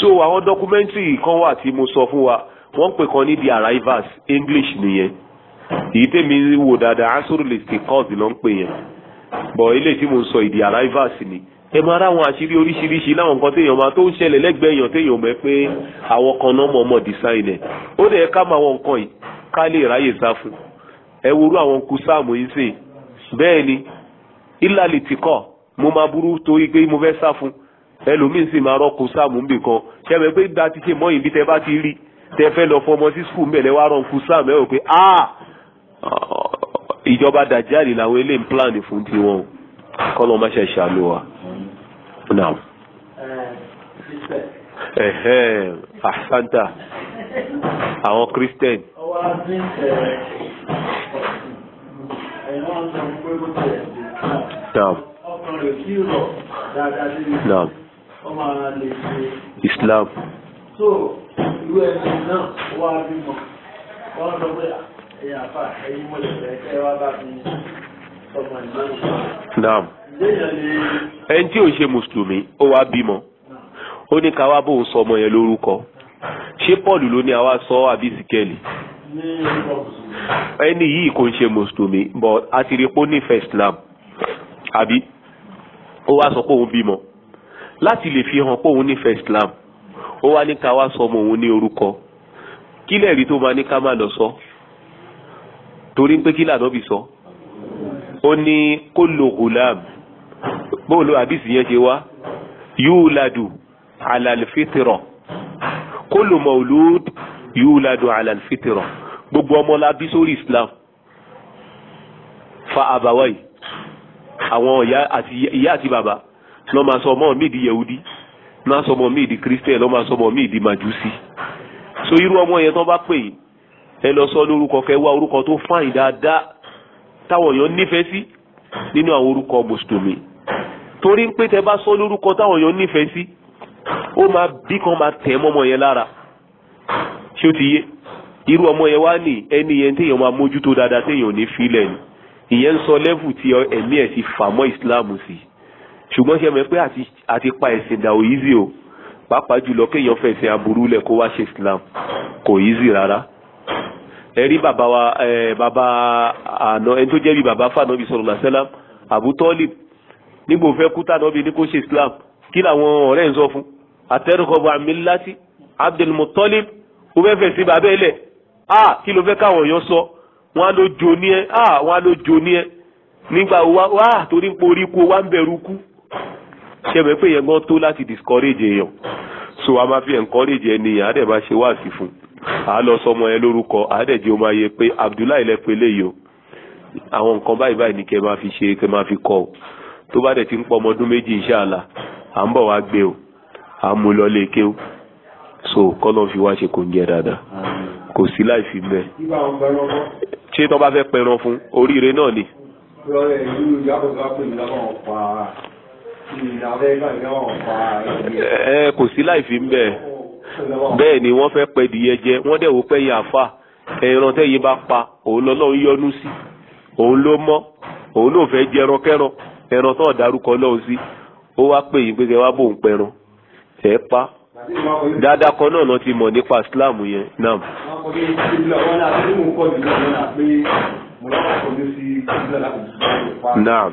so àwọn dọkumẹ́ntì kan wà tí mo sọ fún wa wọ́n ń pè kan ní the arrivals english nìyẹn èyí tèmi wò dáadáa asúrù lè ṣe kọ́ọ̀sì ló ń pè yẹn bọ̀ ilé tí mo sọ ìdí arrivals ni ẹ máa rá àwọn àṣírí oríṣiríṣi láwọn nǹkan téèyàn máa tó ń ṣẹlẹ̀ lẹ́gbẹ̀ẹ́ èèyàn téèyàn mọ̀ pé àwọn kan náà mọ̀ ọmọ design ẹ̀ ó dẹ̀ ká máa wọn nǹkan yìí ká lè ráyè sá fún ẹ worú àwọn kú sáàmù yìí sè bẹ́ẹ̀ ni ìlàlìtìkọ̀ mo máa burú torí pé mo fẹ́ sá fún un ẹlòmíín sì máa rọ́ọ̀kù sáàmù ń bì kan ṣẹ́mi pé da ti ṣe mọ́yìn bí tẹ bá ti rí tẹ fẹ́ lọ fọmọ sí skul mẹ́lẹ̀ wá rọ́ọ̀kù sáàmù ẹ̀ wò pé ah ìjọba dàjáde làwọn eléyìí ń plan fún tiwọn kọ́lọ́ má ṣe ṣàánú wa. now ẹ̀hẹ́n àṣántà àwọn christian. Naam. Naam. Islam. so irú ẹni náà wá bímọ wọn sọ pé ẹ̀yin àfà ẹ̀yin mọlẹ ẹkẹ wá bá fi sọmọ ìlànà. naam ẹni tí ò ṣe mùsùlùmí ó wá bímọ ó ní ká wá bóun sọ ọmọ yẹn lórúkọ ṣé Paul ló ní àwa sọ àbí sikẹlì ẹni yìí kò ń ṣe mùsùlùmí but a ti rí pé nífẹ̀ẹ́ Islam àbí ó wá sọ pé òun bímọ láti lè fi hàn pé òun nífẹ̀ẹ́ Islam ó wá ní ká wá sọ ọmọ òun ní orúkọ kí lẹ́rìí tó máa ní ká má lọ sọ torí pé kí lànà bí sọ ó ní kullu gulam bóòlù àdìsí yẹn ṣe wá yuladu ala al-fitra kullu mawlud yuladu ala al-fitra gbogbo ọmọ la bí sórí Islam fa àbáwáyì àwọn ìyá àti bàbá lọ́ sọ ọmọ mi di yẹwudi lọ́ sọ ọmọ mi di kristian lọ́ sọ ọmọ mi di majusi. so irú ọmọ yẹn tó bá pè yín ẹ lọ sọ lórúkọ kẹ wá orúkọ tó fáìn dáadáa táwọn èèyàn nífẹ̀ẹ́ sí nínú àwọn orúkọ mùsùlùmí torí pé tẹ bá sọ lórúkọ táwọn èèyàn nífẹ̀ẹ́ sí ó máa bí kan máa tẹ̀ mọ́mọ́ yẹn lára ṣé ó ti yé irú ọmọ yẹn wá ní ẹni yẹn téèyàn máa mójútó dáadáa téèyàn ò ní filẹ̀ ni ìyẹn ń sọ lẹ́fù tí ẹ̀mí ẹ̀ ti fà mọ́ ìsìláàmù sí i ṣùgbọ́n ṣe mọ̀ pé àti pa ẹ̀sìn dà ò easy o pàápàá jùlọ kéèyàn fẹ̀sìn aburú lẹ̀ kó wá ṣe Islam kò easy rárá ẹ̀rí bàbá wa bàbá àná ẹni tó jẹ́ bí bàbá fànàbí sọ̀rọ̀ làṣẹ́lám Abu Talib nígbò fẹ́ kú tànàbí ní kó ṣe Islam kí làwọn ọ̀rẹ́ ń sọ fún atẹ́rùkọ̀bù amílátì Abdul Muttalib ó fẹ́ fẹ̀sìn bàbá ẹ̀ lẹ̀ ah kí ló fẹ́ káwọn èèyàn sọ wọn á ló ní ẹ ah wọn á ló jo ní ẹ nígbà wa torí ń wa ń bẹ̀rù kú ṣé mẹ́ pé yẹn gan tó láti discourage èèyàn so a máa fi encourage ẹni yẹn àádẹ́ máa ṣe wáàsí fún a lọ sọmọ yẹn lórúkọ àádẹ́ jẹ́ o máa yẹ pé Abdullahi lẹ́pẹ́ léyìí o àwọn nǹkan báyìí báyìí ni kẹ́ máa fi ṣe kẹ́ máa fi kọ́ o tó bá dẹ̀ ti ń pọ ọmọ ọdún méjì inṣàlá à ń bọ̀ wá gbé o à ń mú lọ lé ké o so kọ́nà fi wá ṣe kò ń jẹ dáadáa kò sí láì fi mẹ́ ṣé tó bá fẹ́ pẹran fún oríire náà ni. ẹ kò sí láìfi ń bẹ bẹ́ẹ̀ ni wọn fẹ pẹ dìyẹ jẹ wọn dẹ wò pẹ yẹ àfa ẹran tẹ́yìn bá pa òun lọ́lọ́run yọ́nú sí òun ló mọ́ òun ló jẹ ẹran ẹran tó dárúkọ lọ́hùn sí ó wá pè yín pé kẹ pẹran pa dáadáa kan náà ti nípa naam.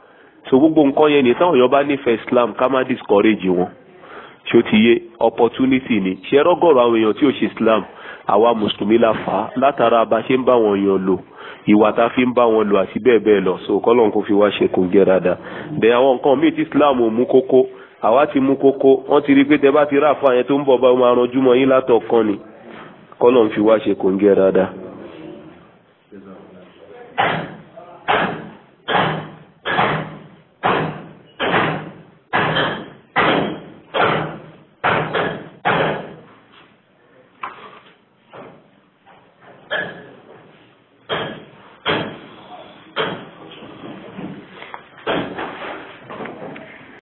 so gbogbo nǹkan yẹn ní táwọn èèyàn nífẹ̀ẹ́ islam ká má discourage wọn ṣé ó ti yé opportunity ni ṣe rọ́gọ̀rọ̀ àwọn èèyàn tí ò ṣe islam àwa mùsùlùmí la fà á látara bá ṣe ń bá wọn yàn lò ìwà tá a fi ń bá wọn lò àti bẹ́ẹ̀ bẹ́ẹ̀ lọ so kọ́lọ́n kò fi wá ṣe kò gẹ́ dáadáa bẹ́ẹ̀ àwọn nǹkan míì tí islam ò mú kókó àwa ti mú kókó wọ́n ti rí i pé tẹ bá ti rà fún àyẹn tó ń bọ̀ bá wọn arànjú mọ́ yín látọ̀kan ni kọ́lọ́n fi wá ṣe kò gẹ́ dáadáa.